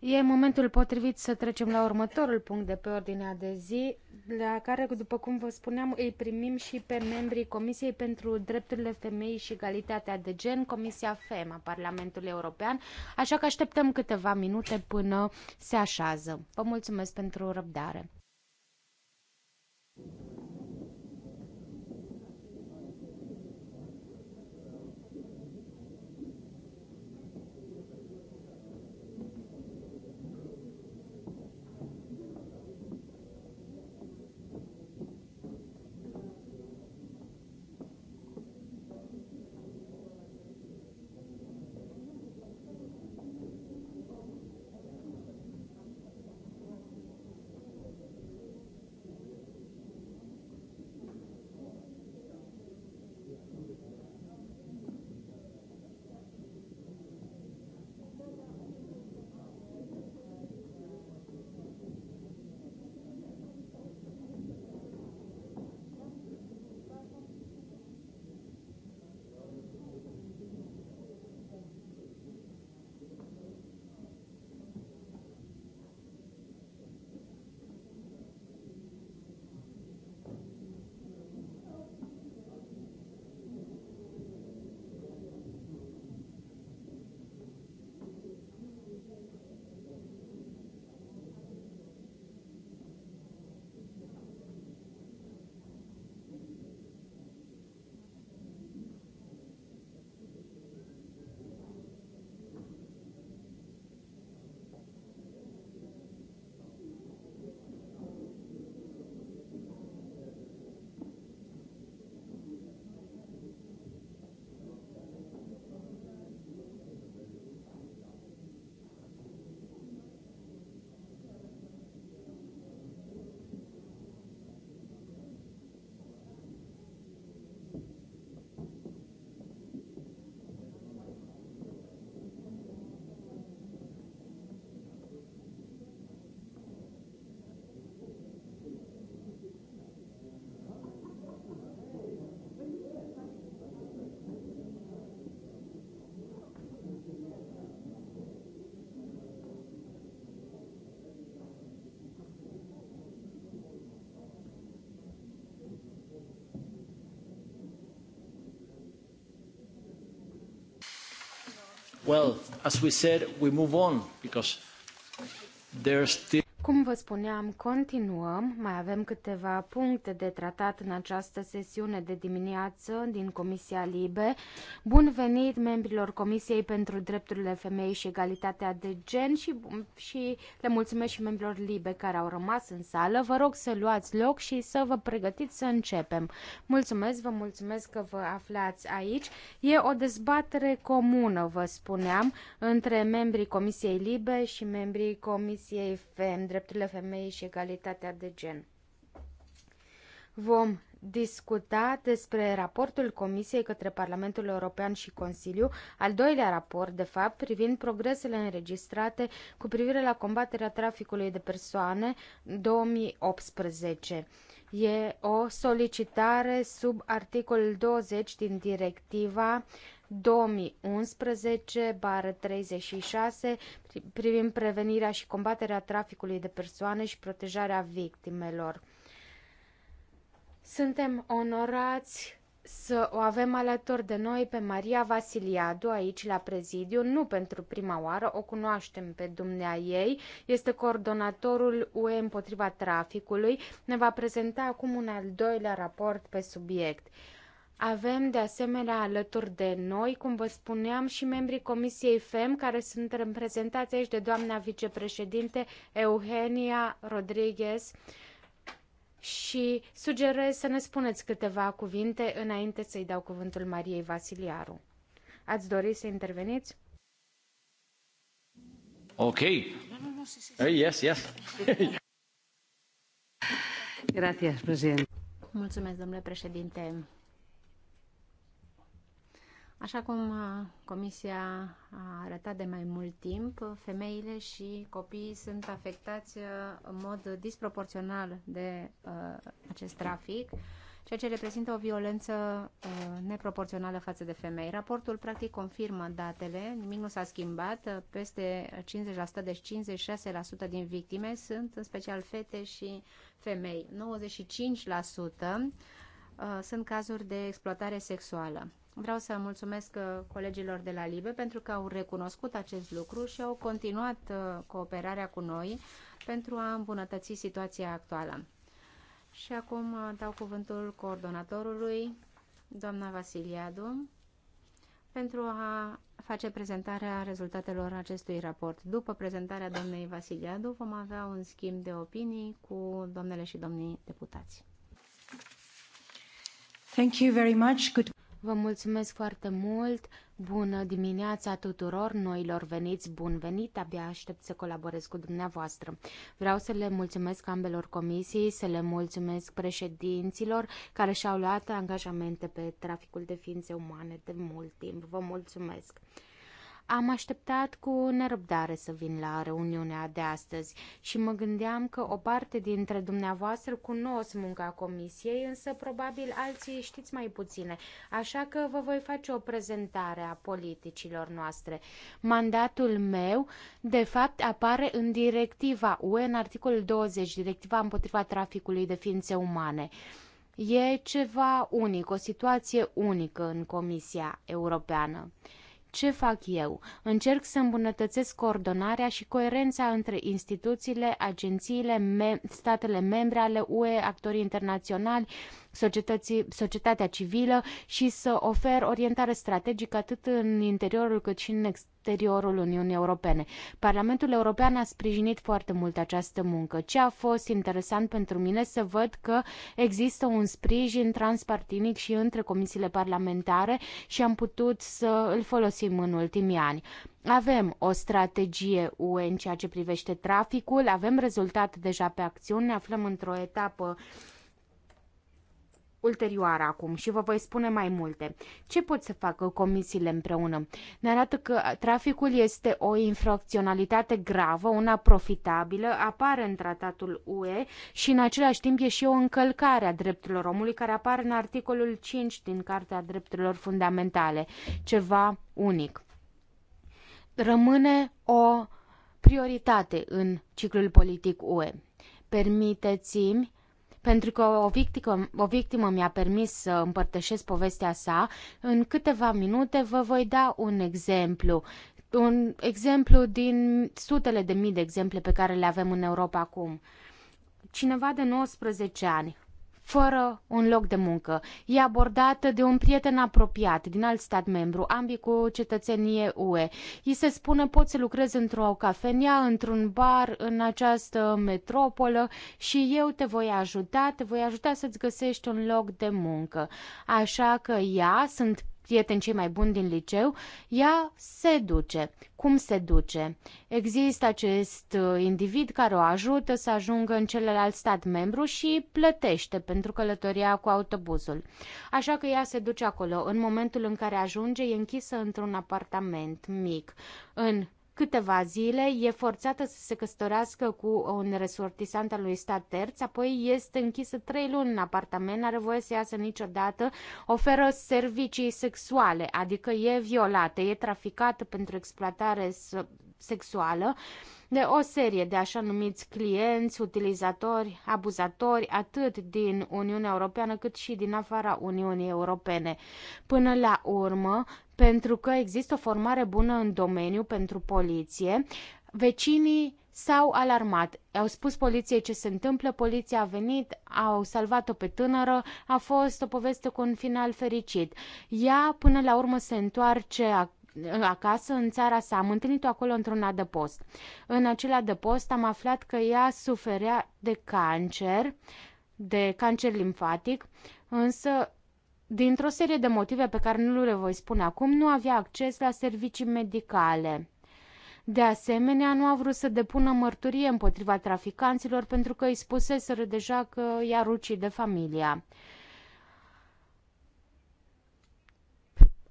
E momentul potrivit să trecem la următorul punct de pe ordinea de zi, la care, după cum vă spuneam, îi primim și pe membrii Comisiei pentru Drepturile Femeii și Egalitatea de Gen, Comisia FEMA, Parlamentul Parlamentului European, așa că așteptăm câteva minute până se așează. Vă mulțumesc pentru răbdare. Well, as we said, we move on because there's still cum vă spuneam, continuăm. Mai avem câteva puncte de tratat în această sesiune de dimineață din Comisia Libe. Bun venit membrilor Comisiei pentru Drepturile Femei și Egalitatea de Gen și, și le mulțumesc și membrilor LIBE care au rămas în sală. Vă rog să luați loc și să vă pregătiți să începem. Mulțumesc, vă mulțumesc că vă aflați aici. E o dezbatere comună, vă spuneam, între membrii Comisiei LIBE și membrii Comisiei FEM, Drepturile Femei și Egalitatea de Gen. Vom discuta despre raportul Comisiei către Parlamentul European și Consiliu, al doilea raport, de fapt, privind progresele înregistrate cu privire la combaterea traficului de persoane 2018. E o solicitare sub articolul 20 din directiva 2011-36 privind prevenirea și combaterea traficului de persoane și protejarea victimelor. Suntem onorați să o avem alături de noi pe Maria Vasiliadu aici la prezidiu, nu pentru prima oară, o cunoaștem pe dumnea ei, este coordonatorul UE împotriva traficului, ne va prezenta acum un al doilea raport pe subiect. Avem de asemenea alături de noi, cum vă spuneam, și membrii Comisiei FEM care sunt reprezentați aici de doamna vicepreședinte Eugenia Rodriguez, și sugerez să ne spuneți câteva cuvinte înainte să-i dau cuvântul Mariei Vasiliaru. Ați dori să interveniți? Ok. Yes, yes. Gracias, președinte. Mulțumesc, domnule președinte. Așa cum uh, Comisia a arătat de mai mult timp, femeile și copiii sunt afectați uh, în mod disproporțional de uh, acest trafic, ceea ce reprezintă o violență uh, neproporțională față de femei. Raportul practic confirmă datele, nimic nu s-a schimbat, peste 50%, deci 56% din victime sunt în special fete și femei, 95% uh, sunt cazuri de exploatare sexuală. Vreau să mulțumesc uh, colegilor de la LIBE pentru că au recunoscut acest lucru și au continuat uh, cooperarea cu noi pentru a îmbunătăți situația actuală. Și acum uh, dau cuvântul coordonatorului, doamna Vasiliadu, pentru a face prezentarea rezultatelor acestui raport. După prezentarea doamnei Vasiliadu vom avea un schimb de opinii cu doamnele și domnii deputați. Thank you very much. Good Vă mulțumesc foarte mult, bună dimineața tuturor noilor veniți, bun venit, abia aștept să colaborez cu dumneavoastră. Vreau să le mulțumesc ambelor comisii, să le mulțumesc președinților care și-au luat angajamente pe traficul de ființe umane de mult timp. Vă mulțumesc! Am așteptat cu nerăbdare să vin la reuniunea de astăzi și mă gândeam că o parte dintre dumneavoastră cunosc munca comisiei, însă probabil alții știți mai puține, așa că vă voi face o prezentare a politicilor noastre. Mandatul meu, de fapt, apare în directiva UE, în articolul 20, directiva împotriva traficului de ființe umane. E ceva unic, o situație unică în Comisia Europeană. Ce fac eu? Încerc să îmbunătățesc coordonarea și coerența între instituțiile, agențiile, me statele membre ale UE, actorii internaționali, societatea civilă și să ofer orientare strategică atât în interiorul cât și în exteriorul Uniunii Europene. Parlamentul European a sprijinit foarte mult această muncă. Ce a fost interesant pentru mine să văd că există un sprijin transpartinic și între comisiile parlamentare și am putut să îl folosim în ultimii ani. Avem o strategie UE în ceea ce privește traficul, avem rezultate deja pe acțiuni, ne aflăm într-o etapă ulterioară acum și vă voi spune mai multe. Ce pot să facă comisiile împreună? Ne arată că traficul este o infracționalitate gravă, una profitabilă, apare în tratatul UE și în același timp e și o încălcare a drepturilor omului care apare în articolul 5 din Cartea Drepturilor Fundamentale. Ceva unic. Rămâne o prioritate în ciclul politic UE. Permiteți-mi pentru că o victimă, o victimă mi-a permis să împărtășesc povestea sa, în câteva minute vă voi da un exemplu. Un exemplu din sutele de mii de exemple pe care le avem în Europa acum. Cineva de 19 ani fără un loc de muncă. E abordată de un prieten apropiat din alt stat membru, ambii cu cetățenie UE. I se spune poți să lucrezi într-o cafenea, într-un bar, în această metropolă și eu te voi ajuta, te voi ajuta să-ți găsești un loc de muncă. Așa că ea sunt prieteni cei mai buni din liceu, ea se duce. Cum se duce? Există acest uh, individ care o ajută să ajungă în celălalt stat membru și plătește pentru călătoria cu autobuzul. Așa că ea se duce acolo. În momentul în care ajunge, e închisă într-un apartament mic. În câteva zile, e forțată să se căsătorească cu un resortisant al lui stat terț, apoi este închisă trei luni în apartament, n-are voie să iasă niciodată, oferă servicii sexuale, adică e violată, e traficată pentru exploatare sexuală de o serie de așa numiți clienți, utilizatori, abuzatori, atât din Uniunea Europeană cât și din afara Uniunii Europene. Până la urmă, pentru că există o formare bună în domeniu pentru poliție. Vecinii s-au alarmat, au spus poliției ce se întâmplă, poliția a venit, au salvat-o pe tânără, a fost o poveste cu un final fericit. Ea până la urmă se întoarce acasă în țara sa. Am întâlnit-o acolo într-un adăpost. În acel adăpost am aflat că ea suferea de cancer, de cancer limfatic, însă dintr-o serie de motive pe care nu le voi spune acum, nu avea acces la servicii medicale. De asemenea, nu a vrut să depună mărturie împotriva traficanților pentru că îi spuseseră deja că i a de familia.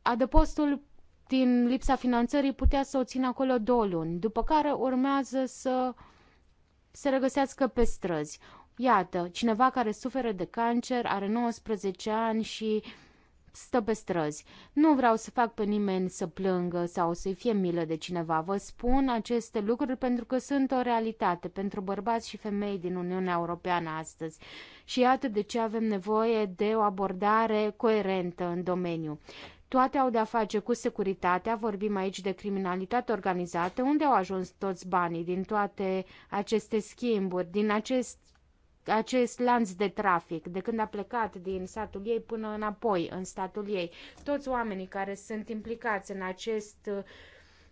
Adăpostul din lipsa finanțării putea să o țină acolo două luni, după care urmează să se regăsească pe străzi. Iată, cineva care suferă de cancer, are 19 ani și stă pe străzi. Nu vreau să fac pe nimeni să plângă sau să-i fie milă de cineva. Vă spun aceste lucruri pentru că sunt o realitate pentru bărbați și femei din Uniunea Europeană astăzi. Și iată de ce avem nevoie de o abordare coerentă în domeniu. Toate au de-a face cu securitatea, vorbim aici de criminalitate organizată, unde au ajuns toți banii din toate aceste schimburi, din acest acest lanț de trafic, de când a plecat din satul ei până înapoi în statul ei. Toți oamenii care sunt implicați în acest uh,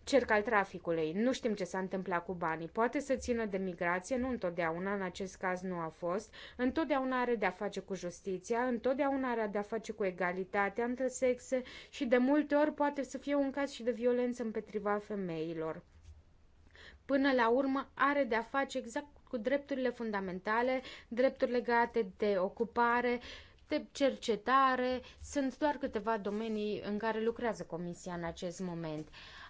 cerc al traficului. Nu știm ce s-a întâmplat cu banii. Poate să țină de migrație, nu întotdeauna, în acest caz nu a fost. Întotdeauna are de-a face cu justiția, întotdeauna are de-a face cu egalitatea între sexe și de multe ori poate să fie un caz și de violență împotriva femeilor. Până la urmă are de-a face exact cu drepturile fundamentale, drepturi legate de ocupare, de cercetare. Sunt doar câteva domenii în care lucrează Comisia în acest moment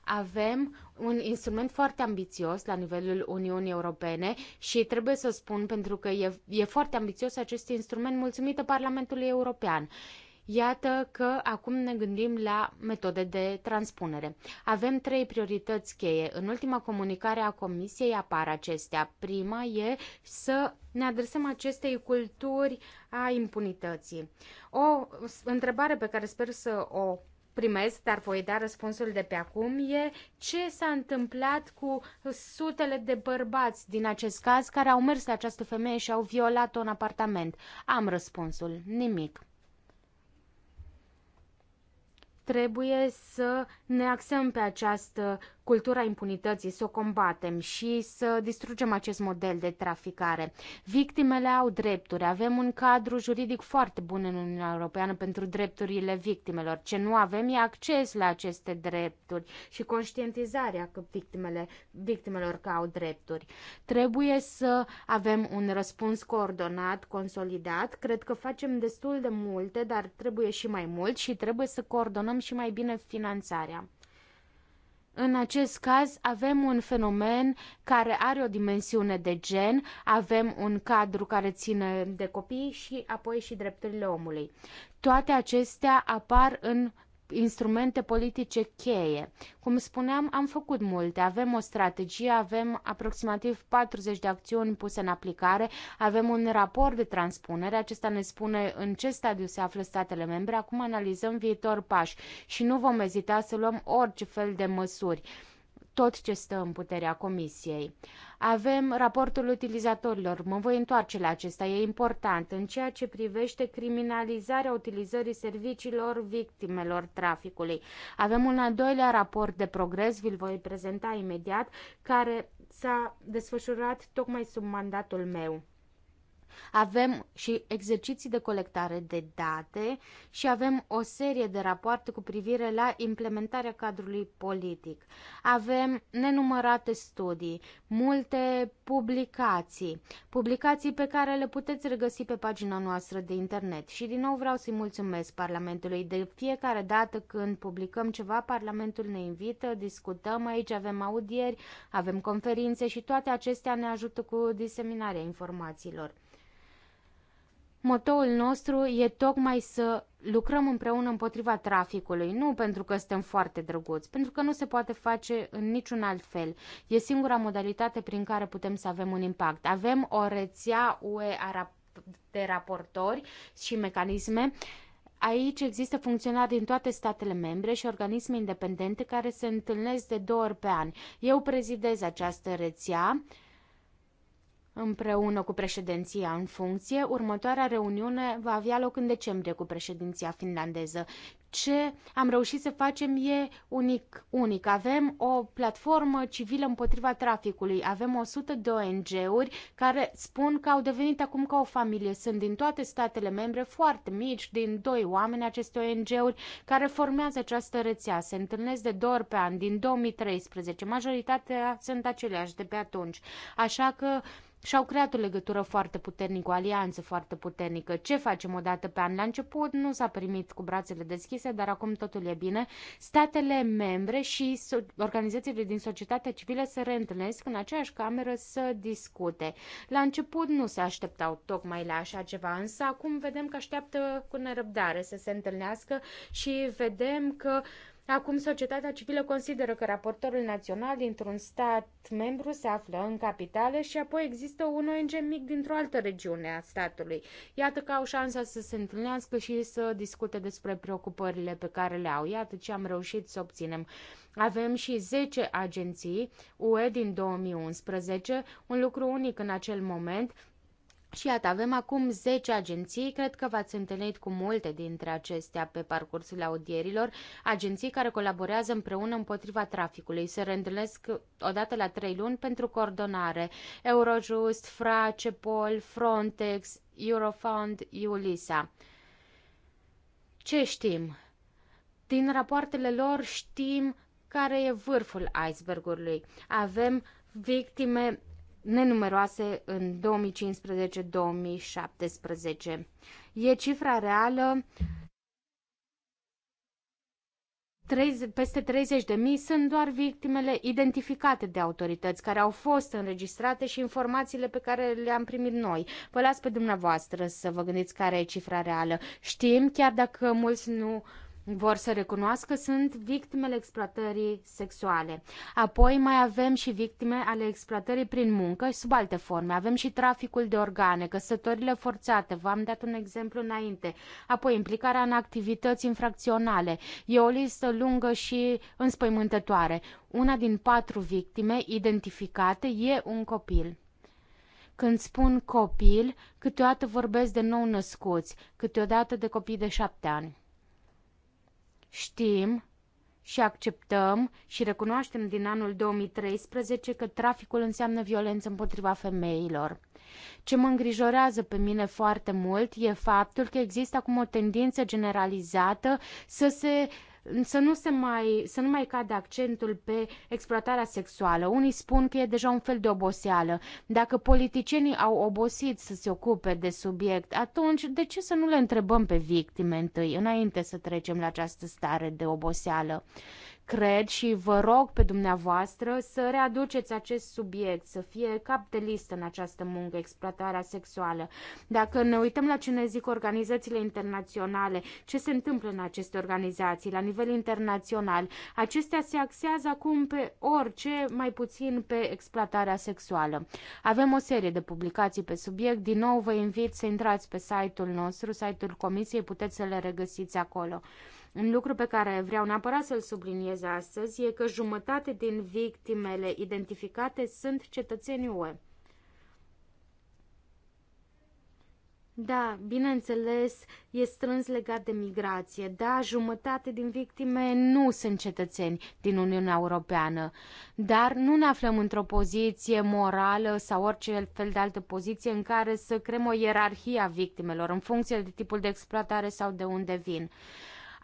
avem un instrument foarte ambițios la nivelul Uniunii Europene și trebuie să spun pentru că e, e foarte ambițios acest instrument mulțumită Parlamentului European. Iată că acum ne gândim la metode de transpunere. Avem trei priorități cheie. În ultima comunicare a Comisiei apar acestea. Prima e să ne adresăm acestei culturi a impunității. O întrebare pe care sper să o primesc, dar voi da răspunsul de pe acum, e ce s-a întâmplat cu sutele de bărbați din acest caz care au mers la această femeie și au violat-o în apartament. Am răspunsul. Nimic trebuie să ne axăm pe această cultura impunității, să o combatem și să distrugem acest model de traficare. Victimele au drepturi. Avem un cadru juridic foarte bun în Uniunea Europeană pentru drepturile victimelor. Ce nu avem e acces la aceste drepturi și conștientizarea că victimele, victimelor că au drepturi. Trebuie să avem un răspuns coordonat, consolidat. Cred că facem destul de multe, dar trebuie și mai mult și trebuie să coordonăm coordonăm și mai bine finanțarea. În acest caz avem un fenomen care are o dimensiune de gen, avem un cadru care ține de copii și apoi și drepturile omului. Toate acestea apar în instrumente politice cheie. Cum spuneam, am făcut multe. Avem o strategie, avem aproximativ 40 de acțiuni puse în aplicare, avem un raport de transpunere, acesta ne spune în ce stadiu se află statele membre, acum analizăm viitor pași și nu vom ezita să luăm orice fel de măsuri tot ce stă în puterea comisiei. Avem raportul utilizatorilor. Mă voi întoarce la acesta. E important în ceea ce privește criminalizarea utilizării serviciilor victimelor traficului. Avem un al doilea raport de progres, vi-l voi prezenta imediat, care s-a desfășurat tocmai sub mandatul meu. Avem și exerciții de colectare de date și avem o serie de rapoarte cu privire la implementarea cadrului politic. Avem nenumărate studii, multe publicații, publicații pe care le puteți regăsi pe pagina noastră de internet. Și din nou vreau să-i mulțumesc Parlamentului. De fiecare dată când publicăm ceva, Parlamentul ne invită, discutăm aici, avem audieri, avem conferințe și toate acestea ne ajută cu diseminarea informațiilor. Motoul nostru e tocmai să lucrăm împreună împotriva traficului, nu pentru că suntem foarte drăguți, pentru că nu se poate face în niciun alt fel. E singura modalitate prin care putem să avem un impact. Avem o rețea UE de raportori și mecanisme Aici există funcționari din toate statele membre și organisme independente care se întâlnesc de două ori pe an. Eu prezidez această rețea Împreună cu președinția în funcție, următoarea reuniune va avea loc în decembrie cu președinția finlandeză. Ce am reușit să facem e unic. unic. Avem o platformă civilă împotriva traficului, avem 100 de ONG-uri care spun că au devenit acum ca o familie. Sunt din toate statele membre foarte mici, din doi oameni aceste ONG-uri care formează această rețea. Se întâlnesc de două ori pe an, din 2013. Majoritatea sunt aceleași de pe atunci. Așa că și-au creat o legătură foarte puternică, o alianță foarte puternică. Ce facem odată pe an? La început nu s-a primit cu brațele deschise, dar acum totul e bine. Statele membre și organizațiile din societatea civilă se reîntâlnesc în aceeași cameră să discute. La început nu se așteptau tocmai la așa ceva, însă acum vedem că așteaptă cu nerăbdare să se întâlnească și vedem că Acum, societatea civilă consideră că raportorul național dintr-un stat membru se află în capitală și apoi există un ONG mic dintr-o altă regiune a statului. Iată că au șansa să se întâlnească și să discute despre preocupările pe care le au. Iată ce am reușit să obținem. Avem și 10 agenții UE din 2011, un lucru unic în acel moment, și iată, avem acum 10 agenții, cred că v-ați întâlnit cu multe dintre acestea pe parcursul audierilor, agenții care colaborează împreună împotriva traficului, se reîntâlnesc odată la 3 luni pentru coordonare, Eurojust, FRA, CEPOL, Frontex, Eurofund, Iulisa. Ce știm? Din rapoartele lor știm care e vârful icebergului. Avem victime nenumeroase în 2015-2017. E cifra reală. 30, peste 30.000 sunt doar victimele identificate de autorități care au fost înregistrate și informațiile pe care le-am primit noi. Vă las pe dumneavoastră să vă gândiți care e cifra reală. Știm, chiar dacă mulți nu uh, vor să recunoască sunt victimele exploatării sexuale. Apoi mai avem și victime ale exploatării prin muncă și sub alte forme. Avem și traficul de organe, căsătorile forțate, v-am dat un exemplu înainte. Apoi implicarea în activități infracționale. E o listă lungă și înspăimântătoare. Una din patru victime identificate e un copil. Când spun copil, câteodată vorbesc de nou născuți, câteodată de copii de șapte ani. Știm și acceptăm și recunoaștem din anul 2013 că traficul înseamnă violență împotriva femeilor. Ce mă îngrijorează pe mine foarte mult e faptul că există acum o tendință generalizată să se uh, să nu, se mai, să nu mai cade accentul pe exploatarea sexuală. Unii spun că e deja un fel de oboseală. Dacă politicienii au obosit să se ocupe de subiect, atunci de ce să nu le întrebăm pe victime întâi, înainte să trecem la această stare de oboseală? Cred și vă rog pe dumneavoastră să readuceți acest subiect, să fie cap de listă în această muncă, exploatarea sexuală. Dacă ne uităm la ce ne zic organizațiile internaționale, ce se întâmplă în aceste organizații la nivel internațional, acestea se axează acum pe orice, mai puțin pe exploatarea sexuală. Avem o serie de publicații pe subiect, din nou vă invit să intrați pe site-ul nostru, site-ul Comisiei, puteți să le regăsiți acolo. Un lucru pe care vreau neapărat să-l subliniez astăzi e că jumătate din victimele identificate sunt cetățenii UE. Da, bineînțeles, e strâns legat de migrație. Da, jumătate din victime nu sunt cetățeni din Uniunea Europeană, dar nu ne aflăm într-o poziție morală sau orice fel de altă poziție în care să creăm o ierarhie a victimelor în funcție de tipul de exploatare sau de unde vin.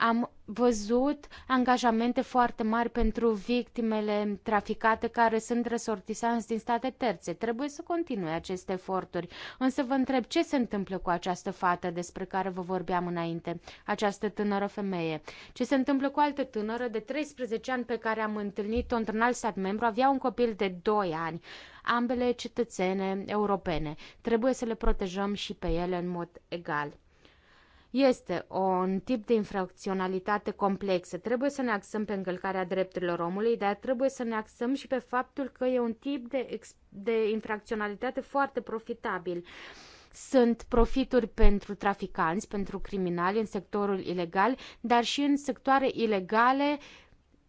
Am văzut angajamente foarte mari pentru victimele traficate care sunt resortisanți din state terțe. Trebuie să continue aceste eforturi. Însă vă întreb ce se întâmplă cu această fată despre care vă vorbeam înainte, această tânără femeie. Ce se întâmplă cu altă tânără de 13 ani pe care am întâlnit-o într-un alt stat membru, avea un copil de 2 ani. Ambele cetățene europene. Trebuie să le protejăm și pe ele în mod egal. Este un tip de infracționalitate complexă. Trebuie să ne axăm pe încălcarea drepturilor omului, dar trebuie să ne axăm și pe faptul că e un tip de, de infracționalitate foarte profitabil. Sunt profituri pentru traficanți, pentru criminali în sectorul ilegal, dar și în sectoare ilegale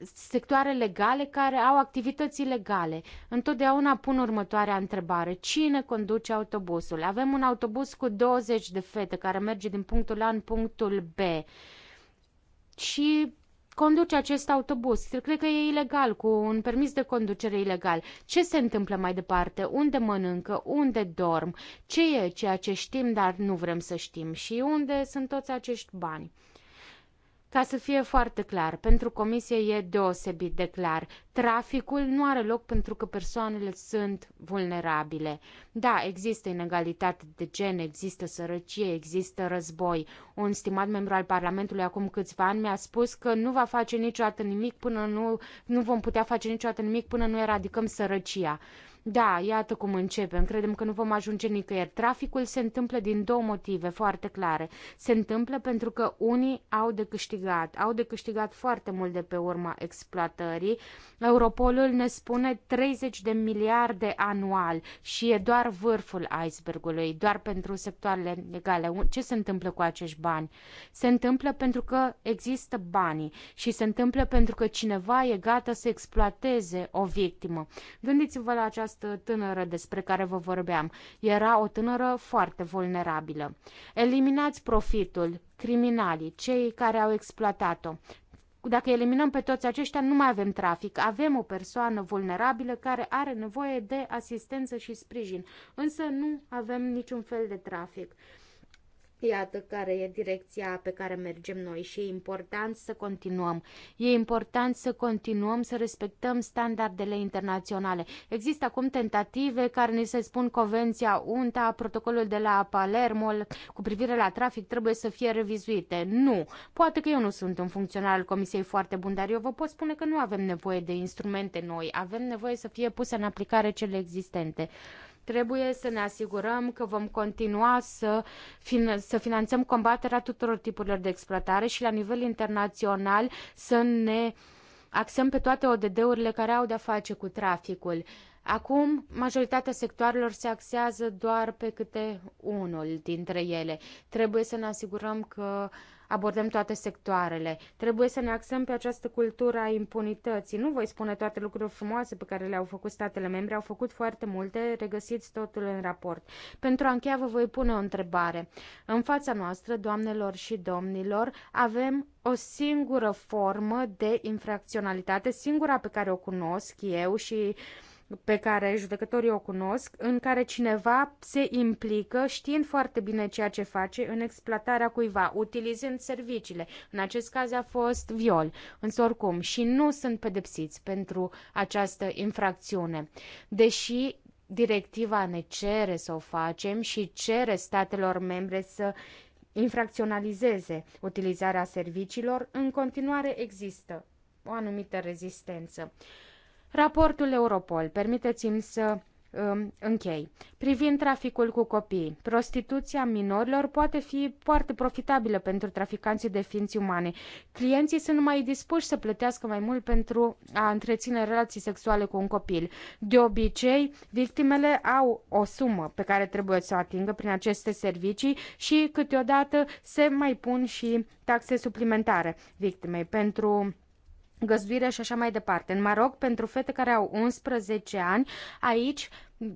sectoare legale care au activități legale. Întotdeauna pun următoarea întrebare. Cine conduce autobusul? Avem un autobuz cu 20 de fete care merge din punctul A în punctul B. Și conduce acest autobuz. Cred că e ilegal, cu un permis de conducere ilegal. Ce se întâmplă mai departe? Unde mănâncă? Unde dorm? Ce e ceea ce știm, dar nu vrem să știm? Și unde sunt toți acești bani? Ca să fie foarte clar, pentru comisie e deosebit de clar. Traficul nu are loc pentru că persoanele sunt vulnerabile. Da, există inegalitate de gen, există sărăcie, există război. Un stimat membru al Parlamentului acum câțiva ani mi-a spus că nu va face niciodată nimic până nu, nu vom putea face niciodată nimic până nu eradicăm sărăcia. Da, iată cum începem. Credem că nu vom ajunge nicăieri. Traficul se întâmplă din două motive foarte clare. Se întâmplă pentru că unii au de câștigat. Au de câștigat foarte mult de pe urma exploatării. Europolul ne spune 30 de miliarde anual și e doar vârful icebergului, doar pentru sectoarele legale. Ce se întâmplă cu acești bani? Se întâmplă pentru că există banii și se întâmplă pentru că cineva e gata să exploateze o victimă. Gândiți-vă la această această tânără despre care vă vorbeam. Era o tânără foarte vulnerabilă. Eliminați profitul, criminalii, cei care au exploatat-o. Dacă eliminăm pe toți aceștia, nu mai avem trafic. Avem o persoană vulnerabilă care are nevoie de asistență și sprijin, însă nu avem niciun fel de trafic. Iată care e direcția pe care mergem noi și e important să continuăm. E important să continuăm să respectăm standardele internaționale. Există acum tentative care ne se spun Convenția UNTA, protocolul de la Palermo cu privire la trafic trebuie să fie revizuite. Nu. Poate că eu nu sunt un funcționar al Comisiei foarte bun, dar eu vă pot spune că nu avem nevoie de instrumente noi. Avem nevoie să fie puse în aplicare cele existente. Trebuie să ne asigurăm că vom continua să, fin- să finanțăm combaterea tuturor tipurilor de exploatare și la nivel internațional să ne axăm pe toate ODD-urile care au de-a face cu traficul. Acum, majoritatea sectoarelor se axează doar pe câte unul dintre ele. Trebuie să ne asigurăm că abordăm toate sectoarele. Trebuie să ne axăm pe această cultură a impunității. Nu voi spune toate lucrurile frumoase pe care le-au făcut statele membre, au făcut foarte multe, regăsiți totul în raport. Pentru a încheia vă voi pune o întrebare. În fața noastră, doamnelor și domnilor, avem o singură formă de infracționalitate, singura pe care o cunosc eu și uh, pe care judecătorii o cunosc, în care cineva se implică știind foarte bine ceea ce face în exploatarea cuiva, utilizând serviciile. În acest caz a fost viol, însă oricum, și nu sunt pedepsiți pentru această infracțiune. Deși directiva ne cere să o facem și cere statelor membre să infracționalizeze utilizarea serviciilor, în continuare există o anumită rezistență. Raportul Europol, permiteți-mi să um, închei. Privind traficul cu copii, prostituția minorilor poate fi foarte profitabilă pentru traficanții de ființe umane. Clienții sunt mai dispuși să plătească mai mult pentru a întreține relații sexuale cu un copil. De obicei, victimele au o sumă pe care trebuie să o atingă prin aceste servicii și câteodată se mai pun și taxe suplimentare victimei pentru găzduire și așa mai departe. În Maroc, pentru fete care au 11 ani, aici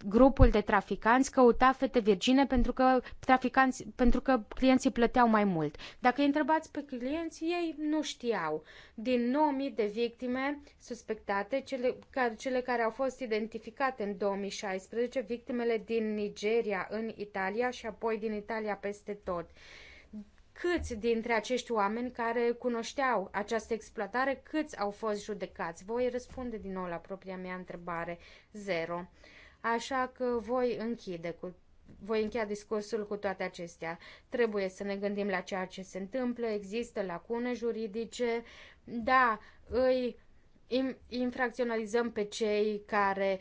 grupul de traficanți căuta fete virgine pentru că, traficanți, pentru că clienții plăteau mai mult. Dacă îi întrebați pe clienți, ei nu știau. Din 9000 de victime suspectate, cele care, cele care au fost identificate în 2016, victimele din Nigeria în Italia și apoi din Italia peste tot câți dintre acești oameni care cunoșteau această exploatare, câți au fost judecați? Voi răspunde din nou la propria mea întrebare. Zero. Așa că voi închide cu voi încheia discursul cu toate acestea. Trebuie să ne gândim la ceea ce se întâmplă, există lacune juridice, da, îi infracționalizăm pe cei care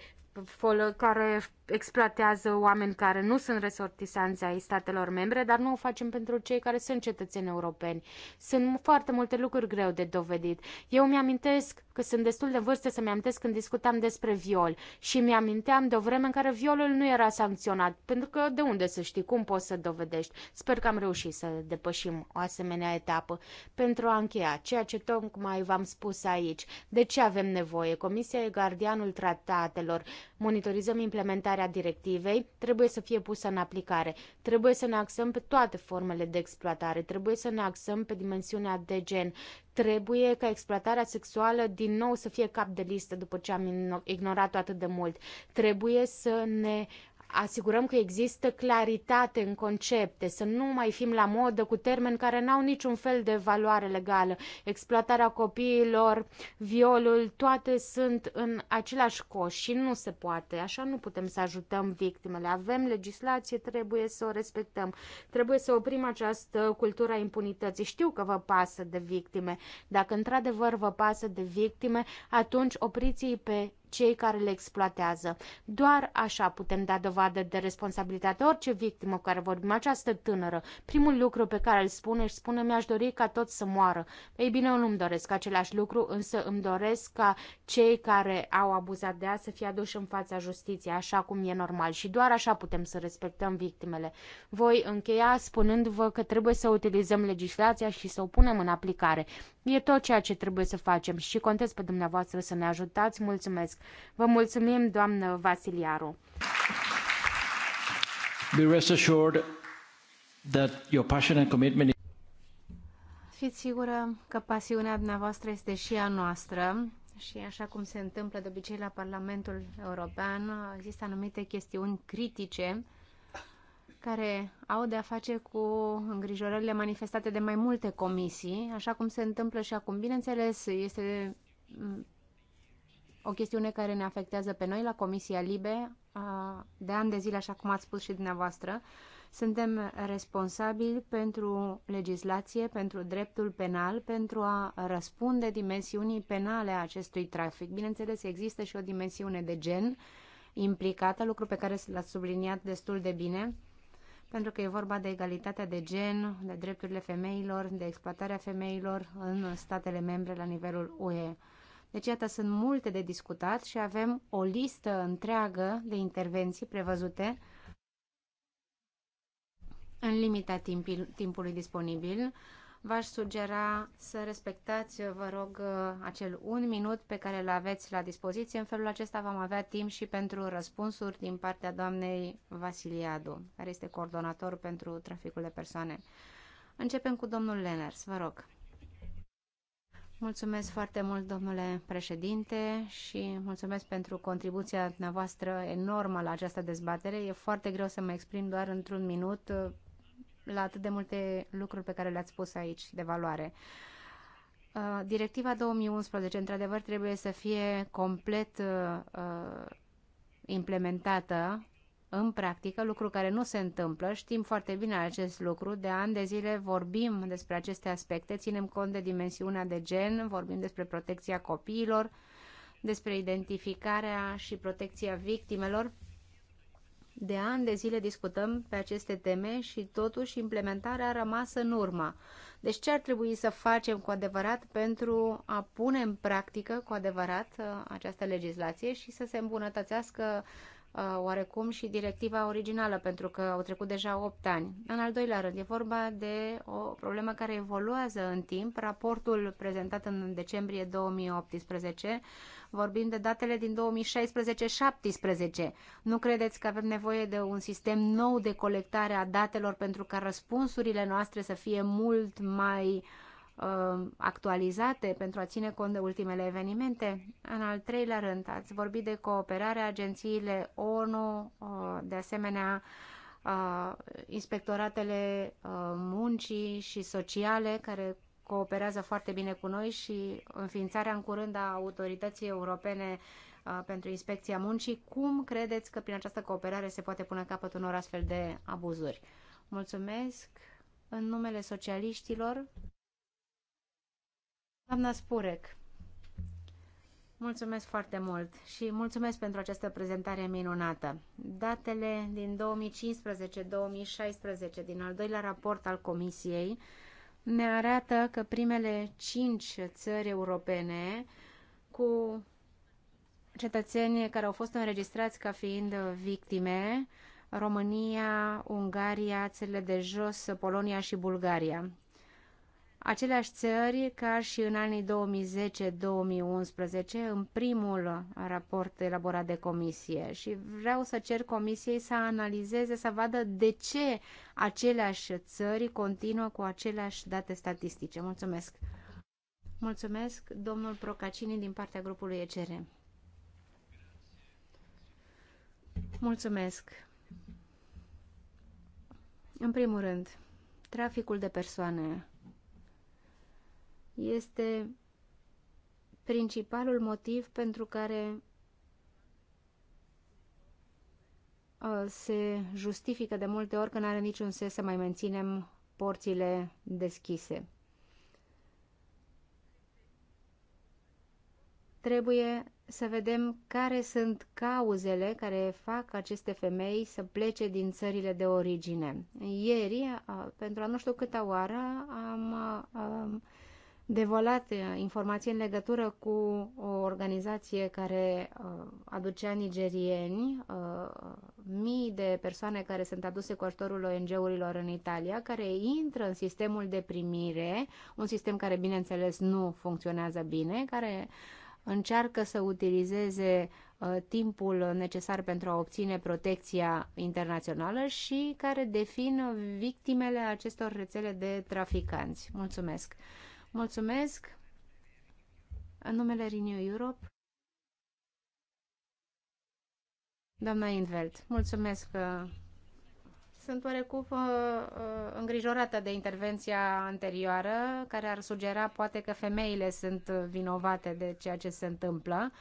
care exploatează oameni care nu sunt resortisanți ai statelor membre, dar nu o facem pentru cei care sunt cetățeni europeni. Sunt foarte multe lucruri greu de dovedit. Eu mi-amintesc că sunt destul de vârstă să mi-amintesc când discutam despre viol și mi-aminteam de o vreme în care violul nu era sancționat, pentru că de unde să știi, cum poți să dovedești? Sper că am reușit să depășim o asemenea etapă. Pentru a încheia ceea ce tocmai v-am spus aici, de ce avem nevoie? Comisia e gardianul tratatelor, Monitorizăm implementarea directivei, trebuie să fie pusă în aplicare. Trebuie să ne axăm pe toate formele de exploatare, trebuie să ne axăm pe dimensiunea de gen. Trebuie ca exploatarea sexuală din nou să fie cap de listă după ce am ignorat-o atât de mult. Trebuie să ne asigurăm că există claritate în concepte, să nu mai fim la modă cu termeni care n-au niciun fel de valoare legală. Exploatarea copiilor, violul, toate sunt în același coș și nu se poate. Așa nu putem să ajutăm victimele. Avem legislație, trebuie să o respectăm. Trebuie să oprim această cultură a impunității. Știu că vă pasă de victime. Dacă într-adevăr vă pasă de victime, atunci opriți-i pe cei care le exploatează. Doar așa putem da dovadă de responsabilitate. Orice victimă cu care vorbim, această tânără, primul lucru pe care îl spune, și spune mi-aș dori ca tot să moară. Ei bine, eu nu-mi doresc același lucru, însă îmi doresc ca cei care au abuzat de ea să fie aduși în fața justiției, așa cum e normal. Și doar așa putem să respectăm victimele. Voi încheia spunându-vă că trebuie să utilizăm legislația și să o punem în aplicare. E tot ceea ce trebuie să facem și contez pe dumneavoastră să ne ajutați. Mulțumesc! Vă mulțumim, doamnă Vasiliaru! Be rest assured that your passion and commitment Fiți sigură că pasiunea dumneavoastră este și a noastră și așa cum se întâmplă de obicei la Parlamentul European, există anumite chestiuni critice care au de-a face cu îngrijorările manifestate de mai multe comisii, așa cum se întâmplă și acum. Bineînțeles, este mm, o chestiune care ne afectează pe noi la Comisia Libe de ani de zile, așa cum ați spus și dumneavoastră. Suntem responsabili pentru legislație, pentru dreptul penal, pentru a răspunde dimensiunii penale a acestui trafic. Bineînțeles, există și o dimensiune de gen implicată, lucru pe care l-ați subliniat destul de bine pentru că e vorba de egalitatea de gen, de drepturile femeilor, de exploatarea femeilor în statele membre la nivelul UE. Deci, iată, sunt multe de discutat și avem o listă întreagă de intervenții prevăzute în limita timpului disponibil V-aș sugera să respectați, vă rog, acel un minut pe care îl aveți la dispoziție. În felul acesta vom avea timp și pentru răspunsuri din partea doamnei Vasiliadu, care este coordonator pentru traficul de persoane. Începem cu domnul Leners, vă rog. Mulțumesc foarte mult, domnule președinte, și mulțumesc pentru contribuția dumneavoastră enormă la această dezbatere. E foarte greu să mă exprim doar într-un minut la atât de multe lucruri pe care le-ați spus aici de valoare. Uh, directiva 2011, într-adevăr, trebuie să fie complet uh, uh, implementată în practică, lucru care nu se întâmplă. Știm foarte bine acest lucru. De ani de zile vorbim despre aceste aspecte, ținem cont de dimensiunea de gen, vorbim despre protecția copiilor, despre identificarea și protecția victimelor de ani de zile discutăm pe aceste teme și totuși implementarea a rămas în urmă. Deci ce ar trebui să facem cu adevărat pentru a pune în practică cu adevărat uh, această legislație și să se îmbunătățească oarecum și directiva originală, pentru că au trecut deja 8 ani. În al doilea rând, e vorba de o problemă care evoluează în timp. Raportul prezentat în decembrie 2018 vorbim de datele din 2016-17. Nu credeți că avem nevoie de un sistem nou de colectare a datelor pentru ca răspunsurile noastre să fie mult mai uh, Uh, actualizate pentru a ține cont de ultimele evenimente? În al treilea rând, ați vorbit de cooperare agențiile ONU, uh, de asemenea uh, inspectoratele muncii și sociale care cooperează foarte bine cu noi și înființarea în curând a autorității europene pentru inspecția muncii. Cum credeți că prin această cooperare se poate pune capăt unor astfel de abuzuri? Mulțumesc! În numele socialiștilor, Doamna Spurec, mulțumesc foarte mult și mulțumesc pentru această prezentare minunată. Datele din 2015-2016 din al doilea raport al Comisiei ne arată că primele cinci țări europene cu cetățenii care au fost înregistrați ca fiind victime România, Ungaria, țările de jos, Polonia și Bulgaria aceleași țări ca și în anii 2010-2011, în primul raport elaborat de comisie și vreau să cer comisiei să analizeze, să vadă de ce aceleași țări continuă cu aceleași date statistice. Mulțumesc! Mulțumesc, domnul Procacini, din partea grupului ECR. Mulțumesc! În primul rând, traficul de persoane este principalul motiv pentru care uh, se justifică de multe ori că nu are niciun sens să mai menținem porțile deschise. Trebuie să vedem care sunt cauzele care fac aceste femei să plece din țările de origine. Ieri, uh, pentru a nu știu câta oară, am, am uh, devolat uh, informații în legătură cu o organizație care uh, aducea nigerieni, uh, mii de persoane care sunt aduse cu ajutorul ONG-urilor în Italia, care intră în sistemul de primire, un sistem care, bineînțeles, nu funcționează bine, care încearcă să utilizeze timpul necesar pentru a obține protecția internațională și care defin victimele acestor rețele de traficanți. Mulțumesc! Mulțumesc în numele Renew Europe. Doamna Invelt, mulțumesc că sunt oarecum uh, uh, îngrijorată de intervenția anterioară, care ar sugera poate că femeile sunt uh, vinovate de ceea ce se întâmplă.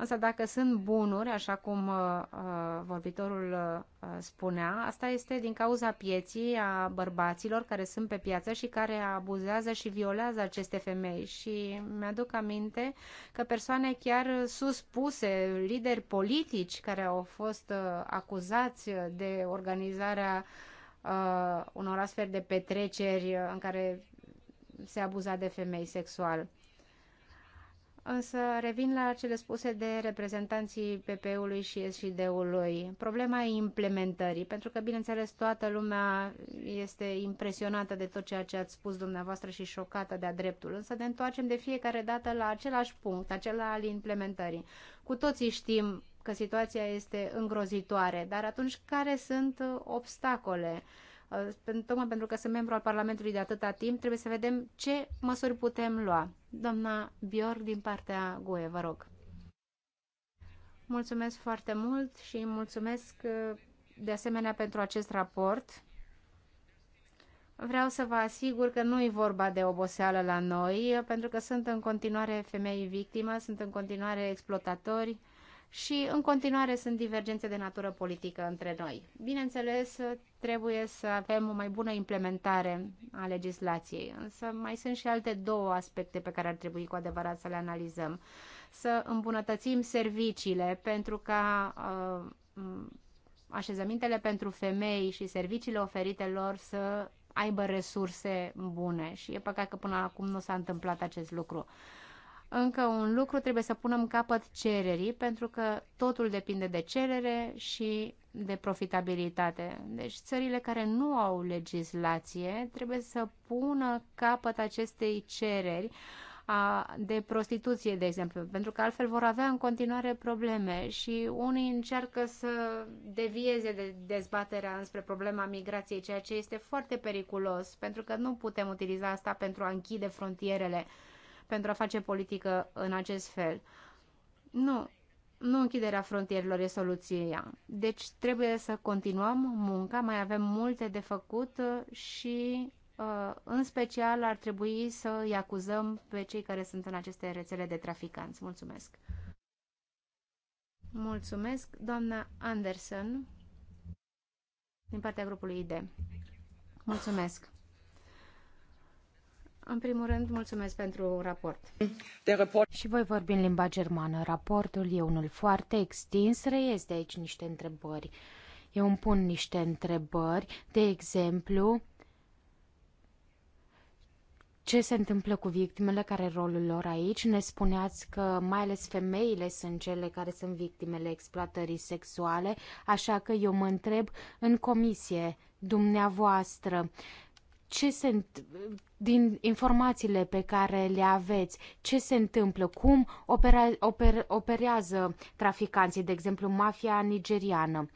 Însă dacă sunt bunuri, așa cum uh, uh, vorbitorul uh, spunea, asta este din cauza pieții a bărbaților care sunt pe piață și care abuzează și violează aceste femei. Și mi-aduc aminte că persoane chiar suspuse, lideri politici care au fost uh, acuzați de organizarea uh, unor astfel de petreceri uh, în care se abuza de femei sexual însă revin la cele spuse de reprezentanții PP-ului și SID-ului. Problema e implementării, pentru că, bineînțeles, toată lumea este impresionată de tot ceea ce ați spus dumneavoastră și șocată de-a dreptul, însă ne întoarcem de fiecare dată la același punct, acela al implementării. Cu toții știm că situația este îngrozitoare, dar atunci care sunt obstacole? Uh, tocmai pentru că sunt membru al Parlamentului de atâta timp, trebuie să vedem ce măsuri putem lua. Doamna Bior din partea GUE, vă rog. Mulțumesc foarte mult și mulțumesc uh, de asemenea pentru acest raport. Vreau să vă asigur că nu e vorba de oboseală la noi, pentru că sunt în continuare femei victime, sunt în continuare exploatatori, și în continuare sunt divergențe de natură politică între noi. Bineînțeles, trebuie să avem o mai bună implementare a legislației, însă mai sunt și alte două aspecte pe care ar trebui cu adevărat să le analizăm. Să îmbunătățim serviciile pentru ca uh, așezămintele pentru femei și serviciile oferite lor să aibă resurse bune și e păcat că până acum nu s-a întâmplat acest lucru. Uh, încă un lucru, trebuie să punem capăt cererii, pentru că totul depinde de cerere și de profitabilitate. Deci țările care nu au legislație trebuie să pună capăt acestei cereri a, de prostituție, de exemplu, pentru că altfel vor avea în continuare probleme și unii încearcă să devieze de dezbaterea înspre problema migrației, ceea ce este foarte periculos, pentru că nu putem utiliza asta pentru a închide frontierele pentru a face politică în acest fel. Nu, nu închiderea frontierilor e soluția. Deci trebuie să continuăm munca, mai avem multe de făcut și uh, în special ar trebui să îi acuzăm pe cei care sunt în aceste rețele de traficanți. Mulțumesc! Mulțumesc, doamna Anderson, din partea grupului ID. Mulțumesc! În primul rând, mulțumesc pentru raport. raport. raport. Și voi vorbi în limba germană. Raportul e unul foarte extins, reiesc de aici niște întrebări. Eu îmi pun niște întrebări, de exemplu, ce se întâmplă cu victimele, care e rolul lor aici? Ne spuneați că mai ales femeile sunt cele care sunt victimele exploatării sexuale, așa că eu mă întreb în comisie, dumneavoastră, ce se, din informațiile pe care le aveți, ce se întâmplă, cum opera, oper, operează traficanții, de exemplu, mafia nigeriană.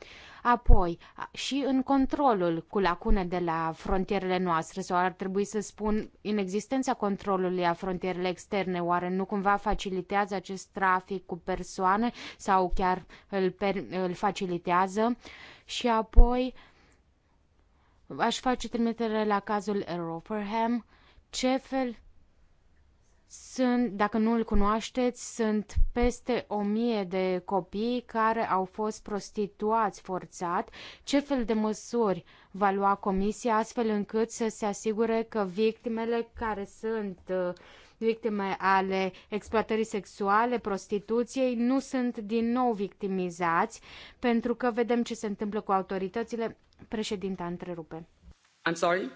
Apoi, și în controlul cu lacune de la frontierele noastre, sau ar trebui să spun, în existența controlului a frontierele externe, oare nu cumva facilitează acest trafic cu persoane sau chiar îl, per, îl facilitează? Și apoi, uh, Aș face trimitere la cazul Rotherham. fel sunt, dacă nu îl cunoașteți, sunt peste o mie de copii care au fost prostituați forțat. Ce fel de măsuri va lua comisia astfel încât să se asigure că victimele care sunt uh, victime ale exploatării sexuale, prostituției, nu sunt din nou victimizați, pentru că vedem ce se întâmplă cu autoritățile Președinta întrerupe. I'm sorry?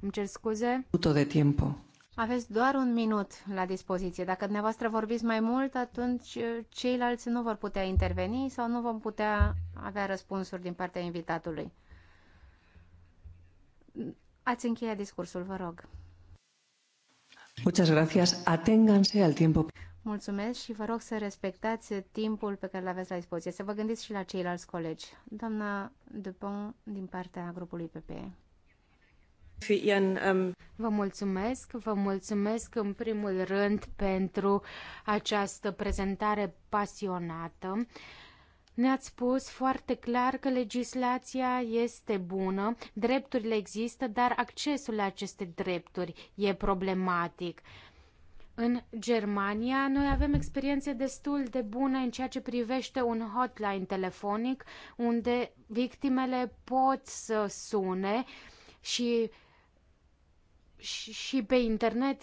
Îmi cer scuze. Tot de timp. Aveți doar un minut la dispoziție. Dacă dumneavoastră vorbiți mai mult, atunci uh, ceilalți nu vor putea interveni sau nu vom putea avea răspunsuri din partea invitatului. Ați încheiat discursul, vă rog. Muchas gracias. Aténganse al tiempo. Mulțumesc și vă rog să respectați timpul pe care îl aveți la dispoziție. Să vă gândiți și la ceilalți colegi. Doamna Dupont, din partea grupului PPE. Um, vă mulțumesc, vă mulțumesc în primul rând pentru această prezentare pasionată. Ne-ați spus foarte clar că legislația este bună, drepturile există, dar accesul la aceste drepturi e problematic. În Germania, noi avem experiențe destul de bune în ceea ce privește un hotline telefonic unde victimele pot să sune și și pe internet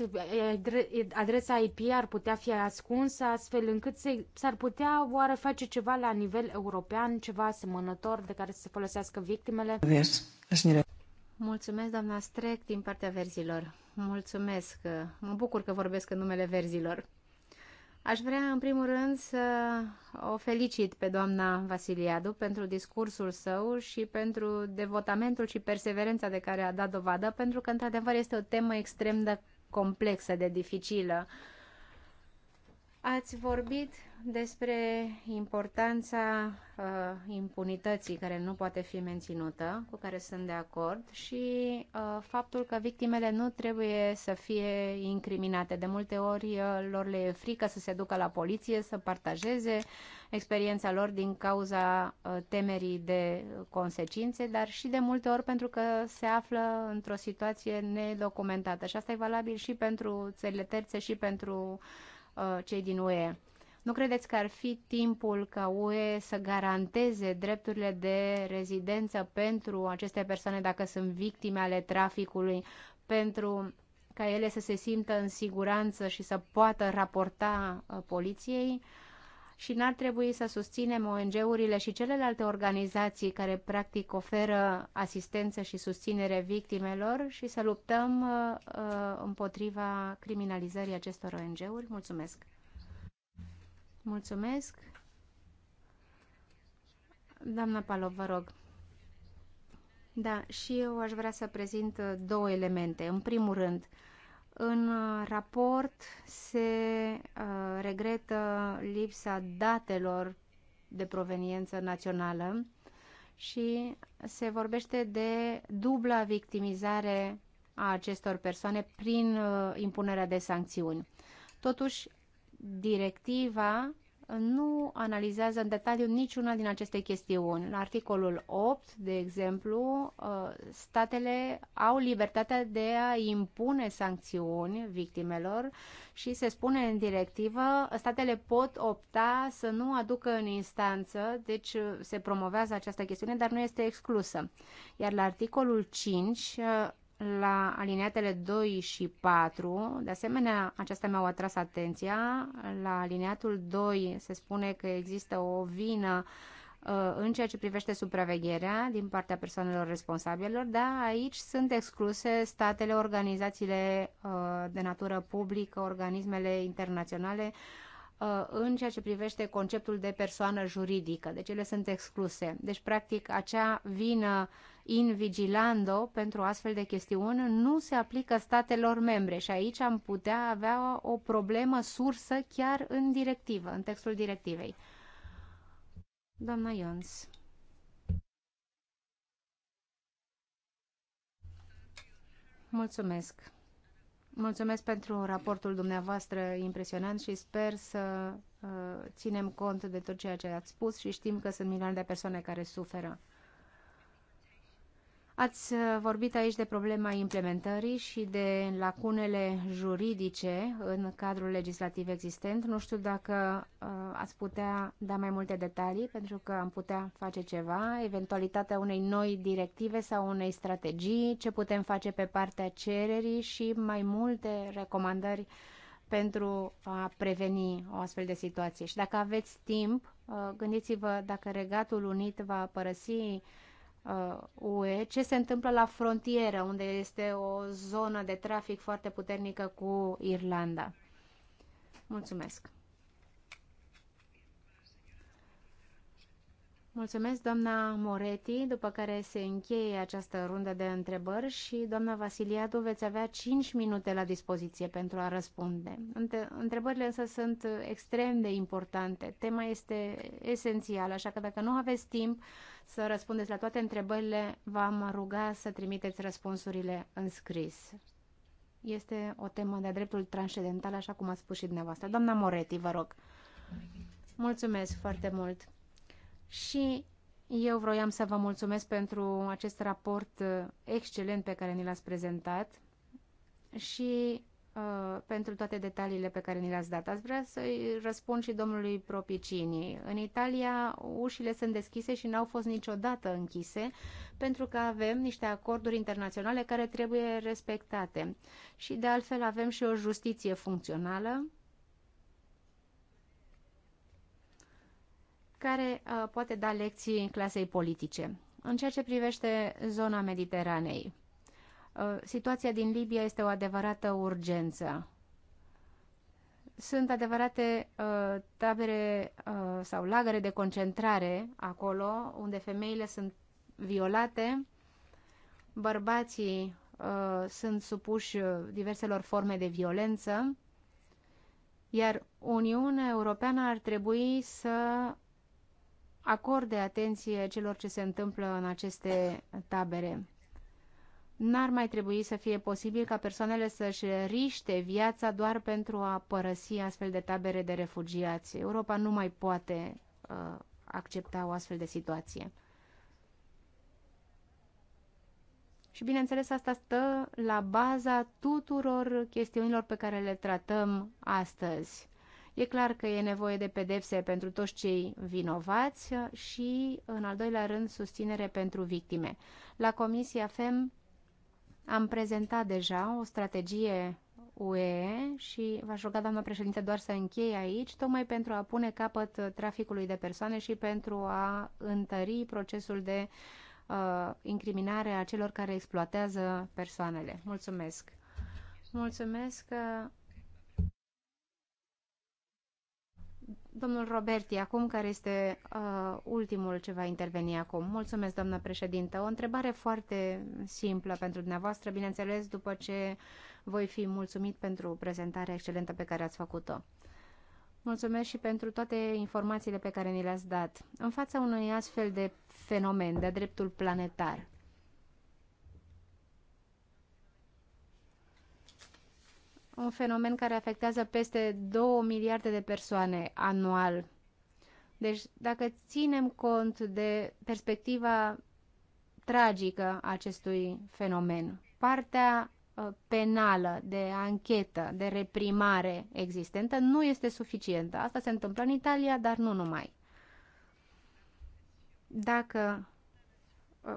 adresa IP ar putea fi ascunsă astfel încât s-ar putea oare face ceva la nivel european, ceva asemănător de care să se folosească victimele? Mulțumesc, doamna Strec, din partea verzilor. Mulțumesc. Mă bucur că vorbesc în numele verzilor. Aș vrea, în primul rând, să o felicit pe doamna Vasiliadu pentru discursul său și pentru devotamentul și perseverența de care a dat dovadă, pentru că, într-adevăr, este o temă extrem de complexă, de dificilă. Uh, Ați vorbit despre importanța uh, impunității care nu poate fi menținută, cu care sunt de acord, și uh, faptul că victimele nu trebuie să fie incriminate. De multe ori uh, lor le e frică să se ducă la poliție, să partajeze experiența lor din cauza uh, temerii de consecințe, dar și de multe ori pentru că se află într-o situație nedocumentată. Și asta e valabil și pentru țările terțe și pentru uh, Uh, cei din UE. Nu credeți că ar fi timpul ca UE să garanteze drepturile de rezidență pentru aceste persoane dacă sunt victime ale traficului, pentru ca ele să se simtă în siguranță și să poată raporta uh, poliției? Uh, și n-ar trebui să susținem ONG-urile și celelalte organizații care practic oferă asistență și susținere victimelor și să luptăm uh, uh împotriva criminalizării acestor ONG-uri. Mulțumesc! Mulțumesc! Doamna Palov, vă rog. Da, și eu aș vrea să prezint uh, două elemente. În primul rând, uh, în uh, raport se uh, regretă lipsa datelor de proveniență națională și se vorbește de dubla victimizare a acestor persoane prin uh, impunerea de sancțiuni. Totuși, directiva nu analizează în detaliu niciuna din aceste chestiuni. La articolul 8, de exemplu, uh, statele au libertatea de a impune sancțiuni victimelor și se spune în directivă, statele pot opta să nu aducă în instanță, deci uh, se promovează această chestiune, dar nu este exclusă. Iar la articolul 5 la alineatele 2 și 4. De asemenea, acestea mi-au atras atenția. La alineatul 2 se spune că există o vină uh, în ceea ce privește supravegherea din partea persoanelor responsabilor, dar aici sunt excluse statele, organizațiile uh, de natură publică, organismele internaționale, uh, în ceea ce privește conceptul de persoană juridică. Deci ele sunt excluse. Deci, practic, acea vină in vigilando pentru astfel de chestiuni nu se aplică statelor membre și aici am putea avea o problemă sursă chiar în directivă, în textul directivei. Doamna Ions. Mulțumesc. Mulțumesc pentru raportul dumneavoastră impresionant și sper să uh, ținem cont de tot ceea ce ați spus și știm că sunt milioane de persoane care suferă. Ați uh, vorbit aici de problema implementării și de lacunele juridice în cadrul legislativ existent. Nu știu dacă uh, ați putea da mai multe detalii, pentru că am putea face ceva, eventualitatea unei noi directive sau unei strategii, ce putem face pe partea cererii și mai multe recomandări pentru a preveni o astfel de situație. Și dacă aveți timp, uh, gândiți-vă dacă Regatul Unit va părăsi UE, uh, ce se întâmplă la frontieră, unde este o zonă de trafic foarte puternică cu Irlanda. Mulțumesc! Mulțumesc, doamna Moretti, după care se încheie această rundă de întrebări și, doamna Vasiliadu, veți avea 5 minute la dispoziție pentru a răspunde. Întrebările însă sunt extrem de importante. Tema este esențială, așa că dacă nu aveți timp să răspundeți la toate întrebările, v-am ruga să trimiteți răspunsurile în scris. Este o temă de-a dreptul transcendental, așa cum a spus și dumneavoastră. Doamna Moretti, vă rog. Mulțumesc foarte mult și eu vroiam să vă mulțumesc pentru acest raport uh, excelent pe care ni l-ați prezentat și uh, pentru toate detaliile pe care ni le-ați dat. Ați vrea să-i răspund și domnului Propicini. În Italia ușile sunt deschise și n-au fost niciodată închise pentru că avem niște acorduri internaționale care trebuie respectate. Și de altfel avem și o justiție funcțională care uh, poate da lecții în clasei politice. În ceea ce privește zona Mediteranei, uh, situația din Libia este o adevărată urgență. Sunt adevărate uh, tabere uh, sau lagăre de concentrare acolo, unde femeile sunt violate, bărbații uh, sunt supuși uh, diverselor forme de violență, iar Uniunea Europeană ar trebui să acorde atenție celor ce se întâmplă în aceste tabere. N-ar mai trebui să fie posibil ca persoanele să-și riște viața doar pentru a părăsi astfel de tabere de refugiați. Europa nu mai poate uh, accepta o astfel de situație. Și bineînțeles asta stă la baza tuturor chestiunilor pe care le tratăm astăzi E clar că e nevoie de pedepse pentru toți cei vinovați și, în al doilea rând, susținere pentru victime. La Comisia FEM am prezentat deja o strategie UE și v-aș ruga, doamna președinte, doar să închei aici, tocmai pentru a pune capăt traficului de persoane și pentru a întări procesul de uh, incriminare a celor care exploatează persoanele. Mulțumesc! Mulțumesc! Uh, Domnul Roberti, acum care este uh, ultimul ce va interveni acum. Mulțumesc, doamnă președintă. O întrebare foarte simplă pentru dumneavoastră, bineînțeles, după ce voi fi mulțumit pentru prezentarea excelentă pe care ați făcut-o. Mulțumesc și pentru toate informațiile pe care ni le-ați dat. În fața unui astfel de fenomen de dreptul planetar, un fenomen care afectează peste 2 miliarde de persoane anual. Deci, dacă ținem cont de perspectiva tragică a acestui fenomen, partea uh, penală, de anchetă, de reprimare existentă nu este suficientă. Asta se întâmplă în Italia, dar nu numai. Dacă uh,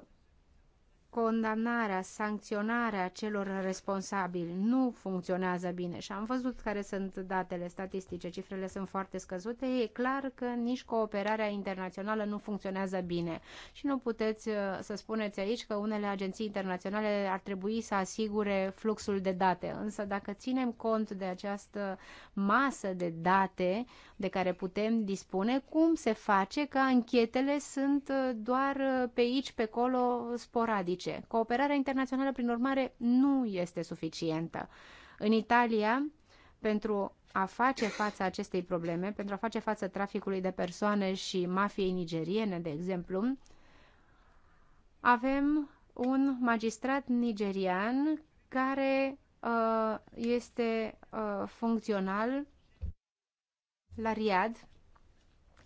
condamnarea, sancționarea celor responsabili nu funcționează bine și am văzut care sunt datele statistice, cifrele sunt foarte scăzute, e clar că nici cooperarea internațională nu funcționează bine și nu puteți uh, să spuneți aici că unele agenții internaționale ar trebui să asigure fluxul de date, însă dacă ținem cont de această masă de date de care putem dispune, cum se face că anchetele sunt uh, doar uh, pe aici, pe acolo, sporadice? publice. Cooperarea internațională, prin urmare, nu este suficientă. În Italia, pentru a face față acestei probleme, pentru a face față traficului de persoane și mafiei nigeriene, de exemplu, avem un magistrat nigerian care uh, este uh, funcțional la Riad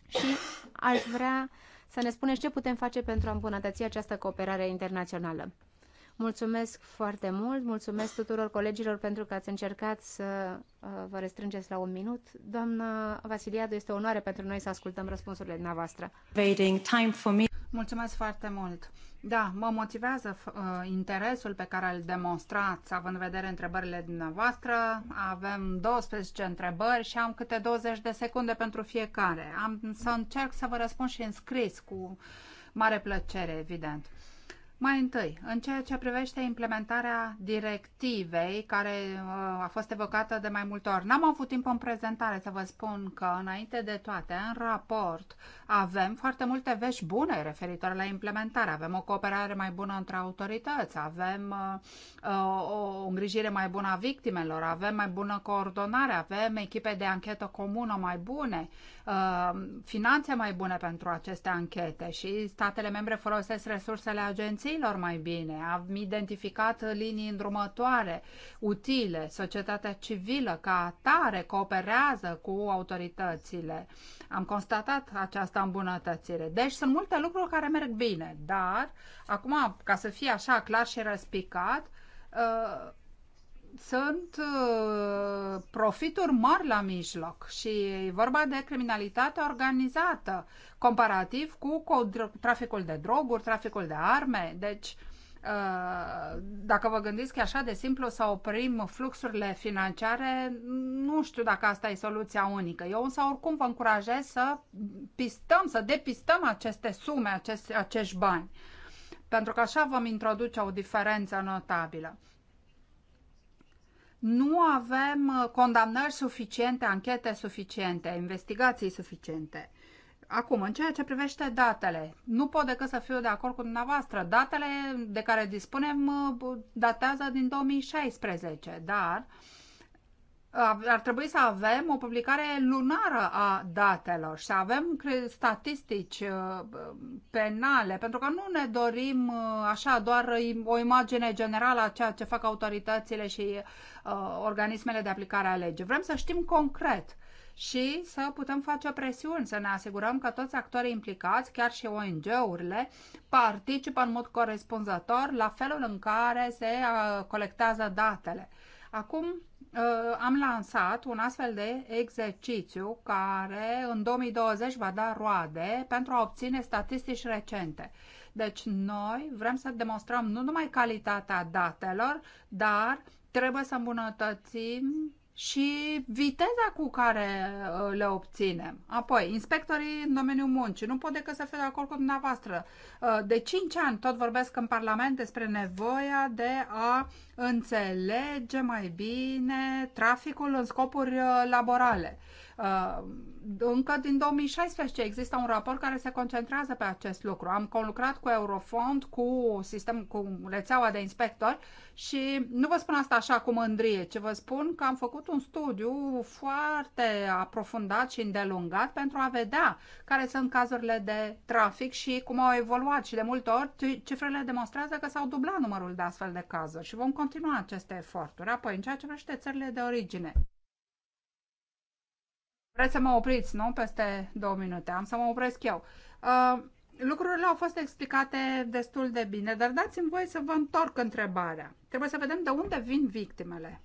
și aș vrea să ne spuneți ce putem face pentru a îmbunătăți această cooperare internațională. Mulțumesc foarte mult, mulțumesc tuturor colegilor pentru că ați încercat să uh, vă restrângeți la un minut. Doamna Vasiliadu, este o onoare pentru noi să ascultăm răspunsurile dumneavoastră. Mulțumesc foarte mult! Da, mă motivează uh, interesul pe care îl demonstrați, având în vedere întrebările dumneavoastră. Avem 12 întrebări și am câte 20 de secunde pentru fiecare. Am să încerc să vă răspund și în scris, cu mare plăcere, evident. Uh, mai întâi, în ceea ce privește implementarea directivei care uh, a fost evocată de mai multe ori, n-am avut timp în prezentare să vă spun că, înainte de toate, în raport avem foarte multe vești bune referitor la implementare. Avem o cooperare mai bună între autorități, avem uh, uh o îngrijire mai bună a victimelor, avem mai bună coordonare, avem echipe de anchetă comună mai bune, uh, finanțe mai bune pentru aceste anchete și statele membre folosesc resursele agenției generațiilor mai bine, am identificat linii îndrumătoare utile, societatea civilă ca atare cooperează cu autoritățile. Am constatat această îmbunătățire. Deci sunt multe lucruri care merg bine, dar acum, ca să fie așa clar și răspicat, uh, sunt uh, profituri mari la mijloc și e vorba de criminalitate organizată comparativ cu, traficul de droguri, traficul de arme. Deci, uh, dacă vă gândiți că e așa de simplu să oprim fluxurile financiare, nu știu dacă asta e soluția unică. Eu însă oricum vă încurajez să pistăm, să depistăm aceste sume, acești bani, pentru că așa vom introduce o diferență notabilă nu avem uh, condamnări suficiente, anchete suficiente, investigații suficiente. Acum, în ceea ce privește datele, nu pot decât să fiu de acord cu dumneavoastră. Datele de care dispunem uh, datează din 2016, dar uh, ar trebui să avem o publicare lunară a datelor și să avem statistici uh, penale, pentru că nu ne dorim uh, așa doar o imagine generală a ceea ce fac autoritățile și uh, organismele de aplicare a legii. Vrem să știm concret și să putem face presiuni, să ne asigurăm că toți actorii implicați, chiar și ONG-urile, participă în mod corespunzător la felul în care se uh, colectează datele. Acum, Uh, am lansat un astfel de exercițiu care în 2020 va da roade pentru a obține statistici recente. Deci noi vrem să demonstrăm nu numai calitatea datelor, dar trebuie să îmbunătățim și viteza cu care uh, le obținem. Apoi, inspectorii în domeniul muncii, nu pot decât să fiu de acord cu dumneavoastră. Uh, de 5 ani tot vorbesc în Parlament despre nevoia de a înțelege mai bine traficul în scopuri uh, laborale. Uh, încă din 2016 există un raport care se concentrează pe acest lucru. Am conlucrat cu Eurofond, cu sistem, cu rețeaua de inspectori și nu vă spun asta așa cu mândrie, ci vă spun că am făcut un studiu foarte aprofundat și îndelungat pentru a vedea care sunt cazurile de trafic și cum au evoluat și de multe ori cifrele demonstrează că s-au dublat numărul de astfel de cazuri și vom continua aceste eforturi. Apoi, în ceea ce privește țările de origine. Vreți să mă opriți, nu? Peste două minute. Am să mă opresc eu. Uh, lucrurile au fost explicate destul de bine, dar dați-mi voie să vă întorc întrebarea. Trebuie să vedem de unde vin victimele.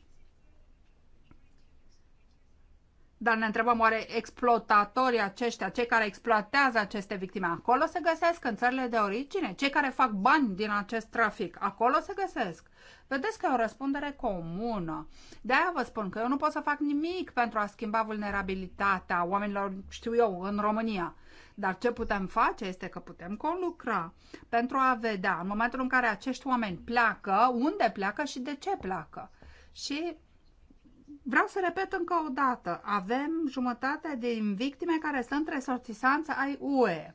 Dar ne întrebăm oare exploatatorii aceștia, cei care exploatează aceste victime, acolo se găsesc în țările de origine? Cei care fac bani din acest trafic, acolo se găsesc? Vedeți că e o răspundere comună. De-aia vă spun că eu nu pot să fac nimic pentru a schimba vulnerabilitatea oamenilor, știu eu, în România. Dar ce putem face este că putem conlucra pentru a vedea în momentul în care acești oameni pleacă, unde pleacă și de ce pleacă. Și vreau să repet încă o dată, avem jumătate din victime care sunt resortisanți ai UE.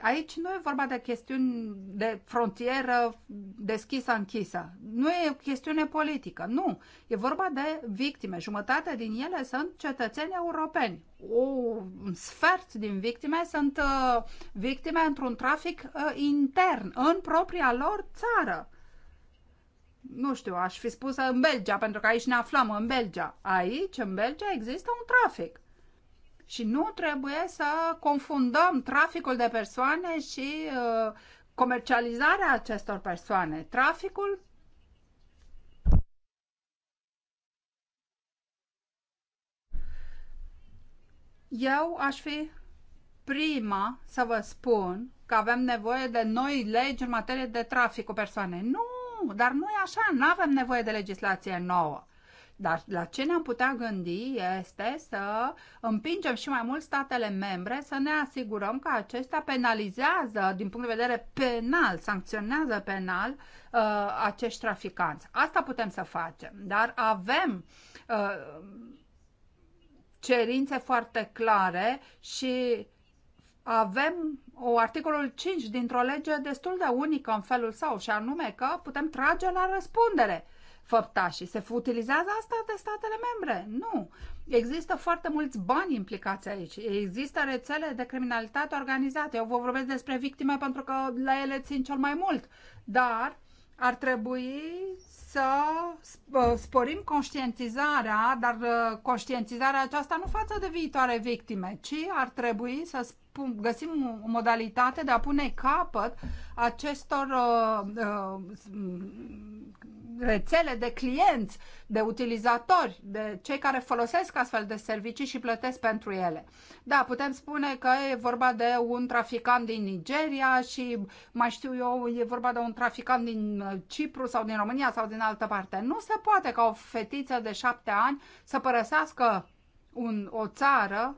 Aici nu e vorba de chestiuni de frontieră deschisă-închisă. Nu e o chestiune politică, nu. E vorba de victime. Jumătate din ele sunt cetățeni europeni. O, un sfert din victime sunt uh, victime într-un trafic uh, intern, în propria lor țară. Nu știu, aș fi spusă în Belgia, pentru că aici ne aflăm, în Belgia. Aici, în Belgia, există un trafic și nu trebuie să confundăm traficul de persoane și uh, comercializarea acestor persoane. Traficul Eu aș fi prima să vă spun că avem nevoie de noi legi în materie de trafic cu persoane. Nu, dar nu e așa, nu avem nevoie de legislație nouă. Dar la ce ne-am putea gândi este să împingem și mai mult statele membre să ne asigurăm că acestea penalizează, din punct de vedere penal, sancționează penal uh, acești traficanți. Asta putem să facem, dar avem uh, cerințe foarte clare și avem o articolul 5 dintr-o lege destul de unică în felul său și anume că putem trage la răspundere făptașii. Se utilizează asta de statele membre? Nu. Există foarte mulți bani implicați aici. Există rețele de criminalitate organizată. Eu vă vorbesc despre victime pentru că la ele țin cel mai mult. Dar ar trebui să uh, sporim conștientizarea, dar uh, conștientizarea aceasta nu față de viitoare victime, ci ar trebui să găsim o modalitate de a pune capăt acestor uh, uh, rețele de clienți, de utilizatori, de cei care folosesc astfel de servicii și plătesc pentru ele. Da, putem spune că e vorba de un traficant din Nigeria și mai știu eu, e vorba de un traficant din uh, Cipru sau din România sau din altă parte. Nu se poate ca o fetiță de șapte ani să părăsească un, o țară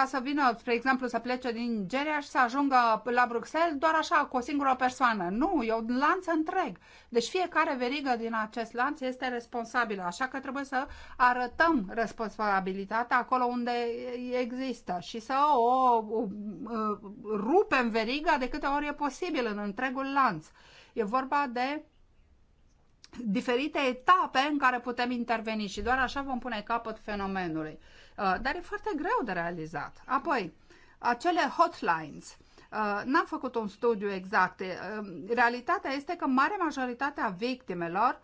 ca să vină, spre exemplu, să plece din Nigeria și să ajungă la Bruxelles doar așa, cu o singură persoană. Nu, e un lanț întreg. Deci fiecare verigă din acest lanț este responsabilă, așa că trebuie să arătăm responsabilitatea acolo unde există și să o, o rupem veriga de câte ori e posibil în întregul lanț. E vorba de diferite etape în care putem interveni și doar așa vom pune capăt fenomenului. Uh, dar e foarte greu de realizat. Apoi, acele hotlines. Uh, n-am făcut un studiu exact. Uh, realitatea este că mare majoritatea victimelor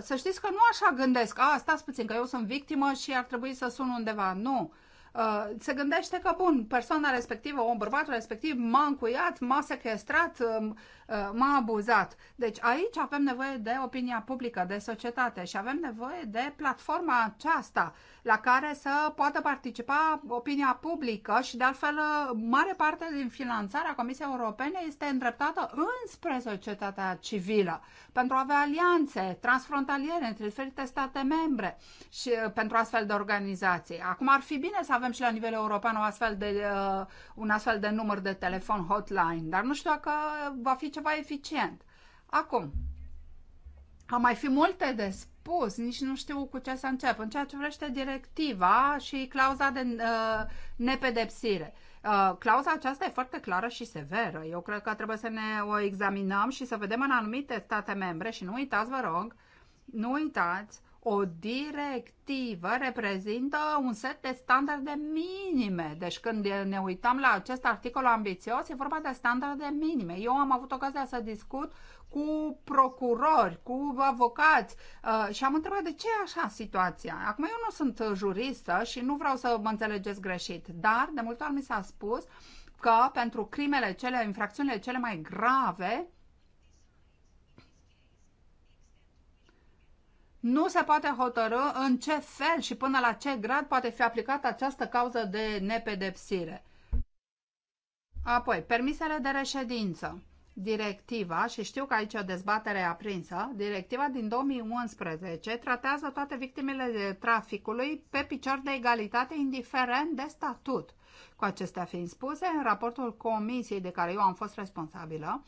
să știți că nu așa gândesc, a, stați puțin, că eu sunt victimă și ar trebui să sun undeva. Nu uh, se gândește că, bun, persoana respectivă, om, bărbatul respectiv m-a încuiat, m-a sequestrat, um, uh, m-a abuzat. Deci aici avem nevoie de opinia publică, de societate și avem nevoie de platforma aceasta la care să poată participa opinia publică și, de altfel, mare parte din finanțarea Comisiei Europene este îndreptată înspre societatea civilă pentru a avea alianțe transfrontaliere între diferite state membre și uh, pentru astfel de organizații. Acum ar fi bine să avem avem și la nivel european o astfel de, uh, un astfel de număr de telefon hotline, dar nu știu dacă va fi ceva eficient. Acum, a mai fi multe de spus, nici nu știu cu ce să încep. În ceea ce vrește directiva și clauza de uh, nepedepsire. Uh, clauza aceasta e foarte clară și severă. Eu cred că trebuie să ne o examinăm și să vedem în anumite state membre și nu uitați, vă rog, nu uitați o directivă reprezintă un set de standarde minime. Deci când ne uităm la acest articol ambițios, e vorba de standarde minime. Eu am avut ocazia să discut cu procurori, cu avocați uh, și am întrebat de ce e așa situația. Acum eu nu sunt juristă și nu vreau să mă înțelegeți greșit, dar de multe ori mi s-a spus că pentru crimele cele, infracțiunile cele mai grave, nu se poate hotărâ în ce fel și până la ce grad poate fi aplicată această cauză de nepedepsire. Apoi, permisele de reședință. Directiva, și știu că aici o dezbatere aprinsă, directiva din 2011 tratează toate victimele de traficului pe picior de egalitate, indiferent de statut. Cu acestea fiind spuse, în raportul comisiei de care eu am fost responsabilă,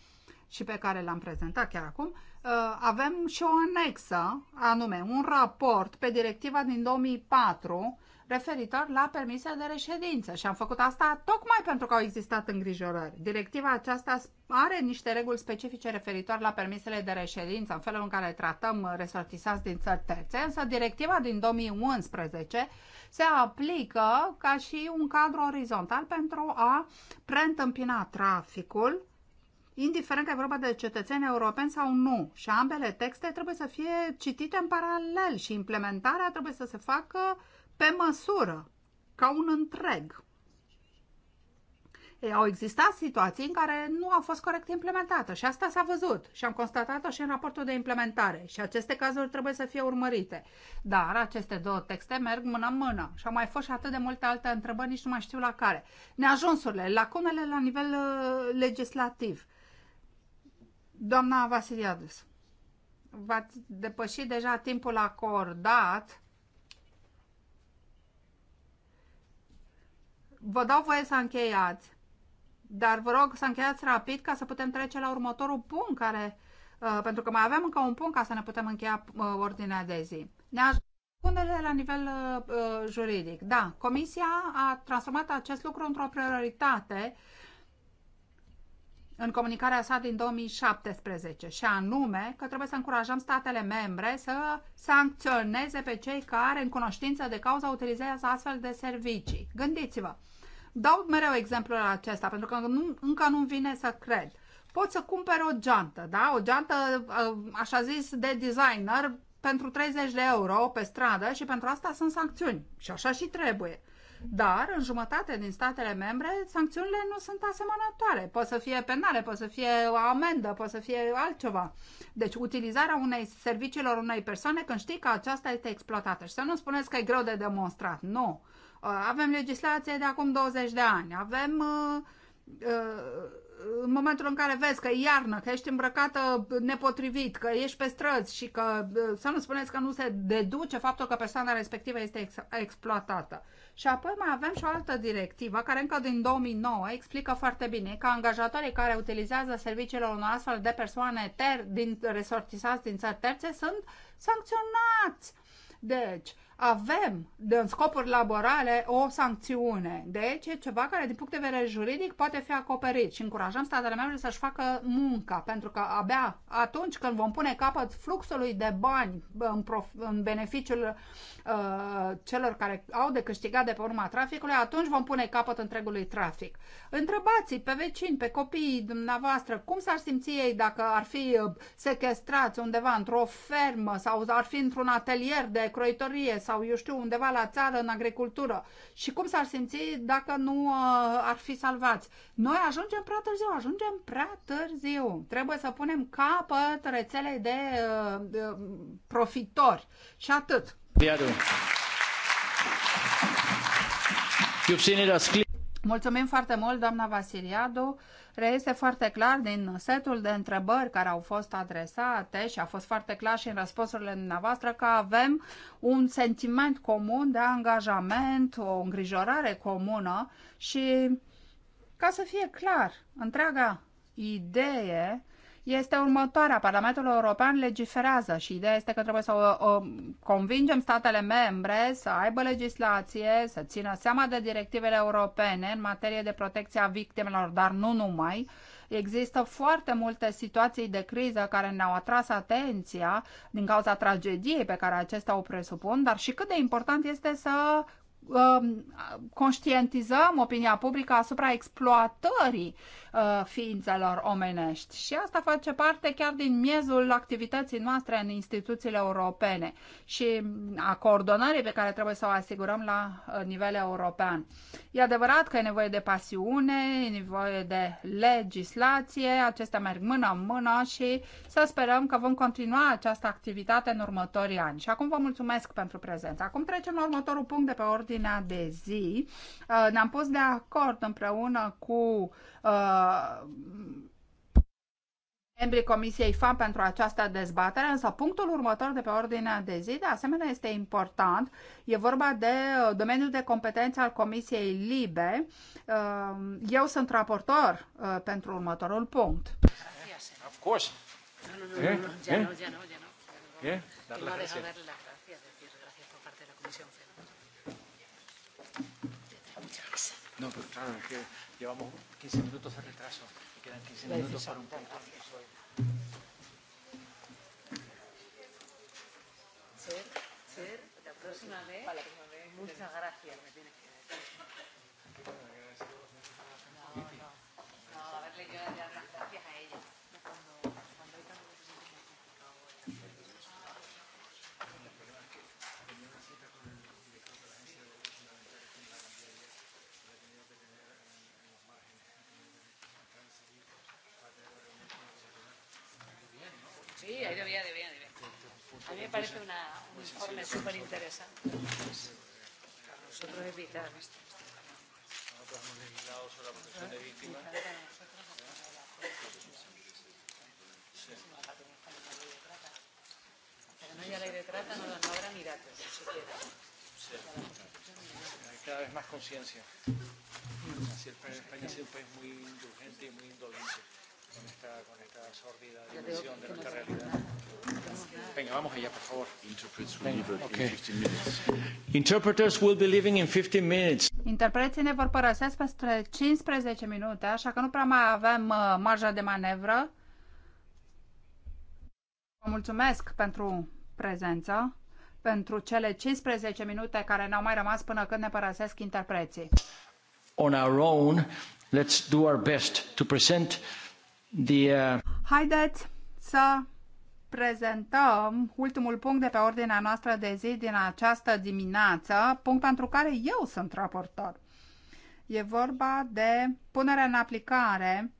și pe care l-am prezentat chiar acum, uh, avem și o anexă, anume un raport pe directiva din 2004 referitor la permisele de reședință și am făcut asta tocmai pentru că au existat îngrijorări. Directiva aceasta are niște reguli specifice referitor la permisele de reședință, în felul în care tratăm resortisați din țări terțe, însă directiva din 2011 se aplică ca și un cadru orizontal pentru a preîntâmpina traficul indiferent că e vorba de cetățeni europeni sau nu. Și ambele texte trebuie să fie citite în paralel și implementarea trebuie să se facă pe măsură, ca un întreg. Ei, au existat situații în care nu a fost corect implementată și asta s-a văzut și am constatat-o și în raportul de implementare și aceste cazuri trebuie să fie urmărite. Dar aceste două texte merg mână în mână și au mai fost și atât de multe alte întrebări, nici nu mai știu la care. Neajunsurile, lacunele la nivel uh, legislativ. Uh, Doamna Vasiliadus, v-ați depășit deja timpul acordat. Vă dau voie să încheiați, dar vă rog să încheiați rapid ca să putem trece la următorul punct, care, uh, pentru că mai avem încă un punct ca să ne putem încheia uh, ordinea de zi. Ne Răspundere la nivel uh, uh, juridic. Da, Comisia a transformat acest lucru într-o prioritate în comunicarea sa din 2017 și anume că trebuie să încurajăm statele membre să sancționeze pe cei care în cunoștință de cauză utilizează astfel de servicii. Gândiți-vă! Dau mereu exemplul acesta pentru că nu, încă nu vine să cred. Poți să cumperi o geantă, da? O geantă ă, așa zis de designer pentru 30 de euro pe stradă și pentru asta sunt sancțiuni. Și așa și trebuie. Dar în jumătate din statele membre sancțiunile nu sunt asemănătoare. Pot să fie penale, pot să fie o amendă, pot să fie altceva. Deci utilizarea unei serviciilor unei persoane când știi că aceasta este exploatată. Și să nu spuneți că e greu de demonstrat. Nu. Uh, avem legislație de acum 20 de ani. Avem uh, uh, în momentul în care vezi că e iarnă, că ești îmbrăcată nepotrivit, că ești pe străzi și că să nu spuneți că nu se deduce faptul că persoana respectivă este ex- exploatată. Și apoi mai avem și o altă directivă care încă din 2009 explică foarte bine că angajatorii care utilizează serviciile unor astfel de persoane ter din resortisați din țări terțe sunt sancționați. Deci, avem în scopuri laborale o sancțiune. Deci e ceva care din punct de vedere juridic poate fi acoperit și încurajăm statele membre să-și facă munca, pentru că abia atunci când vom pune capăt fluxului de bani în, prof- în beneficiul uh, celor care au de câștigat de pe urma traficului, atunci vom pune capăt întregului trafic. Întrebați pe vecini, pe copiii dumneavoastră, cum s-ar simți ei dacă ar fi uh, sequestrați undeva într-o fermă sau ar fi într-un atelier de croitorie sau, eu știu, undeva la țară, în agricultură. Și cum s-ar simți dacă nu uh, ar fi salvați? Noi ajungem prea târziu, ajungem prea târziu. Trebuie să punem capăt rețelei de, uh, de um, profitori. Și atât. Iadu. You've seen it as clear. Mulțumim foarte mult, doamna Vasiliadu. Reiese foarte clar din setul de întrebări care au fost adresate și a fost foarte clar și în răspunsurile dumneavoastră că avem un sentiment comun de angajament, o îngrijorare comună și ca să fie clar, întreaga idee este următoarea. Parlamentul European legiferează și ideea este că trebuie să o, o convingem statele membre să aibă legislație, să țină seama de directivele europene în materie de protecție a victimelor, dar nu numai. Există foarte multe situații de criză care ne-au atras atenția din cauza tragediei pe care acestea o presupun, dar și cât de important este să Um, conștientizăm opinia publică asupra exploatării uh, ființelor omenești. Și asta face parte chiar din miezul activității noastre în instituțiile europene și a coordonării pe care trebuie să o asigurăm la uh, nivel european. E adevărat că e nevoie de pasiune, e nevoie de legislație, acestea merg mână în mână și să sperăm că vom continua această activitate în următorii ani. Și acum vă mulțumesc pentru prezență. Acum trecem la următorul punct de pe ordine ordinea de zi, uh, ne-am pus de acord împreună cu uh, membrii Comisiei FAM pentru această dezbatere, însă punctul următor de pe ordinea de zi, de asemenea, este important. E vorba de uh, domeniul de competență al Comisiei LIBE. Eu sunt raportor pentru următorul punct. Of course. Yeah? Yeah? Yeah? Yeah? Yeah? Yeah? Yeah? Yeah? No, pero claro, es que llevamos 15 minutos de retraso. Me quedan 15 minutos para un punto. Ser, ser, la la próxima vez. Muchas gracias. parece una, un informe súper interesante. de cada vez más conciencia. España ha sido un país muy indulgente y muy indolente con esta, con esta sórdida dimensión de nuestra realidad. Venga, vamos allá, por favor. Interpreters will be okay. in 15 minutes. Interpreters will be leaving in 15 minutes. Interpreții ne vor părăsesc peste 15 minute, așa că nu prea mai avem uh, marja de manevră. Vă mulțumesc pentru prezență, pentru cele 15 minute care ne-au mai rămas până când ne părăsesc interpreții. On our own, let's do our best to present The... Uh, Haideți să prezentăm ultimul punct de pe ordinea noastră de zi din această dimineață, punct pentru care eu sunt raportor. E vorba de punerea în aplicare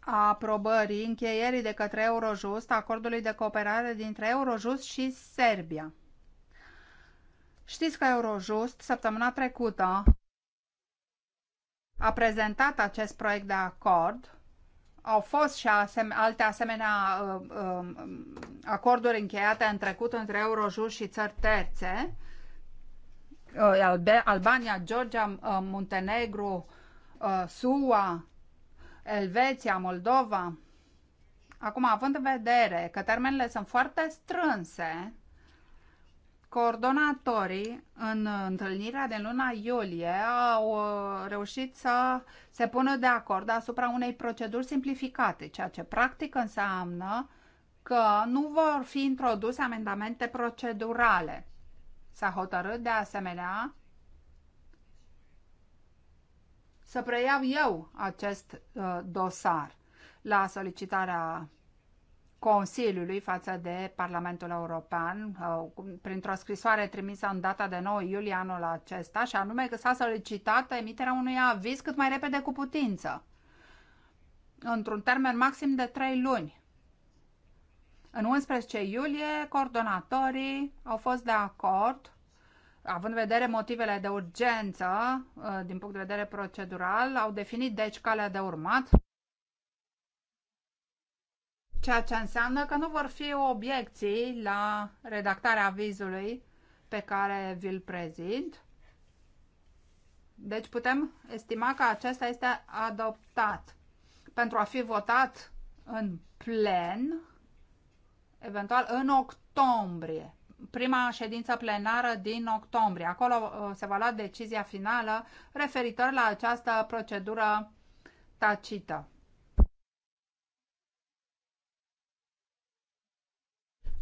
a aprobării încheierii de către Eurojust acordului de cooperare dintre Eurojust și Serbia. Știți că Eurojust, săptămâna trecută, a prezentat acest proiect de acord au fost și asem- alte asemenea uh, um, acorduri încheiate în trecut între Eurojust și țări terțe. Uh, Albania, Georgia, uh, Muntenegru, SUA, Elveția, Moldova. Acum, având în vedere că termenele sunt foarte strânse, Coordonatorii în întâlnirea de luna iulie au uh, reușit să se pună de acord asupra unei proceduri simplificate, ceea ce practic înseamnă că nu vor fi introduse amendamente procedurale. S-a hotărât de asemenea să preiau eu acest uh, dosar la solicitarea Consiliului față de Parlamentul European uh, printr-o scrisoare trimisă în data de 9 iulie anul acesta și anume că s-a solicitat emiterea unui aviz cât mai repede cu putință, într-un termen maxim de 3 luni. În 11 iulie, coordonatorii au fost de acord având în vedere motivele de urgență uh, din punct de vedere procedural, au definit deci calea de urmat ceea ce înseamnă că nu vor fi obiecții la redactarea avizului pe care vi-l prezint. Deci putem estima că acesta este adoptat pentru a fi votat în plen, eventual în octombrie. Prima ședință plenară din octombrie. Acolo uh, se va lua decizia finală referitor la această procedură tacită.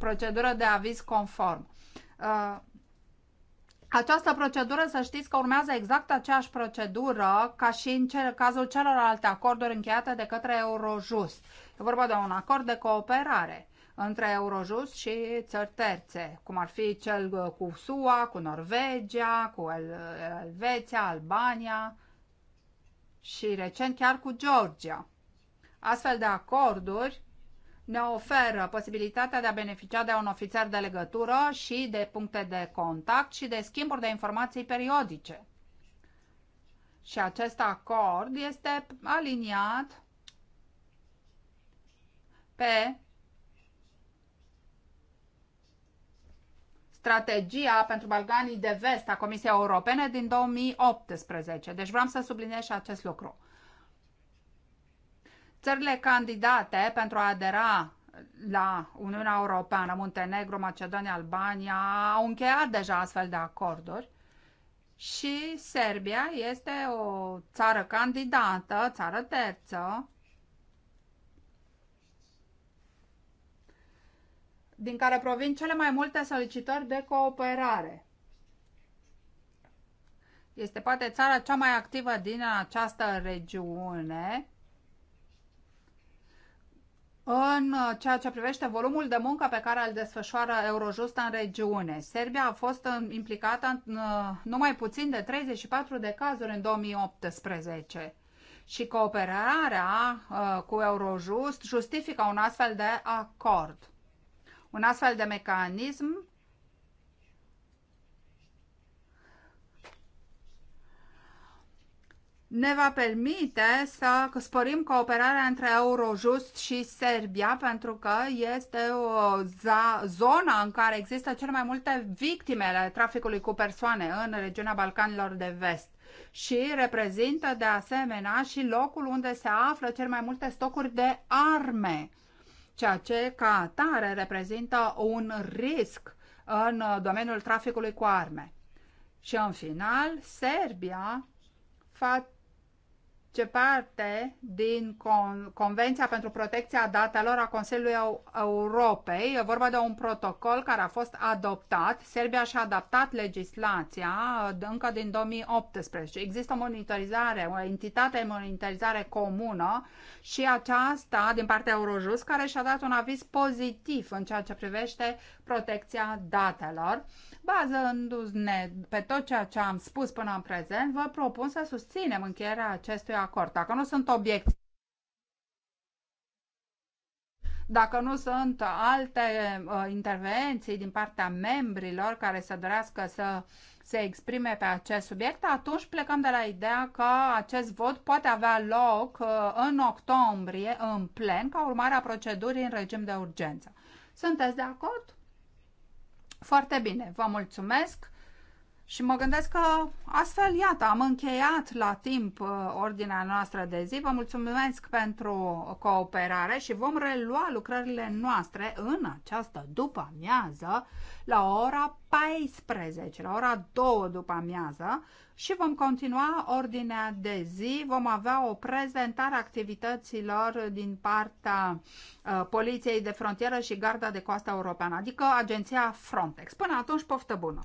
procedură de aviz conform. Uh, această procedură, să știți că urmează exact aceeași procedură ca și în cazul celorlalte acorduri încheiate de către Eurojust. E vorba de un acord de cooperare între Eurojust și țări terțe, cum ar fi cel uh, cu SUA, cu Norvegia, cu Elveția, Albania și recent chiar cu Georgia. Astfel de acorduri ne oferă posibilitatea de a beneficia de un ofițer de legătură și de puncte de contact și de schimburi de informații periodice. Și acest acord este aliniat pe strategia pentru Balcanii de Vest a Comisiei Europene din 2018. Deci vreau să subliniez și acest lucru. Țările candidate pentru a adera la Uniunea Europeană, Muntenegru, Macedonia, Albania, au încheiat deja astfel de acorduri și Serbia este o țară candidată, țară terță, din care provin cele mai multe solicitări de cooperare. Este poate țara cea mai activă din această regiune în uh, ceea ce privește volumul de muncă pe care îl desfășoară Eurojust în regiune. Serbia a fost um, implicată în uh, numai puțin de 34 de cazuri în 2018 și cooperarea uh, cu Eurojust justifică un astfel de acord. Un astfel de mecanism ne va permite să sporim cooperarea între Eurojust și Serbia, pentru că este o zonă în care există cele mai multe victime ale traficului cu persoane în regiunea Balcanilor de Vest și reprezintă de asemenea și locul unde se află cel mai multe stocuri de arme, ceea ce ca atare reprezintă un risc în domeniul traficului cu arme. Și în final, Serbia fa- ce parte din Con Convenția pentru Protecția Datelor a Consiliului Europei. E vorba de un protocol care a fost adoptat. Serbia și-a adaptat legislația uh, încă din 2018. Există o monitorizare, o entitate de monitorizare comună și aceasta din partea Eurojust care și-a dat un aviz pozitiv în ceea ce privește protecția datelor. Bazându-ne pe tot ceea ce am spus până în prezent, vă propun să susținem încheierea acestui acord. Dacă nu sunt obiect dacă nu sunt alte uh, intervenții din partea membrilor care să dorească să se exprime pe acest subiect, atunci plecăm de la ideea că acest vot poate avea loc uh, în octombrie, în plen, ca urmare a procedurii în regim de urgență. Sunteți de acord? Foarte bine, vă mulțumesc. Și mă gândesc că astfel, iată, am încheiat la timp uh, ordinea noastră de zi. Vă mulțumesc pentru cooperare și vom relua lucrările noastre în această după amiază la ora 14, la ora 2 după amiază și vom continua ordinea de zi. Vom avea o prezentare activităților din partea uh, Poliției de Frontieră și Garda de Coastă Europeană, adică Agenția Frontex. Până atunci, poftă bună!